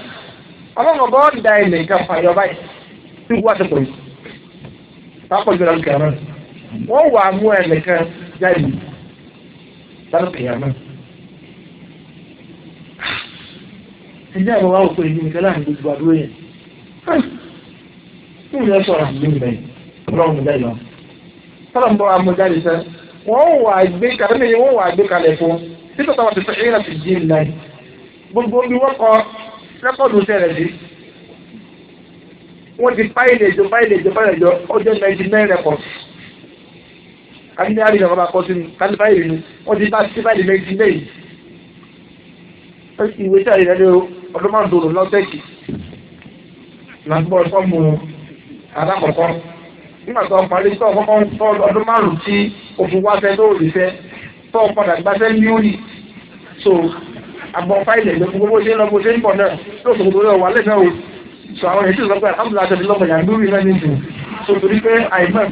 ọlọ́run bọ́ ń da ilẹ̀ ìka fàyọ báyìí tí wọ́n ti ẹjẹ́ àwọn wa òkú èyí nìkan láàrin gbogbo àdúró yẹn kí ni ẹ sọ̀rọ̀ àmì mi bẹ́ẹ̀ ọlọ́run mi lẹ́yìn ọ. sọ́dọ̀ bọ́ amújáde sẹ́ wọ́n wà gbé kalẹ̀ lẹ́yìn wọ́n wà gbé kalẹ̀ fún títí tọ́wọ́ ti fẹ́ ẹ̀yìn láti jí ní láyé gbogbo bí wọ́n kọ rẹ́kọ̀dù sẹ́rẹ̀ sí wọ́n ti páìlì ìjọ páìlì ìjọ páìlì ìjọ ọjọ́ ninety nine records kàní àrí ìjọba bá kọ́ sí mi kàní báyìí ni wọ́n ti bá sí báyìí ninety nine ìwé sẹ́rẹ̀ rẹ̀ lé o ọdún máa ń dòrò lọ́sẹ̀kì làgbọ́ ìfọ́mù alákọ̀ọ́kọ́ nígbà tó parí tó kọ́kọ́ ń tọ́ ọdún márùn-ún tí òfin wá fẹ́ tó rí fẹ́ tó padà gbáfẹ́ mílíọ̀nì so àgbọ̀n fáìlì ẹ̀gbẹ́ fún gbogbo ṣe ń lọ bó ṣe ń bọ̀ náà lóòótọ́ gbogbo rẹ̀ wà lẹ́gbẹ̀ẹ́ o so àwọn èyí tí ìlọ́gbà àbúlá àtẹ̀lẹ́ lọ́gbà yà ń lórí náà nìjú so torí pé àìmọ̀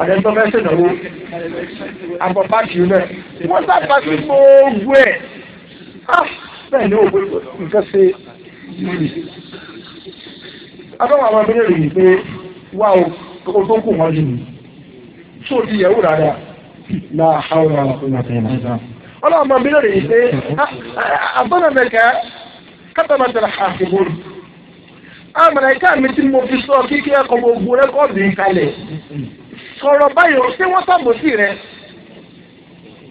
àdẹ́ntọ́ fẹ́ ṣèdánwó àgbọ̀n pàṣẹ náà wọ́n sábà sí gbogbo ẹ̀ ah! sẹ́yìn ní òwe nǹkan ṣe yìí. afẹ́wọ̀n àwọn abẹ́rẹ́ rèé pé wá o tó kù wọ́n jù mí tó ti yẹ̀wò dáadáa náà àwọn ọmọ ọlọ́run máa ń bínú rèé pé ah, àbọ̀nà mẹ́ka kábàámà tẹ̀lé àṣìbọ̀n àmàlà ìka mi tí mo fi sọ kíkẹ́ ẹ̀kọ́ gbogbo rẹ́kọ́ọ̀dù yìí kalẹ̀ sọ̀rọ̀ báyìí ṣé wọ́n sàbòsí rẹ̀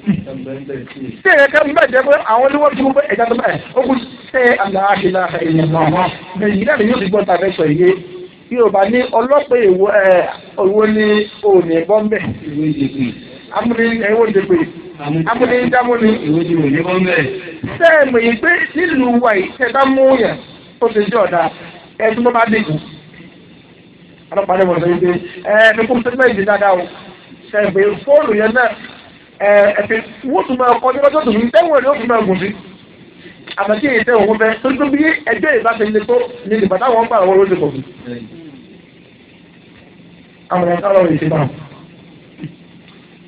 ṣé ẹ̀yẹ ká nígbà jẹ́ pé àwọn olówó tí wọ́n pẹ́ ẹ̀dá tó báyìí ó kú ṣe àlàáfíà ẹ̀yìn mọ̀ọ́mọ́ bẹ̀yìn náà ni yóò ti gbọ́ ta fẹ́ sọ yìí yorùbá ní ọlọ́pẹ́ èwo ẹ̀ owó ní òní bọ́m̀bẹ̀ amúlé ẹ̀wọ́ ìdèpè amúlé dámúlé ṣé ẹ̀ mọ̀ yìí pé nílùú wa yìí ṣe bá mú yẹn tó ti jẹ́ ọ̀dà ẹ̀ tó bá dé jù ọlọ́pàá ní wọ́n sọ yìí pé ẹ̀ ẹ̀ ní kó ẹ̀sìn wọ́n tún máa kọ́ ní ọjọ́ tòun tẹ́wọ̀n ni ó tún máa gùn sí àbàtí èyí tẹ́wọ̀n wọn fẹ́ torí tó bí ẹgbẹ́ ìbáṣe ní tó ní ìgbà táwọn ń bá àwọn olóṣèlú pọ̀ sí. àwọn ọ̀tá ọ̀rọ̀ ìṣe náà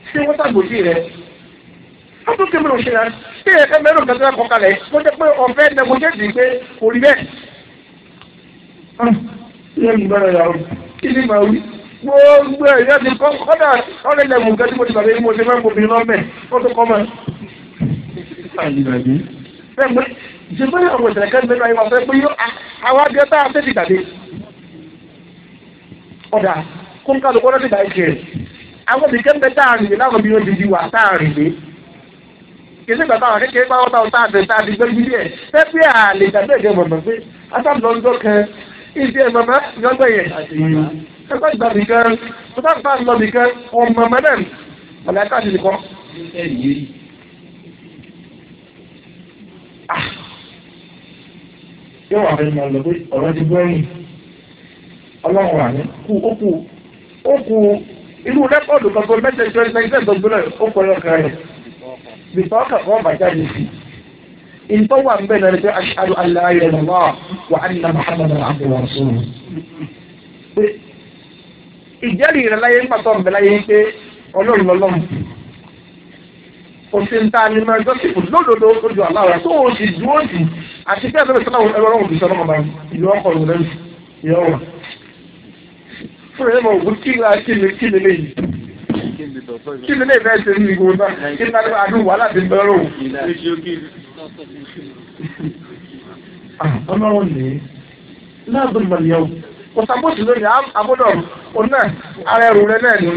ṣé wọ́n ṣàgbòsí rẹ̀ wọ́n tún kébìrì òṣèlú ṣé ẹ̀fẹ́ mẹ́rin kan tó kọ́ kalẹ̀ wọ́n jẹ́ pé ọ̀fẹ́ nẹgọ́jẹ́sì pé kò rí bẹ́ẹ̀. Ah, gbogbo ẹ̀yẹ́ ti kọ́ kọ́dà ọ̀rẹ́ ilẹ̀ ìwòkẹ́ tí mo ti gbàgbé mo ṣe fẹ́ mo bìnrin lọ́mẹ̀ ó tó kọ́ mọ́. ṣe pé ọ̀rọ̀ ìṣẹ̀lẹ̀ kẹ́ni mẹ́ta yìí wà fẹ́ pé àwọn abẹ́ tá a fẹ́ ti gbàgbé. ọ̀dà kó ń kálukọ́ lọ́sẹ̀ bá ẹ̀jẹ̀ àwọn òbí kẹ́ńtẹ́ tá a rìn lé láwọn obìnrin òdìdí wà tá a rìn lé. kìí ṣègbà táwọn kékeré bá wọ́n táwọn táà tẹ̀ táà ti gbé bí díẹ̀ fẹ́ pé àlè ẹgbẹ́ ìgbà nìkan tọ́tà ìgbà lọ nìkan ọmọ mẹ́rin mọ̀lẹ́ká ti nìkan. Ah. yóò wà fẹ́ máa lọ pé ọ̀rọ̀ ti gbọ́ ẹ̀yìn ọlọ́run àní kú ó kú ó kú irú rẹ́kọ̀dù kankan mẹ́tẹ̀ẹ̀tẹ̀ ẹgbẹ́ gbogbo náà ó kọ́ ẹ̀yọ̀ kan rẹ̀ bìtọ́ kankan bàjá yìí sí ìtọ́ wà ń bẹ̀ náà pé aṣáájú aláìlẹ̀ wà á nà Muhammad abdul rasul ìjẹ́rìí rẹ̀ láyé ń pàtó ọ̀bẹ láyé ń pé ọlọ́run lọ́lọ́run òsín tá a ní máa jọ́sìn kù lódodo ojú aláwọ̀ tó o sì dúró sí àti bẹ́ẹ̀ bẹ́ẹ̀ sọ́nà ẹ̀rọ ọ̀hún ti sọ́nà ọ̀bá ìlú ọkọ̀ ìlú lẹ́nu ìyá ọ̀hún. fún ẹ̀rọ ògùn kí ni kí ni kí ni léyìí kí ni léyìí bẹ́ẹ̀ ṣe ní ìgbò náà kí ni láti máa dún wàhálà ti bẹ̀rẹ̀ ah, o. ọlọ́run ní láàbùrù màlìyàwó òsàbòsì lónìí abúlọ̀ oná ara ẹrù rẹ náà ni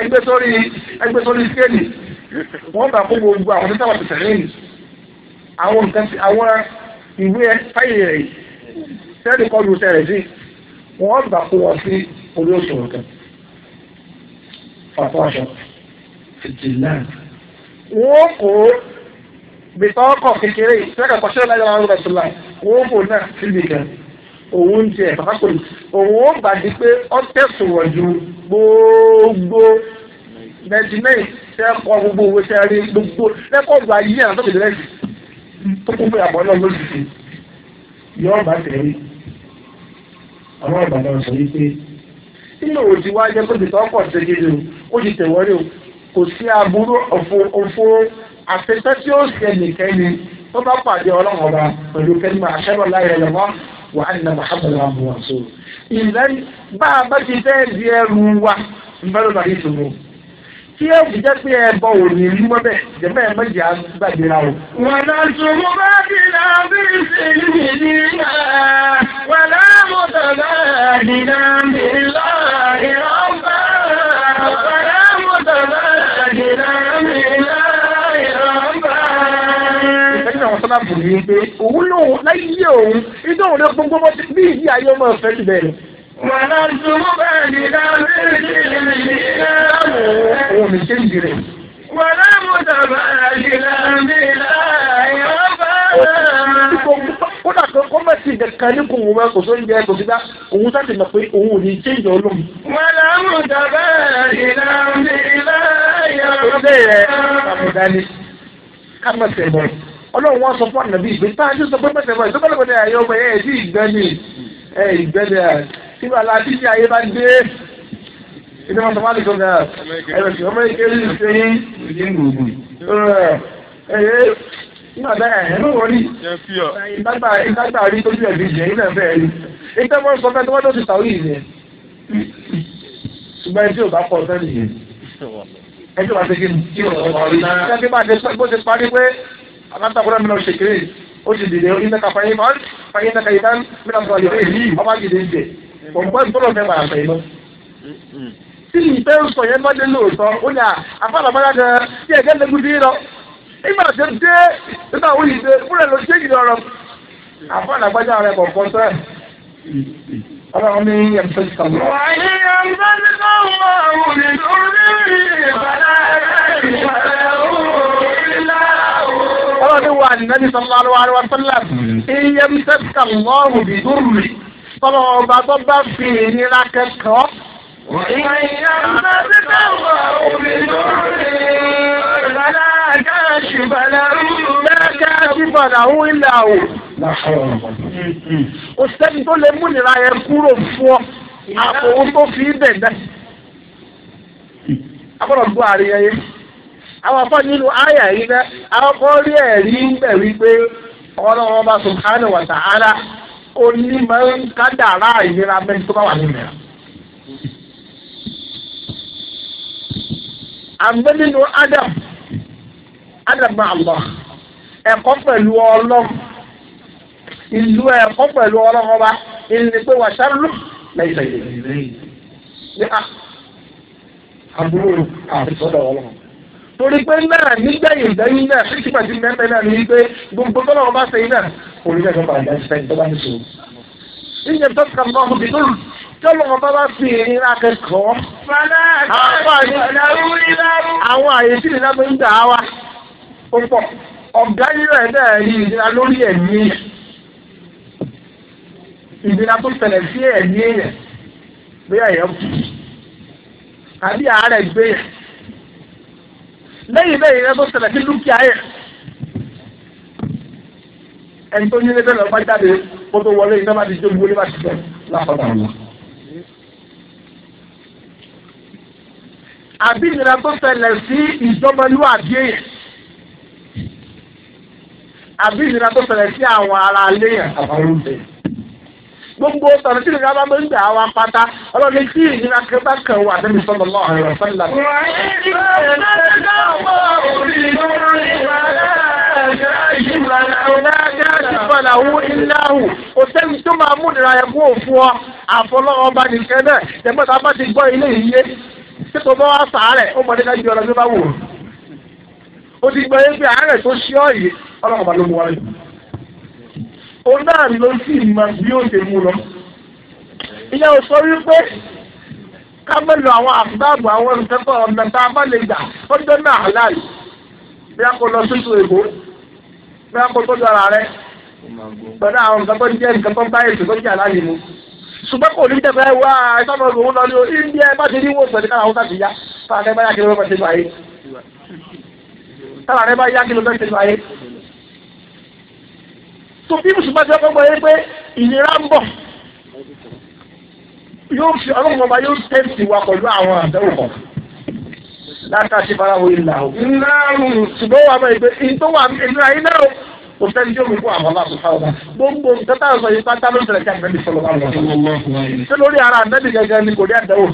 ẹgbẹ́ sórí ẹgbẹ́ sórí skéèlì wọ́n bá kó gbogbo àwọn tó sábà tẹ̀sẹ̀ lẹ́yìn àwọn nǹkan ti àwọn ìwé fáyè rẹ̀ sẹ́ẹ̀dì kọ́ lu sẹ́ẹ̀rẹ̀ sí wọ́n bá kó wọn sí orí òṣùwọ̀n kan fàtọ́ aṣọ fìtìlá wọ́n kó bìtọ́ ọkọ̀ kékeré ìfẹ́ kẹ̀kọ́ ṣẹlẹ̀ láyé wọn lọ́dọ̀ tó láì wọ́n kó náà síbi kan òun ń tiẹ̀ pàápàá òun ó bàdí pé ó tẹ̀sùn wọ̀ ju gbogbo ninety nine sẹ́kọ̀ gbogbo owó sẹ́rí gbogbo sẹ́kọ̀ gba yí àwọn tó kìlẹ̀ lẹ́sìn tó kún fún ìyàbọ̀ náà lójijì yọ ọba tẹ̀lé àwọn ìbàdàn sọ yìí pé nínú òtí wá jẹ́ pé tìtọ́ pọ̀ sí gidi o ó ti tẹ̀wọ́rí o kò sí aburú òfo afẹ́fẹ́ tí ó ṣẹlẹ̀ kẹ́ni tó bá pàdé ọlọ́run ọba pẹ̀lú kẹ́límà aṣẹ́rọ̀ láyé lọ́wọ́ wà á nà Muhammadu abu wasu. ìlẹ́yìn bá a bá ti fẹ́ di ẹrù wa ń bẹ́ẹ̀ lọ́ba yìí tòun tí ẹ fi jẹ́ pé ẹbọ ò ní rí mọ́ bẹ́ẹ̀ ẹ méjì á gbàgbé ra o. wọ́n á sọ̀rọ̀ bá ti là bí ìsinmi ní ìlà wọ́n á mọ̀ tọ̀lá ìdílé ìlà ìrọ̀bá. káàbù ní pé òun lòun láyé òun ìjọ òun lè gbogbo bó ti bí ìdí ayé ọmọ ọ̀fẹ́ ti bẹ̀rẹ̀. wàhálà ṣubú bẹ́ẹ̀ ni dábìlì ní ìlànà. òun ní ṣé ìdí rẹ̀. wàhálà mo dàgbà ìlànà ìlànà kódà kan kó mẹ́sì ìdẹ̀ka ní kò wọ́n kò sórí jẹ́ kò síta òun sáti mọ̀ pé òun ò ní chéńjì ọlọ́run. wọ́n lọ mú dàbẹ́ ìlànà ìlànà ìlànà. ó bẹ̀rẹ̀ àbùdá ni ká mọ̀ sẹ̀mọ̀ ọlọ́run wọn sọ fún ànàbí ìgbé táwọn tó sọ pé mẹ́tẹ̀ẹ̀ bọ̀ ìgbẹ́ pẹ̀lẹ́pẹ̀lẹ́ ayé ọmọ ẹ̀ ẹ̀dí ìgbẹ́ni ẹ̀ ìgbẹ́ni síbi aláàbí tí ayé bá dé ìdí wọn sọ fún àlejò náà ẹ̀rọ ọmọ ike rí ìṣe yín ẹ̀yẹ nígbà tá ẹ̀ ló wọlé ìdágbà ìdágbà rí tójú ẹ̀bí jẹ́ ilẹ̀ bẹ́ẹ̀ ni ìtẹ́ wọn sọ fẹ́ tí wọ́n tó ti sàwí ìyẹn ṣùgbọ́n ẹjọ́ bá pọ̀ sẹ́ni yẹn ẹjọ́ bá ti kí ni kí wọ́n alátakùnrin mi lọ ṣe kéré ó ti dìde ìnaka fàyín kan fàyín ìnaka ìdán mi lọ́sọ̀ yóò èyí ọba dìde ń jẹ òǹkọ́ ìtọ́lọ̀ fẹ́ padà sẹ́yìn lọ. tí ìfẹ́ ń sọ yẹn bá dé lóòótọ́ ó ní àfàlàbàlà gan tí ẹ̀gẹ́ lẹ́gùn sí lọ nígbà tó dé nígbà wo yìí dé fúnra ló ṣe ìdí ọ̀rọ̀ àfàlàgbájá rẹ kọ̀ kọ́ sẹ́ẹ̀. Ọlọ́run ní ẹ̀mí tó ti sọ̀rọ̀ wà ní nàbí sallallahu alaihi wa sallam iye ń tẹ́tà lọ́rù dùrù tọ́lọ́ ọba tó bá fi ìnira kẹ́kọ̀ọ́. ìyá ń bá tẹ́tà lọ́rù dùrù lọ́lá káàṣì bàlá káàṣì bàlá ń wílà o. o sẹ́ni tó lè mú ìnira yẹn kúrò fún ọ àpò tó fi bẹ̀ bẹ́ẹ̀. agbọ́dọ̀ gbọ́ àríyá yẹn àwọn afọ́ nínú àyà yìí náà àwọn kan rí ẹ̀rí ń bẹ̀ wípé ọlọ́wọ́ bá subhanahu wa ta'ala ó ní máa ń kádàrá ìlera mẹ́rin tó bá wà nínú àgbẹ̀ nínú Adam Adam máa lọ ẹ̀kọ́ pẹ̀lú ọlọ́m ìlú ẹ̀kọ́ pẹ̀lú ọlọ́wọ́ bá ìlú pé wà sáré lẹ́yìn lẹ́yìn ní àbúrò àti sọ́dọ̀ ọlọ́wọ́ torí pé náà nígbẹ̀yìn ìdẹ́yìn náà sí ìtìpà sí mẹ́fẹ́ náà ní pé gbogbo tọ́lọ́ ọba ṣe náà kò ní ẹ̀gbọ́n bàjẹ́ ṣẹ́yìn tó bá ní sòrò. ìyẹn tó kà mọ́ ọmọ bìtú tọ́lọ́ ọba bá fi ìrìn akẹ́kọ̀ọ́. àwọn àyè sí ìlànà ń dà á wa ó pọ̀ ọ̀gá yíyọ ẹ̀ náà rí ìdíra lórí ẹ̀mí ìdíra tó tẹ̀lẹ̀ sí ẹ̀mí èèyàn bí àyẹ̀ àbí àárẹ̀ gbé yẹn lẹ́yìn lẹ́yìn rẹ tó ṣẹlẹ̀ sí dúkìá yẹ ẹni tó nílé bẹ́ẹ̀ lọ́pàá jáde kó tó wọlé iná bá ti jó gbólé bá ti jẹ lápapọ̀ àwọn. àbí ìnira tó ṣẹlẹ̀ sí ìjọmọlúwàbí èèyàn àbí ìnira tó ṣẹlẹ̀ sí àwọn ará aléyàn àbáwọn oúnjẹ yìí gbogbo sọ̀rọ̀ tí nìkan bá ń gbà wá pátá ọlọ́run tí ìnira kan bá kàn wà níbi sọ́dọ̀ náà ọ̀rọ̀ sọ́dọ̀ náà. wàá yí ìgbà ẹ̀ lọ́dọ̀ ọ̀pọ̀ òbí lórí ìwà Ìfọ̀làwó ìláhù, òṣèlú tó máa mú ìrà ẹ̀kún òfin ọ, àfọlọ́wọ́ bá nìkan náà, tẹ̀gbọ́ta bá ti gbọ́ ilé ìyé, tí kò bọ́ wá sàárẹ̀, ó mọ̀ nígbà jù ọ̀rọ̀ tó bá wò. Ó ti gbọ́ yé pé àárẹ̀ tó ṣí ọ yìí, ọlọ́kọ̀ bá ló mú wọlé òun náà ló sì mọ bí ó ṣe mú lọ. ìyá ò sọ wípé ká má lo àwọn àbúgbàbù àwọn ìfẹ́kọ̀ọ́ ọ̀nà tá a bá lè gbà ó jẹ́ náà láàyè bí a kò lọ sí ìtò èkó bí a kò tó jọ ara rẹ pẹ̀lú àwọn nǹkan tó jẹ́ nǹkan tó ń bá ètò tó jẹ́ aláyè mu. ṣùgbọ́n kò ní tẹ̀fẹ́ wá ìtọ́nà òun lọ ní india bá ti rí wò sọ̀rọ̀ káwọn ọ̀gá ti yá fún akẹ́bá yá kí ló fẹ́ tó bí mùsùlùmí ti ọkọ̀ gbọ́ yẹ pé ìnira ń bọ̀ yóò fi ọlọ́run ọba yóò tẹ́sí wa pẹ̀lú àwọn àbẹ̀wò kan látàṣe farawọ ìlà o. ńláàrún ṣùgbọ́n wà bẹ́ẹ̀ pé ní tó wà ìlà yìí náà kò sẹ́ni yóò mú kó àwọn aláàbò sáwọn gbogbo nǹkan táwọn sọ yìí pátá ló tẹ̀lé kí àgbẹ̀bí sọ̀rọ̀ wà lọ. ṣé lórí ara àgbẹ̀bí gẹ́gẹ́ ni kò rí àdánwò.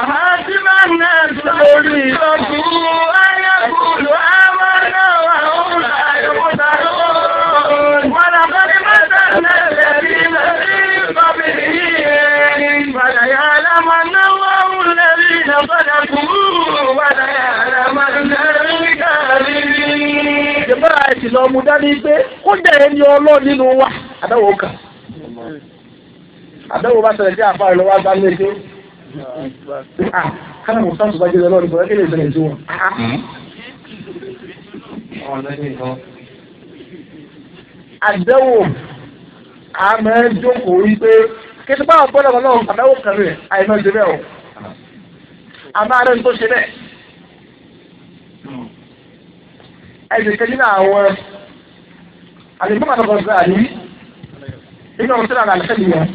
àhásímà náà tó lórí ìtọ́jú ayé kúlù àwọn náà wà ó ń ta ìwúta lọ́wọ́. أهلكنا الذين من قبلهم فليعلمن الله الذين صدقوا وليعلمن الكاذبين. Ìjọba àti lọ mú dání pé kó jẹ́ ẹni ọlọ́ọ̀ nínú wa. Àdáwò kà. Àdáwò bá ṣẹlẹ̀ sí àfa ìlọ́wọ́ agbáńlé pé. Kára mọ̀ sáà tó bá jẹ́ ọlọ́ọ̀ni kọ̀ọ̀kẹ́ lè ṣẹlẹ̀ sí wọn àdẹ́wò a máa ń jókòó yí pé kí n bá wọn bọ́lá wọn lọ́wọ́ àbáwò kan rẹ̀ àìmọ́ ṣe bẹ́ẹ̀ o àmọ́ àrẹ tó ṣe bẹ́ẹ̀ ẹ̀jẹ̀ kejì náà àwọn àlùfáà náà kọ̀ọ̀sì àní nínú ọ̀sẹ̀ náà àlùfẹ́ nìyẹn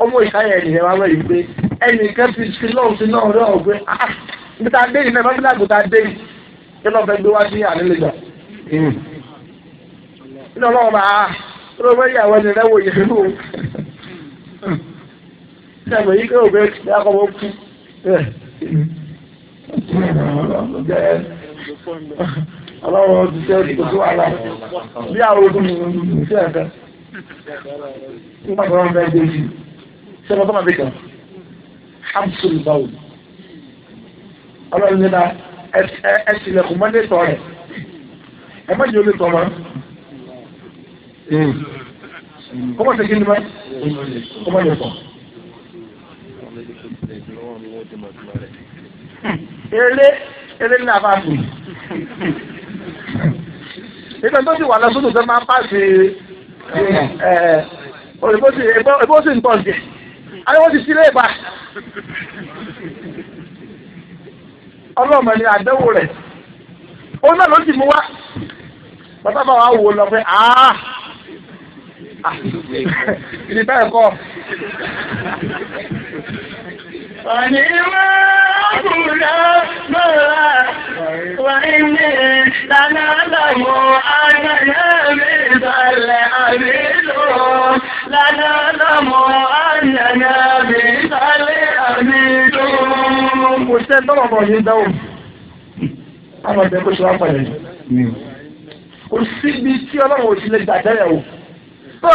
ó mú ìsáyẹ̀ ènìyàn wá wẹ̀yìn pé ẹnìkan ti fi lọ́wọ́ sí náà rẹ̀ ọ̀gbẹ́ níbi tá a dé yìí náà bábí láàgùn tá a dé yìí kí lọ́ọ́ fẹ́ gbé wá sí àlejò hmm. nínú ọlọ́wọ́ lọ́wọ́ ìyàwó ẹni rẹ̀ wò yẹn o ṣàbẹ̀ yìí kéwòn bẹ́ẹ̀ ti akọ́wọ́ kú ọlọ́wọ́ ti tẹ́ kò tó wàhálà bí àwọn ogun mi sí ẹ̀ka nígbà tó wọn bẹ́ẹ̀ dé yìí ṣé wọ́n tó máa fi kàn hamsul bawl ọlọ́run nígbà ẹ̀sìn lẹ́kùn mọ́ndé tọ́ rẹ̀ ẹ̀ má jẹ́ olè tọ́ mọ́. Mm. kó má ṣe kí ni má kó má yẹ pọ̀. eré tó ti wà lọ tó máa ń pàṣẹ òyìnbó sì èbó sì ń bọ̀ ǹjẹ́ ariwo ti sílé ìbá ọlọ́mọ ni àdánwò rẹ̀ òun náà ló sì mú wá bàbá bá wa wò lọ pé àá ibi bẹ́ẹ̀ kọ́. Wàní máa kúrò lọ́la, wàní mi lànà lọ́mọ àgbàlá mi balẹ̀ àmì lò. Lànà lọ́mọ àgbàlá mi balẹ̀ àmì lò. Kò sẹ́ tọ́wọ̀ bọ̀ yín dáwọ̀. Àwọn ọ̀dẹ́ ṣe wá pàdé yìí. Kò síbi tí ọlọ́run ò sí lè gbàdá yẹ̀wò so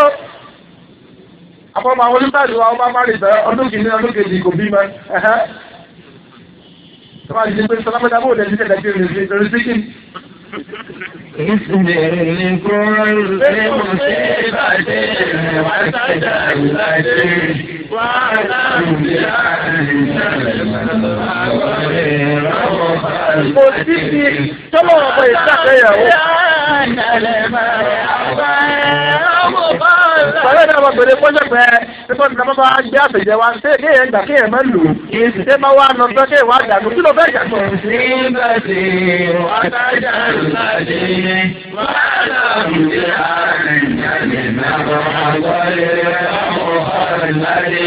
àfọmọ àwọn oníbàdì wa ọba má rìn bẹ́ẹ̀ ọdún kìíní ọdún kejì kò bí mọ́ ẹ̀hẹ́ tó bá pé sọlámẹ́ta bó lẹ́sí ẹ̀dá kí rìn rìn rìn síkì. Ìsìnlẹ̀ ní kó lè mú sí ìbàdí wá sájà ìbàdí wá láàbí láàrin ìṣẹ̀lẹ̀ Kò sí ti tọ́lọ̀ ọ̀pọ̀ ìṣàkẹyàwó sọ̀rọ̀ náà wọ́n gbèrè pọ́jọ́ pẹ́ pípọ́ nígbà bá wá gbé àtẹ̀jẹ́ wa ṣé kí èèyàn gbà kí èèyàn má lò ṣé má wá lọ sọ kí èèyàn wá dàgbò kí ló fẹ́ jàgbọ́. nígbàtí ọ̀tàjà ńláde máa lọ́ọ̀mù sí àárín ìyáni náà àgbọ̀lẹ̀ ọmọ ọ̀láde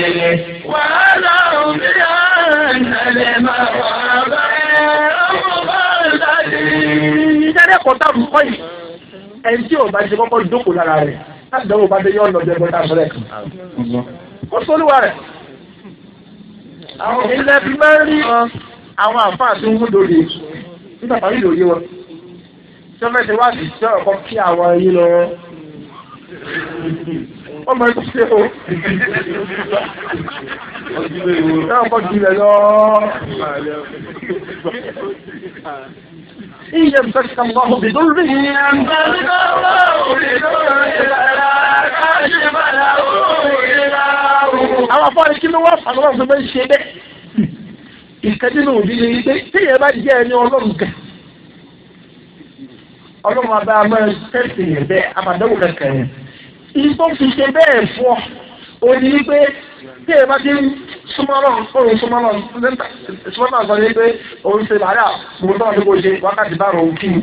wàá lọ́ọ̀mù sí àárín ìyáni náà tí ò bá ti kọ́kọ́ dókòó lára rẹ̀ àdánwò bá dé yọ ọ̀nà ọ̀jẹ̀ bọ́tà fúnlẹ̀ kan. ó sọ́lùwà rẹ̀ àwọn ilẹ̀ fi máa ń rí àwọn àǹfààní tó ń mú lórí nígbà pàrí lórí wọn. tí wọ́n fẹ́ ṣe wáàdì tí wọ́n kọ́ kí àwọn yìí lọ. wọ́n máa ń ṣe o. tí wọ́n kọ́ jù lẹ̀ lọ. إن يمسك الله بضر يمسك الله بضر فلا كاشف له إلا هو àwọn afọ́rin kí ló wá fà lọ́wọ́ fún bẹ́ẹ̀ ṣe bẹ́ẹ̀ ìkẹ́dínú òbí ni ilé téèyàn bá jẹ́ ẹni ọlọ́run kẹ ọlọ́run abẹ́ amẹ́ tẹ̀sí yẹn bẹ́ẹ̀ abàdéwò kẹkẹ yẹn ìtọ́ fi ṣe bẹ́ẹ̀ fún ọ òní wípé tí èèyàn bá ti ń súnmọ́ náà òun súnmọ́ náà súnmọ́ náà sọ wípé òun ṣe bàárà gbogbo tó wà ní kò ṣe wákàtí bárò kí ni.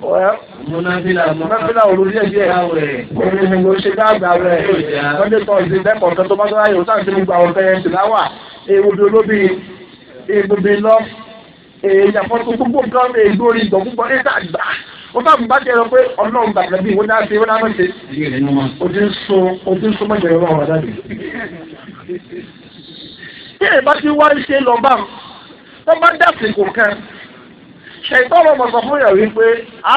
Mọ́nàfílà òru díẹ̀ díẹ̀ òun ni mo ṣe dáàbà rẹ̀ lọ́dẹ̀ tó ọ̀sìn lẹ́kọ̀ọ́ kan tó bá tó ráyè ó sáà ti gbogbo àwọn ọ̀kẹ́ yẹn sì láwà ewu bí olóbi ewu bí lọ èèyàn fọ́n tó gbogbo nǹkan ègbórí ìgbọ̀ gbogbo ní sáà gbà wọ́n bá bá jẹ́ pé ọlọ́run bàtà bí wọ́n dáa ṣe wọ́n dáa ṣe ojú ń sún ojú ń sún mọ́jọ́ ìwọ́n wọn dábì. bí èyí bá ti wá ń ṣe lọ bá wọn bá dàsí kò kan ṣètò ọ̀rọ̀ mọ̀ sọ fún yàrá wípé a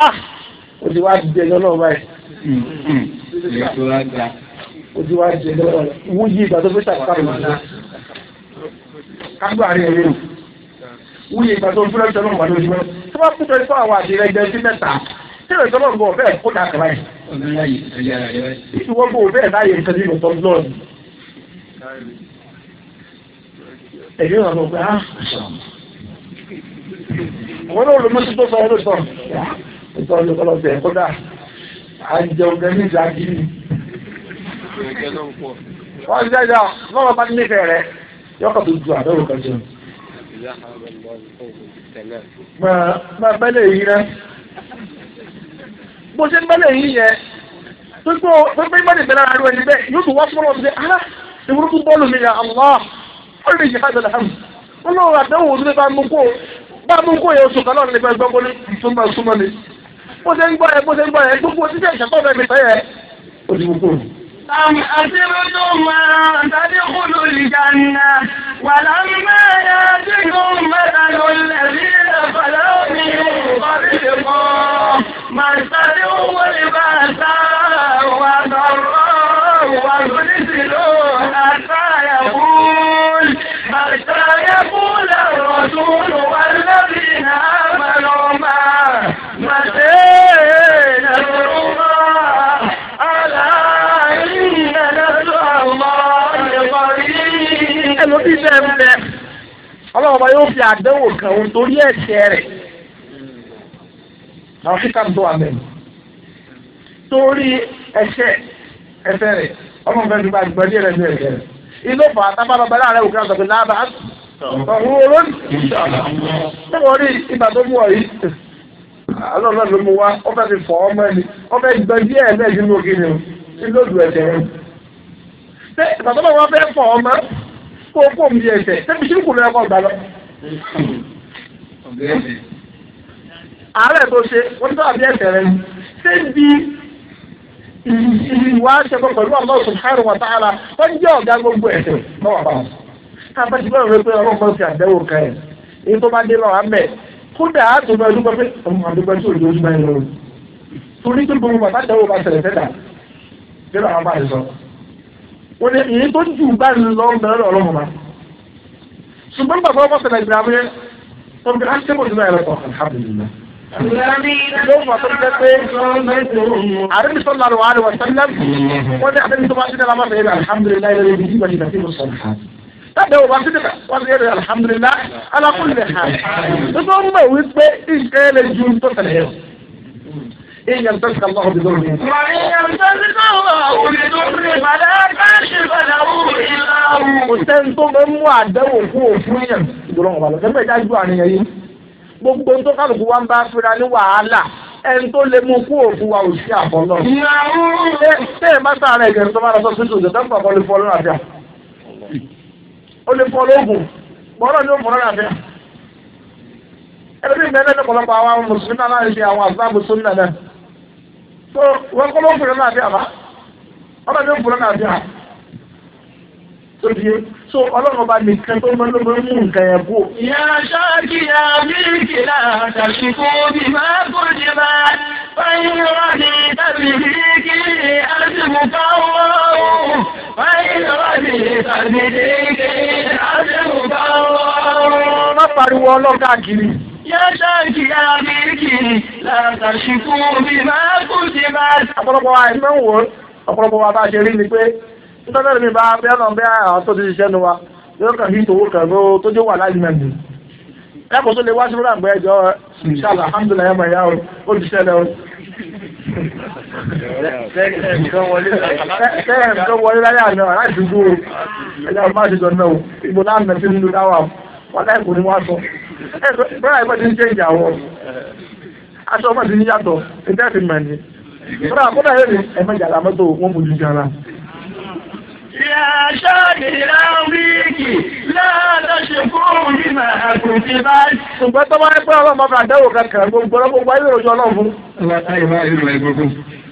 ò ti wá di ẹjọ́ náà báyìí. ò ti wá di ẹjọ́ náà wọ́n ìgbà tó fi ṣàkóso àrùn náà. kágbó àárín ẹ̀yẹ́ nù wúyẹ ìgbà tó ń fúnra ìṣọ́nà wà lójúmọ́ tó bá kú twenty four hours rẹ jẹ sí mẹ́ta tí ìrẹsì ọlọ́run bọ̀ bẹ́ẹ̀ kó dà kàlá yìí. ìṣùwọ́n bò bẹ́ẹ̀ láàyè nǹkan nínú tó ń lọ ni. ẹ̀mí wà lọ pé á. Ah, àwọn náà lọ́mọ tó sọ ọdún sọ ìtọ́ ọdún kọ́ lọ bẹ̀ kódà à ń jẹun gẹ́ ní ìjà kí ni. wọ́n ti dáadáa lọ́wọ́ bá nífẹ̀ẹ́ rẹ̀ yọkọ̀ tó ju àdéhùn kan jẹun máa bẹ́lẹ̀ yìí rẹ bó ṣe ń bẹ́lẹ̀ yìí yẹn gbogbo gbogbo ìbálẹ̀ bẹ̀rẹ̀ ara rẹ̀ níbẹ̀ yóò tún wá fún ọlọ́run pé ah ìwúrú tún bọ́ọ̀lù mi yà Allah ó lè yí hàdà làhàm wọn lọ́wọ́ àdéhùn òdúró bá mú kó bá mú kó yẹ oṣù kan náà nípa ẹgbẹ́ gbọ́lé ìtúmọ̀ ìtúmọ̀ ni bó ṣe ń gbọ́ yẹ bó ṣe ń gbọ́ yẹ gbogbo títẹ̀ ìṣàkóso أم حسبتم أن تدخلوا الجنة ولما يأتكم مثل الذين خلوا من قبلكم مستهم ولباسا وضروا وغسلوا حتى يقول حتى يقول الرسول والذين آمنوا nínú bíbẹ̀ ń bẹ ọlọ́run ọba yóò fi àdánwò kan òun torí ẹ̀ṣẹ̀ rẹ̀ àwọn kíkà ń dọ́ àmẹ́ torí ẹ̀ṣẹ̀ ẹ̀ṣẹ̀ rẹ̀ ọmọ nǹkan ti bá gbọ́ díẹ̀ rẹ̀ inú fà tábàlọ́ bẹ́ẹ̀ láàárẹ̀ òkè àtọ̀gbẹ́ láàbà ọ̀hún olóòtú nítorí ìgbà tó mú ọ yìí alọ́ọ̀lọ́ ló mú wa ó fẹ́ fi fọ́ ọmọ ẹni ó fẹ́ gbọ́ díẹ̀ lẹ́yìn nínú òkè ni lóòdù ẹ̀ṣẹ̀ rẹ̀ ṣé ìgbà tó bá wọn fẹ́ fọ́ ọmọ kó o kó mi ẹsẹ̀ tẹ́bi ṣírí kù lọ gbà lọ. ààrẹ tó ṣe wọ́n tó àbí ẹsẹ̀ rẹ tẹ́bi ìwà ṣẹkọ pẹ̀lú Allah subhanahu wa ta'ala wọ́n jẹ́ ọ̀gá gbogbo ẹ̀sẹ̀ náà bá wọn. káfíńtà ti bẹ́ẹ̀ rẹ ọlọ́run kan fi àdẹ́wò kan ẹ̀ èyí tó bá dé lọ́wọ́ àmẹ́ kódà á tó bá dúpẹ́ pé ọmọ àdúgbò wọ́n ní èyí tó jù bá ń lọ bẹ̀rẹ̀ ọ̀rọ̀ mọ̀mọ́ ṣùgbọ́n bàbá ọkọ̀ sẹ̀lẹ̀ ìgbà abúlé wọ́n bí láti tẹ́kọ̀ọ́ sílẹ̀ ẹ̀rọ alhamdulillah. ló fà tó jẹ́ pé àrẹ́bí sọ́lá lọ́wọ́ àrẹ́wà sẹ́lẹ̀ wọ́n ní àrẹ́bí tó bá ṣe dára máfẹ́ ẹ̀rọ alhamdulillah ẹ̀rọ ibi tí wọ́n ti sọ Tábẹ̀ ò bá sí nípa wọ́n ti yẹ́rẹ̀ alhamdulillah alákùnrin rẹ̀ hàn. Nígbà wọ́n mọ̀ wípé ìṣẹ́ lè ju tó tẹ̀lé yẹn. إن يمسك الله بضر وإن يمسك الله بضر فلا كاشف له إلا هو kò sẹ́ni tó fẹ́ mú àdẹ́wò fún òfin yẹn ìdúró ọ̀bà lọ sẹ́gbẹ́ ìdájú àníyàn yìí gbogbo tó kálukú wa ń bá fira ní wàhálà ẹni tó lè mú kú òfin wa ò sí àbọ̀lọ́. ṣé ẹ bá sáré ìgbẹ́ni tó bá lọ sọ sí ìṣòjọ́ tó ń pàpọ̀ lè fọ́ lọ́nà àbíà ó lè fọ́ lóògùn bọ́ọ̀lọ́ ni ó fọ́ so wọn kọ́ wọn kúrò náà bí àbá ọba mi kúrò náà bí àbá tó di yé so ọlọ́run ọba nìkan tó máa ń lọ́mọ mú nǹkan yẹn bò. ìyá ṣáàkì àbíkì náà tàbí kó bí máa kó di máa báyìí wá ní tàbí kí àtìmù káwọ́ báyìí wá ní tàbí kí àtìmù káwọ́. má pariwo ọlọ́gá kiri yá ṣáàkì àbíkì látàṣìkú bí máa kú sí bá. ọ̀pọ̀lọpọ̀ wa ẹni máa ń ọ̀pọ̀lọpọ̀ wa bá ṣe rí ni pé nítorí mi bá bẹ́ẹ̀ náà bẹ́ẹ̀ àwọn tó ti ṣiṣẹ́ nu wa yóò kàn wọ́n láì kò ní wá sọ bọ́lá ìgbà tí ń jẹ́ ìjà wọ́n aṣọ ọmọ ti ní yàtọ̀ entertainment ni bọ́lá kọ́dà yóò ní ẹ̀mẹ́ ìjà lámọ́tò wọ́n mú ju jara. Yàtọ̀ ìlà wíìkì láàárọ̀ ṣe fún mi màá kò ti bá. Ṣùgbọ́n tó máa ń pẹ́ ọlọ́mọ àdáwò kankan gbogbo gbogbo ayé ìròyìn ọlọ́run fún.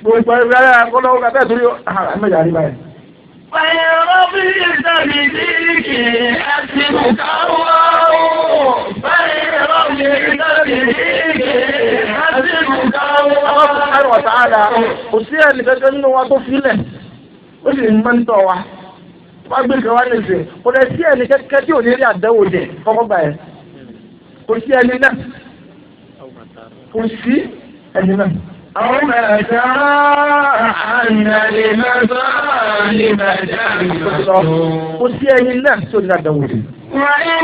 Gbogbo ayé ọlọ́run fún. فيا ربي بذلك حسبك الله فيا ربي بذلك حسبك الله سبحانه وتعالى kò sí ẹnìkankan nínú wa tó filẹ̀ ó sì ń mẹ́ńtọ̀ wa wá gbé nǹkan wá nìsín kò lè sí ẹnìkankan tí ò ní rí àdánwò jẹ kọ́kọ́ gbà yẹn kò sí ẹni náà kò sí ẹni náà. أو ما شاء أن لمظالم جنبه وسيئه الله سنة داود Wà á jẹ́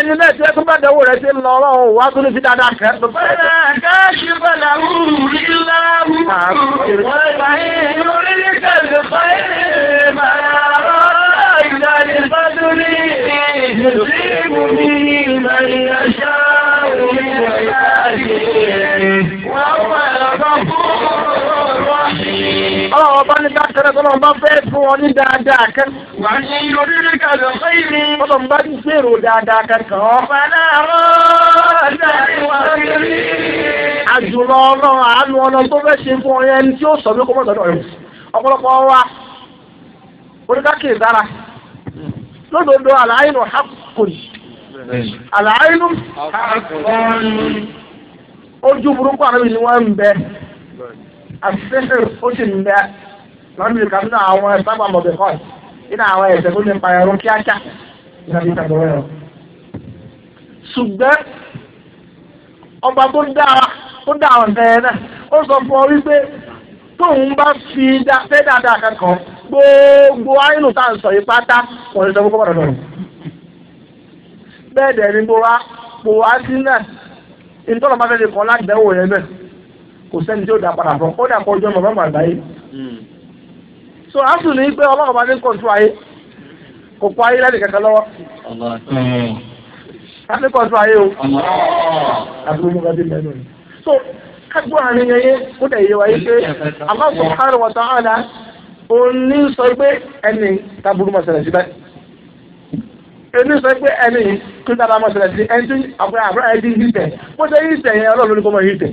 ẹni náà tí ẹ tún bá dánwò rẹ̀ ṣe ń lọ ọlọ́run wà á tún lè fi dáadáa kẹ́. Bàbá káṣí padà wù nílá wù. Wọ́n bá yín lórí ní kẹ́lẹ́ fáyé máa rọ́ ìdánilbádúrí ìdílé mú ní ìmọ̀ ìyàṣá. tọ́lọ̀ ọba ní dákẹ́rẹ́ tọ́lọ̀ ọba fẹ́ fún ọ ní dáadáa kan. wà á ṣe ìròyìn rẹ̀ kàlọ́ sẹ́yìn ni. tọ́lọ̀ ń bá ti gbèrò dáadáa kankan. bàbá àwọn ọ̀dà ìwà kiri. àjùlọ ọlọ́run àánú ọlọ́run tó fẹ́ ṣe fún ọ yẹn tí ó sọ mí kó mọ̀tọ́ rẹ̀ ọ̀pọ̀lọpọ̀ wa oníkàkì ìdára lódodo àlàyé nù hàkùnì àlàáyínú ojú burúkú àrẹ́bì ni wọ́n ń bẹ àṣìṣe ó sì ń bẹ lọ́nà ìka nínú àwọn ẹ̀sábà mọ̀bẹ̀ kọ́ nínú àwọn ẹ̀sẹ̀ tó ní payọ̀rún kíákíá níbi ìtàgbọ̀rọ̀ rẹ̀. ṣùgbọ́n ọba tó dá tó dá àwọn ẹ̀ náà ó sọ fún ọ wípé tóun bá fi fẹ́ dáadáa kankan gbogbo àìlù tá à ń sọ yìí pátá wọ́n ti sọ fún kọ́kọ́ dọ̀dọ̀ bẹ́ẹ̀ dẹ̀ ni gbogbo wa gbogbo wa sí náà ìtọ́nà bá fẹ́ lè kọ́ láti dẹ́wò yẹn bẹ́ẹ̀ kò sẹ́ni tí ó dá padà bọ̀ kó dàpọ̀ ọjọ́ bàbá màgbà yìí. Hmm. so asùn ní pé ọlọ́run bá ní kọ̀ǹtù ayé kò kọ ayé lẹ́nu kẹ̀kẹ́ lọ́wọ́. a ní kọ̀ǹtù ayé o. àbúrò mi bá mẹ́nu ni. so kájú àárín yẹn yé kó dẹ̀ yé wa yé pé Allah subhanahu wa ta'ala òun ní sọ pé ẹni tábùrú mọ̀ sẹ̀lẹ̀ síbẹ̀ èmi sọ pé ẹni kí n dára mọ̀ sẹ̀lẹ̀ sí ẹni tí àbúrò àbúrò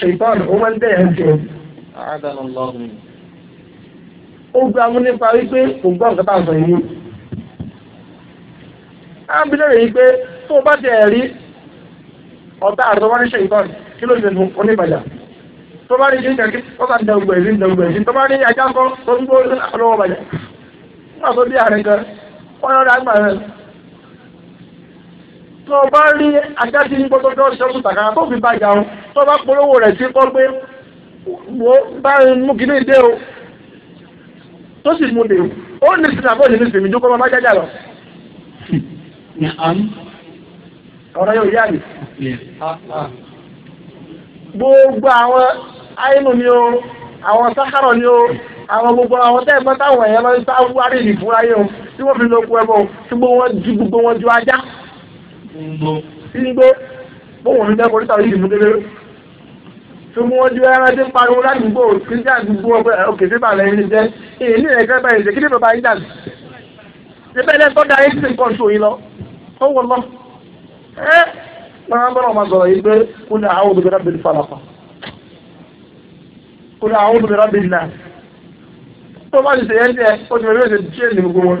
ṣètọ́n ó máa ń tẹ̀yà ń tiẹ̀. ó gba mú nípa wípé kò gbọ́ nǹkan tá à ń sọ yìí. á ń bilẹ̀ yìí pé tó o bá tiẹ̀ rí ọ̀tá àtọ́ wá ní ṣètọ́n kí ló ṣe fún oníbàjá tó bá rí ṣe ń kẹ́kẹ́ ó kà ń dẹ̀gbù ẹ̀sìn dẹ̀gbù ẹ̀sìn tó bá rí ajá kọ́ tó ń gbó tó bá rí adájí ní pọ́tọ́tọ́ ìṣọ́kù tàkàrà tó fi bàjá o tó bá polówó rẹ̀ sí pọ́ pé wo bá mú kíní dé o tó sì mú dé o ó ní sinmi àbọ̀ ní sinmi dúkọ́ bá bá jájà lọ. ọ̀rọ̀ yóò yá mi. gbogbo àwọn àìnù ni o àwọn sákàrọ̀ ni o àwọn gbogbo àwọn tẹ́ ẹ̀gbọ́n táwọn ẹ̀yẹ́ lọ sí sáwárì ìfúráyé o tí wọ́n fi lóko ẹ̀bọ̀ tí gbogbo wọn ju ajá sí ní pé bóun ní dẹ́kun níta yìí mú délé tó mú wọn ju ẹran tí ń pariwo ládùúgbò kí ní àdúgbò ọgbẹ òkè tí bàlẹ̀ yìí jẹ́ èyí ní ẹ̀ka ẹ̀ka ìṣèkí ní bàbá yìí dàgbé níbẹ̀ lẹ́kọ́ darí sí nǹkan tó yìí lọ ó wọ lọ ẹ máa ń bọ̀rọ̀ máa sọ̀rọ̀ yìí pé kó ní àwọn obìnrin rábìlì falapa kó ní àwọn obìnrin rábìlì náà tó bá ti ṣe yẹn jẹ ó ti fẹ́ fẹ́ ṣe díẹ̀ ní gbogbo wọn.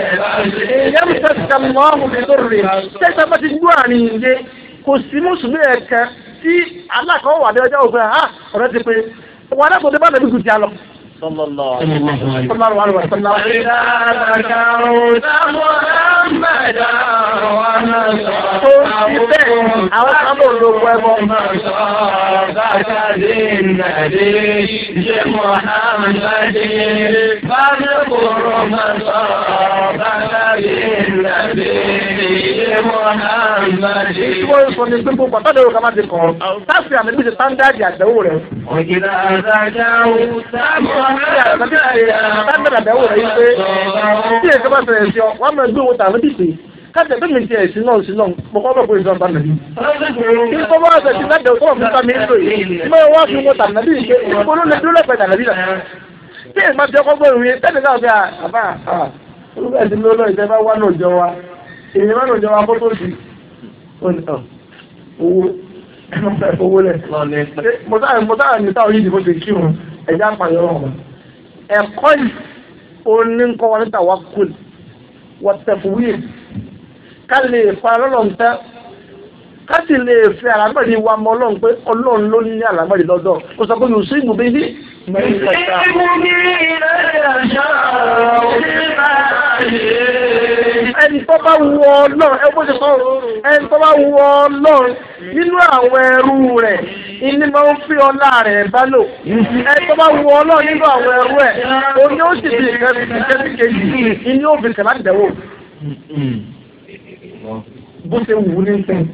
èèyàn ń tẹ̀síkà mọ́ọ̀mù bìtòrè tẹ̀síkà bá ti gbó àárín ìyẹn kò sí mùsùlùmí ẹ̀kan tí alákọ̀ọ́wà ní ọjọ́ òfin ah, ọ̀rẹ́ ti pé wọn alákòóso bá lẹ́nu gùn jà lọ. صلى الله عليه وسلم صلى الله عليه وسلم إذا ذكرت محمدا àwọn sábà ló pẹ́ bọ́. Bàtàdé nàdé ṣé Mùhàmmádé bá mi kúrò mọ́ sọ̀rọ̀ bàtàdé. Ìwọ sọ ni pé gbogbo àtàdé òkà máa ti kàn ọ́. Táàsì àmì níbi ṣe sáńdáàdì àdánwò rẹ̀. Òkìlá àdájá òun sábà sáńdáàdì àdánwò rẹ̀ yìí pé tí èkó bá ṣẹlẹ̀ bí mi ti ẹ̀ sínú sínú mo kọ́ bẹ̀ kó ìjọba bá nàbí. kí n fọwọ́ ẹsẹ̀ sí láti ọ̀tọ́ mi ń lò yìí mo wá fi wọ́n tàbí nàbí ìgbé olólè dúró lẹ́pẹ̀ẹ́ tàbí nà. bí èèmọ̀ ti ọkọ̀ gbọ́ ìròyìn tẹ́lẹ̀ náà bí i àbá olùkọ́ ẹ̀sìn lọ́nà ìjọba wà náà jọ wa èyí má náà jọ wa kó tó di ah, owó owó lẹ̀. mo sáà ní sáà yìí ni mo ti kí wọn ẹ̀já pààyàn ọ̀hún. ẹ̀kọ́ yìí ó ní ń kọ́ wa ní tàwa kùn wọ́n tẹ̀ fún ká lè fa lọ́lọ́ káti lè fi àlámọ̀rí wa mọ ọlọ́run pé ọlọ́run ló ní àlámọ̀rí lọ́dọ̀ ó sọ pé mo sí ìgbòmí ní. ẹni tó bá wù ọlọ́run ẹ bó ṣe sọ ẹni tó bá wù ọlọ́run nínú àwọn ẹrú rẹ̀ ilé máa ń fi ọlá rẹ̀ bá ẹni tó bá wù ọlọ́run nínú àwọn ẹrú ẹ̀ òun ó sì fi ìkẹ́sì kejì ilé òfin kàlá dẹ̀wò bó ṣe wù ní sẹ́yìn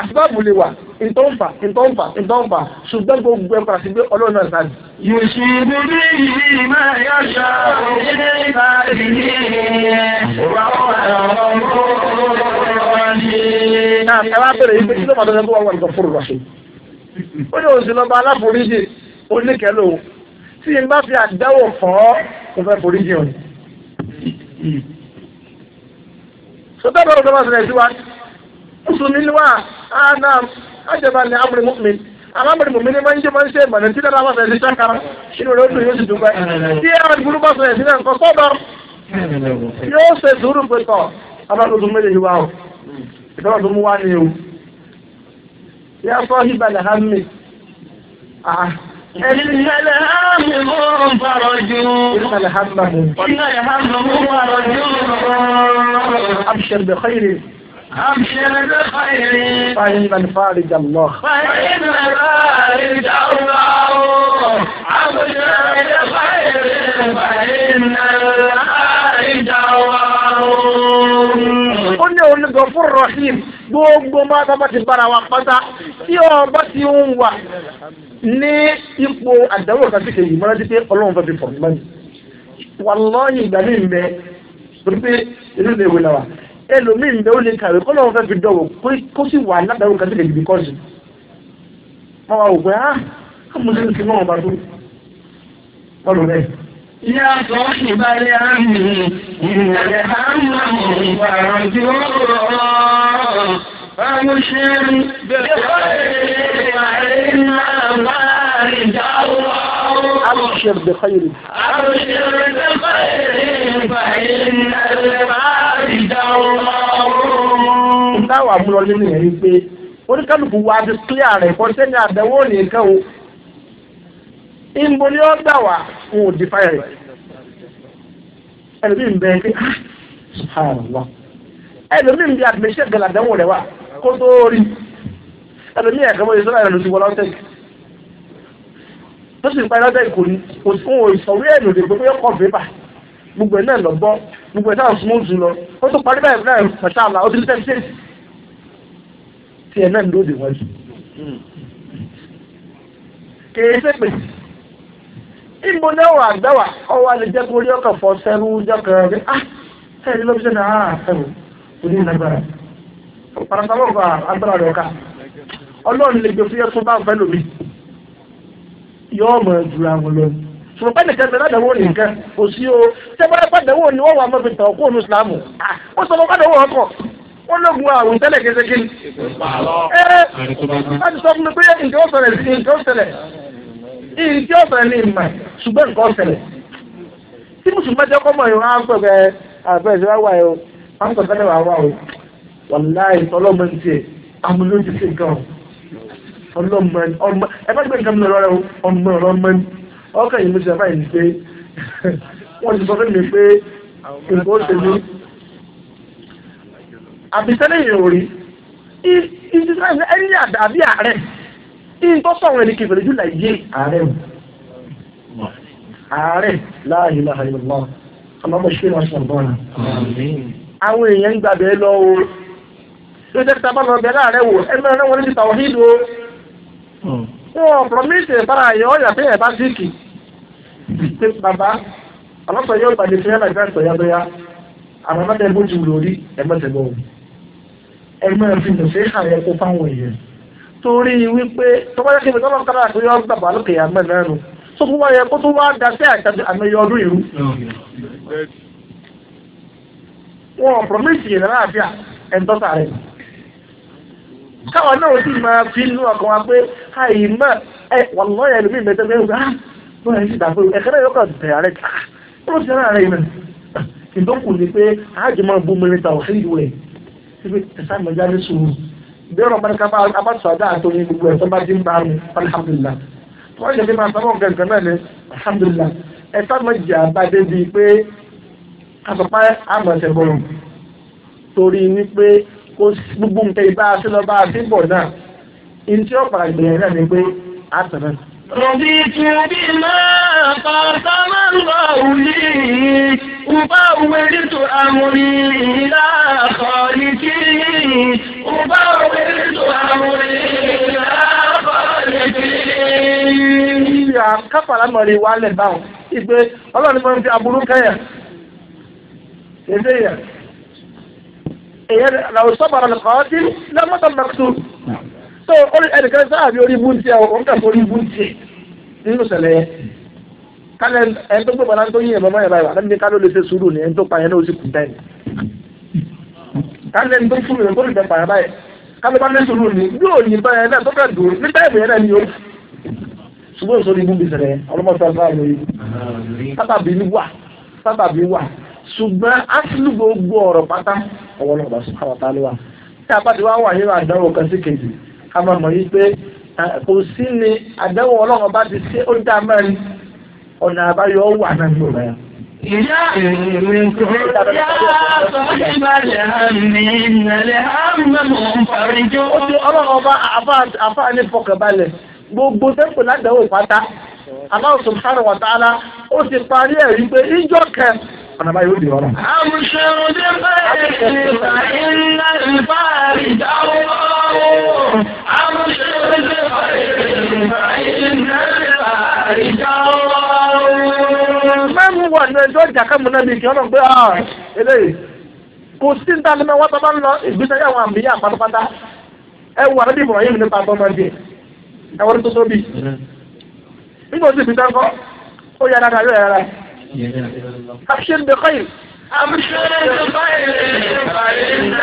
àsìbáàbù lè wà ìtọ́nfà ìtọ́nfà ìtọ́nfà ṣùgbọ́n gbogbo ẹ̀kọ́ àti gbé ọlọ́run náà sáájú. yòòṣì bíbí yìí máa yọ ṣọ òṣèlú ìbá ìdílé wà ọ̀rọ̀ ọ̀rọ̀ náà ẹ wá bẹ̀rẹ̀ yìí pé kí ló máa dọ́dọ́ tó wà wà nǹkan fúru rọ̀ṣẹ̀. ó ní òṣèlú ọba aláforíjì oníkẹ́lò tí n bá fi àdáwò fọ́ mo fẹ́ foríjì òní. sọtẹ́ bọ́lá sunilwa anam ajaba ni amri mu'min amma bari mu'mini man ji man sai manan tidara ma sai ta kara shi ne rodo yo su dubai ti ya guru ba sai sinan ko sobar yo se duru ko to amma do dumme ji wawo idan do mu wani yo e ya sahiba la hammi ah إن الهم فرجوا إن الهم إن الهم فرجوا أبشر بخير أبشر بخير فإن الفارج الله فإن الفارج الله أبشر بخير فإن الفارج الله ó ní òun ní gọ̀fún rahim gbogbo máa bá ti bára wa pátá tí ọba ti ń wà ní ipò àdáwò kan síkè yìí mọ́ra dípé ọlọ́run fẹ́ fi pọ̀ mọ́ni wàlọ́ọ̀yìn ìgbà ní ìmẹ́ torí pé ìlú ìlú ìwé náà ẹlòmíì bẹ́ẹ̀ ó lè kàwé kọ́ lọ́wọ́ fẹ́ fi dọ̀wọ́ kó sì wà ládàrú kan tó lè dìbì kọ́ọ̀sì wọ́n wá òpin á àmúṣe ti mọ́ ọba tó wọ́n lò bẹ́ẹ̀. Ìyá sọ ìbálẹ̀ àmì ìrìnàlẹ̀ àmà ìbàràn tí ó rọ̀ àmúṣe bẹ̀rẹ̀ àrẹ náà máa rìn dáwọ́. أبشر بخير أبشر بخير فإن الفعل ti dáhùn lọ́rùn. táwọn àmúlọlé nìyẹn ni pé oníkálukú wa ti clear rẹ̀ kọ́ńtẹ́ ní àdánwò nìkan o ìmọ̀ ni ó gbà wá ń ò di fáyà rẹ̀ ẹlòmíì ń bẹ pé ah, subhanallah ẹlòmíì ń bí àtúnṣe gàlà àdánwò rẹ̀ wá kó tó rí ẹlòmíì ẹ̀ka mọ́ ìṣọ́ra ìrọ̀lù ti wọ lọ́tẹ̀kì tó sì ń parí lọ́tẹ̀kì kò ní gbogbo ẹ̀ náà lọ bọ́ gbogbo ẹ̀ náà smooth lọ ó tó parí báyìí náà pàṣẹ àlà ó ti rí tẹ́lifíṣẹ́ tí ẹ̀ náà lóde wọ́n jù. kèé sépè ìbò náà wà àgbẹ̀wà ọwọ́ alẹ́ jẹ́ kó rí ọkàn fọ́ sẹ́rú jẹ́ kan ah, rí ah ẹ̀rí ló fi ṣe náà á sẹ́rù kò ní ìlágbára paracetamol gba agbára rẹ̀ ọ̀ka ọlọ́run lè gbé fúyẹ́ tó bá ń fẹ́ lómi yọ ọmọ ìdúrà wọn ṣùgbọ́n pẹ́ẹ́nì kan tẹ̀lé àdánwò nìkan kò sí o tẹ́gbọ́n pàdánwò ni wọ́n wà mọ́ fi tàn kó onú ìsìlámù ó sọ fún pàdánwò ọkọ̀ wọ́n lóògùn àrùn tẹ́lẹ̀ kéṣeké ni. ẹ ẹ láti sọ fún mi pé nǹkan ó ṣẹlẹ̀ sí nǹkan ó ṣẹlẹ̀ nǹkan ó ṣẹlẹ̀ ní ìmọ̀ ṣùgbọ́n nǹkan ó ṣẹlẹ̀ tí mùsùlùmí jẹ́ kọ́mọ̀ yìí wọ́n á pẹ̀ bẹ́ẹ̀ àgbẹ̀sẹ̀ wá wà yìí o wọ́n á pẹ̀ bẹ́ẹ̀ wà wà o wàláì tọ́lọ́mọ ti ẹ̀ o ọmọ ọlọ́mọ ọkàn yìí mo ti sàfáì ní pé wọ́n ti sọ fún mi pé nǹkan ó ṣe ní àbísẹ́lẹ̀ yìí ò rí ẹni àbí ààrẹ nǹkan sọ̀rọ̀ ẹni kìfèrè jù láyé ààrẹ o ààrẹ láàyè láàyè lọ ọmọ ọmọ ìṣẹ́ wọn ṣàbọ̀nà àwọn èèyàn ń gbàgbé lọ o ló jẹ́ tá a bá lọ bẹ láàrẹ wò ẹ mẹ́rin wọn níbi tàwọn hídùú o hmm. wọn ò promise ìbára yẹn ọ̀yà pé ẹ̀ bá síkì. ṣe bàbá ọlọ́pàá yóò pàdé fún yàrá ìgbà ìsọ̀yà bóyá àwọn ọmọdé bójú lórí ẹgbẹ́tẹ̀gbọ́ òun ẹgbẹ́ òfin ló ṣe é yẹ kó fáwọn èèyàn torí wípé tọ́wọ́ yẹ kí ibi tọ́lọ́ kára àti yọ tó fún wa yẹ kó tó wá da sí ọdún ìrú. wọn ò promise yẹn náà àfíà rẹ̀ káwọn náà máa fi inú ọkàn wa pé tó ń ṣe ìdàgbò ẹ̀kẹ́ náà yọkọ̀ bẹ̀rẹ̀ rẹ̀ ah, ó ló ṣe ara rẹ̀ yìí ìdókù ni pé àjọ máa bú mi níta òfin ìlú ẹ̀ síbi ẹ̀sán mọ̀já ní sùúrù ìbéèrè ọ̀pá ní bá sọ àdá àtò ní gbogbo ẹ̀sán bá dín bá mi alhamdulillah tó wáyé bí máa sábà ọ̀gá nǹkan náà ni alhamdulillah ẹ̀sán mọ̀já bá dé bi pé asọ̀pá àmọ̀ṣẹ̀ bọ̀rùn torí wípé kó gbogbo nǹkan ìbá aṣọ lọ́ba ni pé àtẹ̀rẹ̀ رضيت بما قسم الله لي أبوّلت أمري إلى خالقي أبوّلت أمري إلى mọ̀ rí wálẹ̀ báwọn ìgbé ọlọ́run máa ń fi aburú kẹ́yà ẹ̀dẹ́yà èyẹ làwọn sọ́bàrà lọ́kọ́ ọdún lọ́mọ́tò mọ́tò so ẹnìkan sáà bí orí búntì ẹ òun kà sórí búntì nínú ìṣẹ̀lẹ̀ yẹn kálẹ̀ ẹni tó gbé bàlá tó yín ẹ̀bọ̀n mọ́ ẹ̀bá ìwà lẹ́nu ní ṣe sùúrù ni ẹni tó pa yẹn náà ó sì kú bẹ́ẹ̀ ni kálẹ̀ ẹni tó fún yẹn tó lè bẹ̀ pààyà báyìí kálọ̀ bá ní sùúrù ni yóò yìn bá yẹn náà tó kà dùn ní táìmù yẹn náà ni yóò ṣùgbọ́n ìṣòro ibú bí ṣẹlẹ̀ ọlọ́mọ ṣùgbọ́n asìlú gbogbo ọ̀rọ̀ pátá ọ̀wọ́n náà bá sùn káwọ́ tá a lé wa tá a bá ti wá wà nínú àdánwò kan ká máa mọ̀ yìí pé kò sí ni àdéhùn ọlọ́run bá ti ṣe ó dá mẹ́rin ọ̀nà àbáyọ wà náà ní yẹn. Ìyá ìrìn tó yá sọ́jà gbogbo sẹ́kù ládàáwò pátá. Allah subhanahu wa ta'ala ó ti parí ẹ̀rí pé ìjọ kẹ ọ̀nà báyìí ó di ọ̀rọ̀. àmùsùn ti bẹ́ẹ̀ ti bàyí ńlá ìbáàrí dáwọ́ àmùsùn ti bẹ́ẹ̀ ti bàyí ńlá ìbáàrí dáwọ́. mẹ́mú wà ní ẹjọ́ ìjàkámu náà bíi kí ọ̀nà gbé ọ̀ ah, eléyìí kò sí ní tàbí mẹ́wàá tó bá ń lọ ìgbésẹ̀ àwọn àmì yà pátápátá ẹ wù àdébí Ibrahim nípa àtọ́mọdé ẹ wọ́n tó tóbi mm-hmm. nígbà tó ti fi dáńkọ́ ó yára dáa yóò yára yìí. أبشر بخير أبشر بخير فإن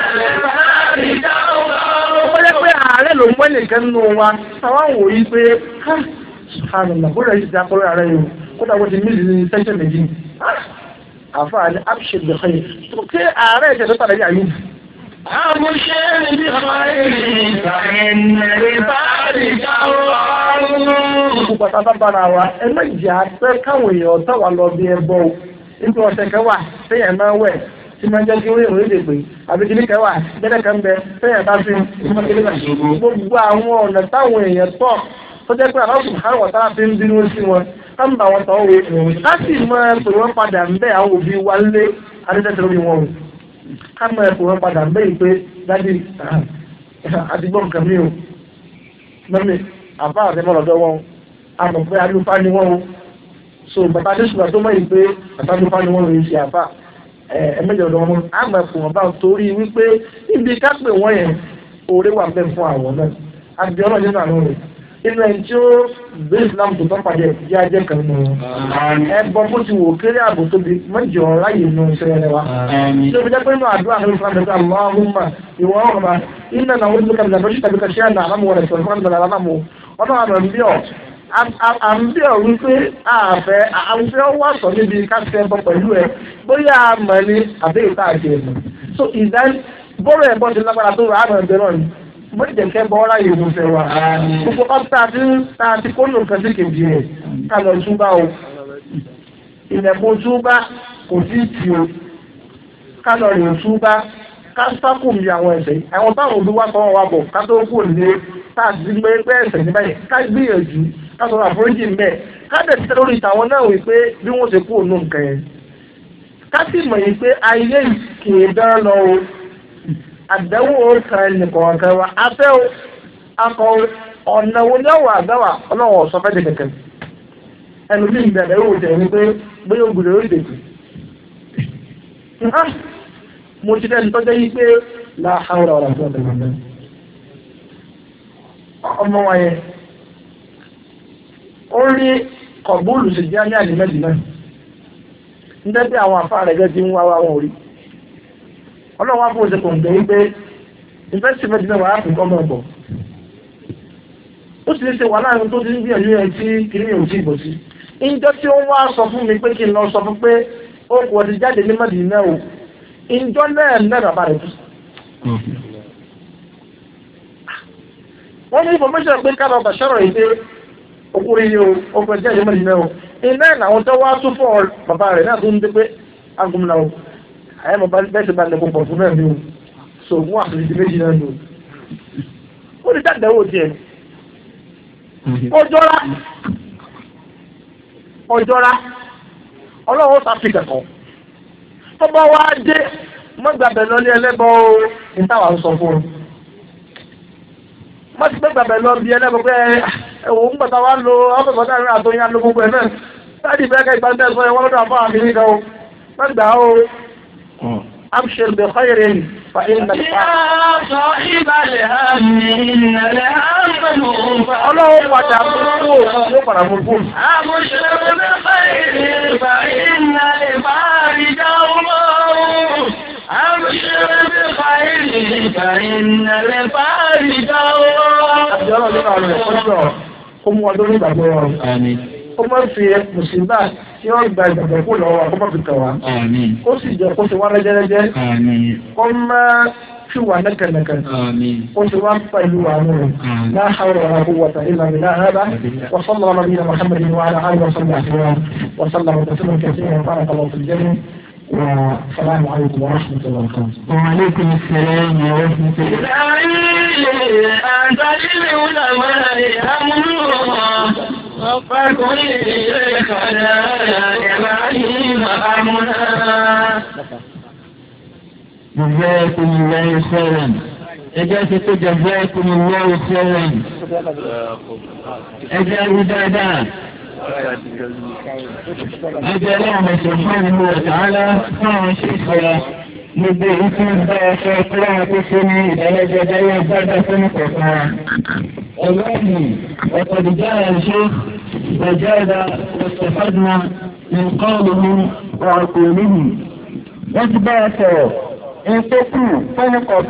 الفهد ó yẹ pé ààrẹ ló ń wẹ́ nìkan nínú wa táwọn wò yí pé ká ṣàlùmọ̀ bóyá yìí ti akọ́rọ́ ààrẹ yìí kódà wọ́n ti mílì ní sẹ́ńtẹ̀ المشير بخير فإن لذلك الله. pátápátá wa ẹ má jẹ́ àpẹ́ káwọn èèyàn táwa lọ bí ẹ bọ́ o nítorí ọ̀sẹ̀ kan wà téèyàn máa wẹ̀ tí máa jẹ́ kí wọ́n yẹ̀wò lédè pé àbíkíní kan wà gẹ́gẹ́ kan bẹ téèyàn bá fi gbogbo àwọn ọ̀nà táwọn èèyàn tọ̀ tó jẹ́ pé àwọn sùnkárù wọ̀tá fi ń bínú sí wọn ká ń bá wọn tọ̀ wé. láti máa pè wọ́n padà ń bẹ́ àwọn òbí wa lé lórí wọn ká mọ ẹ̀kọ́ wọn padà bẹ́ẹ̀ pé dádì àdìgbò nǹkan mi o mọ́mí àbá àtẹ́mọ́ lọ́dọ̀ wọn àmọ̀ pé alúfá ni wọ́n o so bàbá tó ṣùgbọ́n tó mọ̀ yìí pé bàbá alúfá ni wọ́n rèé ṣe àbá ẹ̀ẹ́mẹ́jọ lọ́wọ́ wọn àmọ̀ ẹ̀kọ́ wọn bá torí wípé ibi ká pè wọ́n yẹn oore wà bẹ́ẹ̀ fún àwọn náà àbí ọlọ́ọ̀dẹ́ náà lọ́rùn inú ẹni tí ó gbé islam tó tán pàdé ẹ̀kú jẹ́ ajẹ́ kan nù ẹbọ bó ti wò kéré ààbò tóbi mẹ́jọ ráyè nù sẹ́yẹrẹ wa tí o fi jẹ́ pé inú àdúrà ní ìfúnra mẹ́ta Allahumma ìwọ ọ̀rọ̀ ma iná náà wọ́n ti kàbí nàbẹ́sí tàbí kàṣí àná àlámù wọlé sọ̀rọ̀ fún àgbàlá àlámù ọ̀nà àmọ̀ ń bí ọ̀ àǹbí ọ̀ wípé àfẹ́ àǹfẹ́ wà sọ níbi káṣẹ́ bọ́ pẹ̀lú ẹ bóyá àmọ̀ ni àbẹ́yìí tá a jẹ́ ẹ̀mọ̀ so ìdá bọ́ọ̀rọ̀ ẹ̀bọ́n ti lágbára tó rà á mọ̀ ẹ̀bẹ̀ náà ni bóyá jẹ̀ǹkẹ́ bọ́ ọ́rá yìí lóṣẹ̀ wa gbogbo kan tá a ti tá a ti kó nù nǹkan sí kejì rẹ̀ ká lọ túbá o ilẹ̀kùn túbá kò sí ti o ká lọ rìn túbá ká sákò mi àwọn ẹ̀ṣẹ̀ àwọn táwọn òbí wa kọ́ wa bọ̀ ká tó kù ní tá a ti gbé pé ẹ̀ṣẹ̀ ní báyìí ká gbìyànjú ká sọ̀rọ̀ àforíjì ń bẹ̀ ká dẹ̀ ti lórí ìtàwọn náà wí pé bí wọ́n ṣe kú òun nǹkan yẹn ká sì mọ̀ yìí pé ayé kì dán lọ àdánwò kan nìkan kan wa afẹ́ o akọ ọ̀nà wo ni ọ̀wọ̀ àgbàwà ọlọ́wọ̀ ọ̀sọ́ fẹ́ di kankan ẹnu bí ìgbà àdánwò tẹ̀ ní pé bóyá ògùn lórí dèjì. Ah! mo ti dẹ́nu tọ́jọ́ yí pé láhàárọ̀ ọ̀rọ̀ àti ọ̀dọ̀ mọ̀lẹ́ ọmọ wa yẹn ó rí kọ̀bùlù sì jẹ́ ní àdìmẹ́dì ń dẹ́gbẹ́ àwọn àfáà rẹ̀ gẹ́gẹ́ bí ń wá wá wọn ò rí ọlọ́wọ́ àbúrò ṣe kòǹgẹ́ wípé investment náà wàá fún gọ́ọ̀mọ̀ bọ̀ ó sì ṣe wà láàrin tó ti ń gbìyànjú yẹn tí kìnìún yóò ti bọ̀ sí ìjọ́ tí ó wá sọ fún mi pé kí n lọ sọ fún pé ó kò ti jáde ní mọ́tì náà o ìjọ́ náà náà bàbá rẹ̀ kú. wọ́n ní information pé ká lọ bà sọ̀rọ̀ yìí pé okùnrin yìí o ó kò ti jáde ní mọ́tì náà o iná ìlànà tó wá tún fún bàbá rẹ̀ náà tó ń àyẹ̀ mọ̀ bẹ́sẹ̀ bá lẹ́kọ̀ọ́ pọ̀ fún náà ni o so fún àpèjì méjì náà ni o ó lè jáde owó tiẹ̀ ọjọ́ra ọjọ́ra ọlọ́run ó sàfihàn kẹ̀kọ́ tó bá wá dé mọ́gbàbẹ̀ lọ ní ẹlẹ́bọ o ní táwa ń sọ fún un má ti gbẹ́gbàbẹ̀ lọ bí ẹlẹ́bọ pé ẹ̀wọ̀n ń gbàtà wá lo ọgbẹ̀gbọ̀n náà rìn àtọ́yìn alógún pẹ̀lú ẹ̀ sáà أبشر بخير فإن يا صاحب الهم إن الهم Ọlọ́run padà burúkú ló padà burúkú. Àbùsùn bí fàyè fàyínà lè bá àrídá ọmọ òun. Àbùsùn bí fàyè fàyínà lè bá àrídá ọmọ òun. Àbùsùn ọlọ́run nínú àwọn ẹ̀kọ́ jọ kó mú ọdún nígbàgbọ́ ọ̀run ó máa ń fi mùsùlùmá tí wọ́n gba ìgbàgbọ́ kó lọ́wọ́ àkọ́kọ́ fi kàn wá. ó sì jẹ́ kó ti wá rẹ́jẹ́rẹ́jẹ́ kó máa fi wà nẹ́kẹ̀nẹ́kẹ̀ ó ti wá pẹ̀lú àwọn rẹ̀ náà hàwọ̀ wà kó wọ̀tà ilà mi náà hábà wà sọ́nà wà nàbí yà mọ̀hámẹ́dì wà á wà sọ́nà àti wà sọ́nà wà tẹ̀síwọ̀n kẹ̀síwọ̀n fara kọlọ̀ tó jẹ́ السلام عليكم ورحمة الله وبركاته. وعليكم السلام ورحمة الله. أنت للعلماء أمر وفقني إليك على إبراهيم أمرا. جزاكم الله خيرا. إجازة جزاكم الله خيرا. إجازة دادا. Àjẹ́lẹ́mẹ̀ tó fún ìlú ọ̀tàálá fáwọn ṣíṣẹ́ gbogbo èyí tí ń bá ọṣọ kúrò tó ṣe ní ìdálẹ́jọ́jọ́ yóò gbọ́dọ̀ fún ìkọ̀kan. Ọlọ́ọ̀nì ọ̀pọ̀dùjá ẹ̀ṣẹ́ ìgbàjáde ọ̀sẹ̀fọ́dúnà nǹkan òun ọ̀pọ̀ òun. Wọ́n ti bá ọ sọ̀rọ̀, èyí tó kù fún ìkọ̀kan.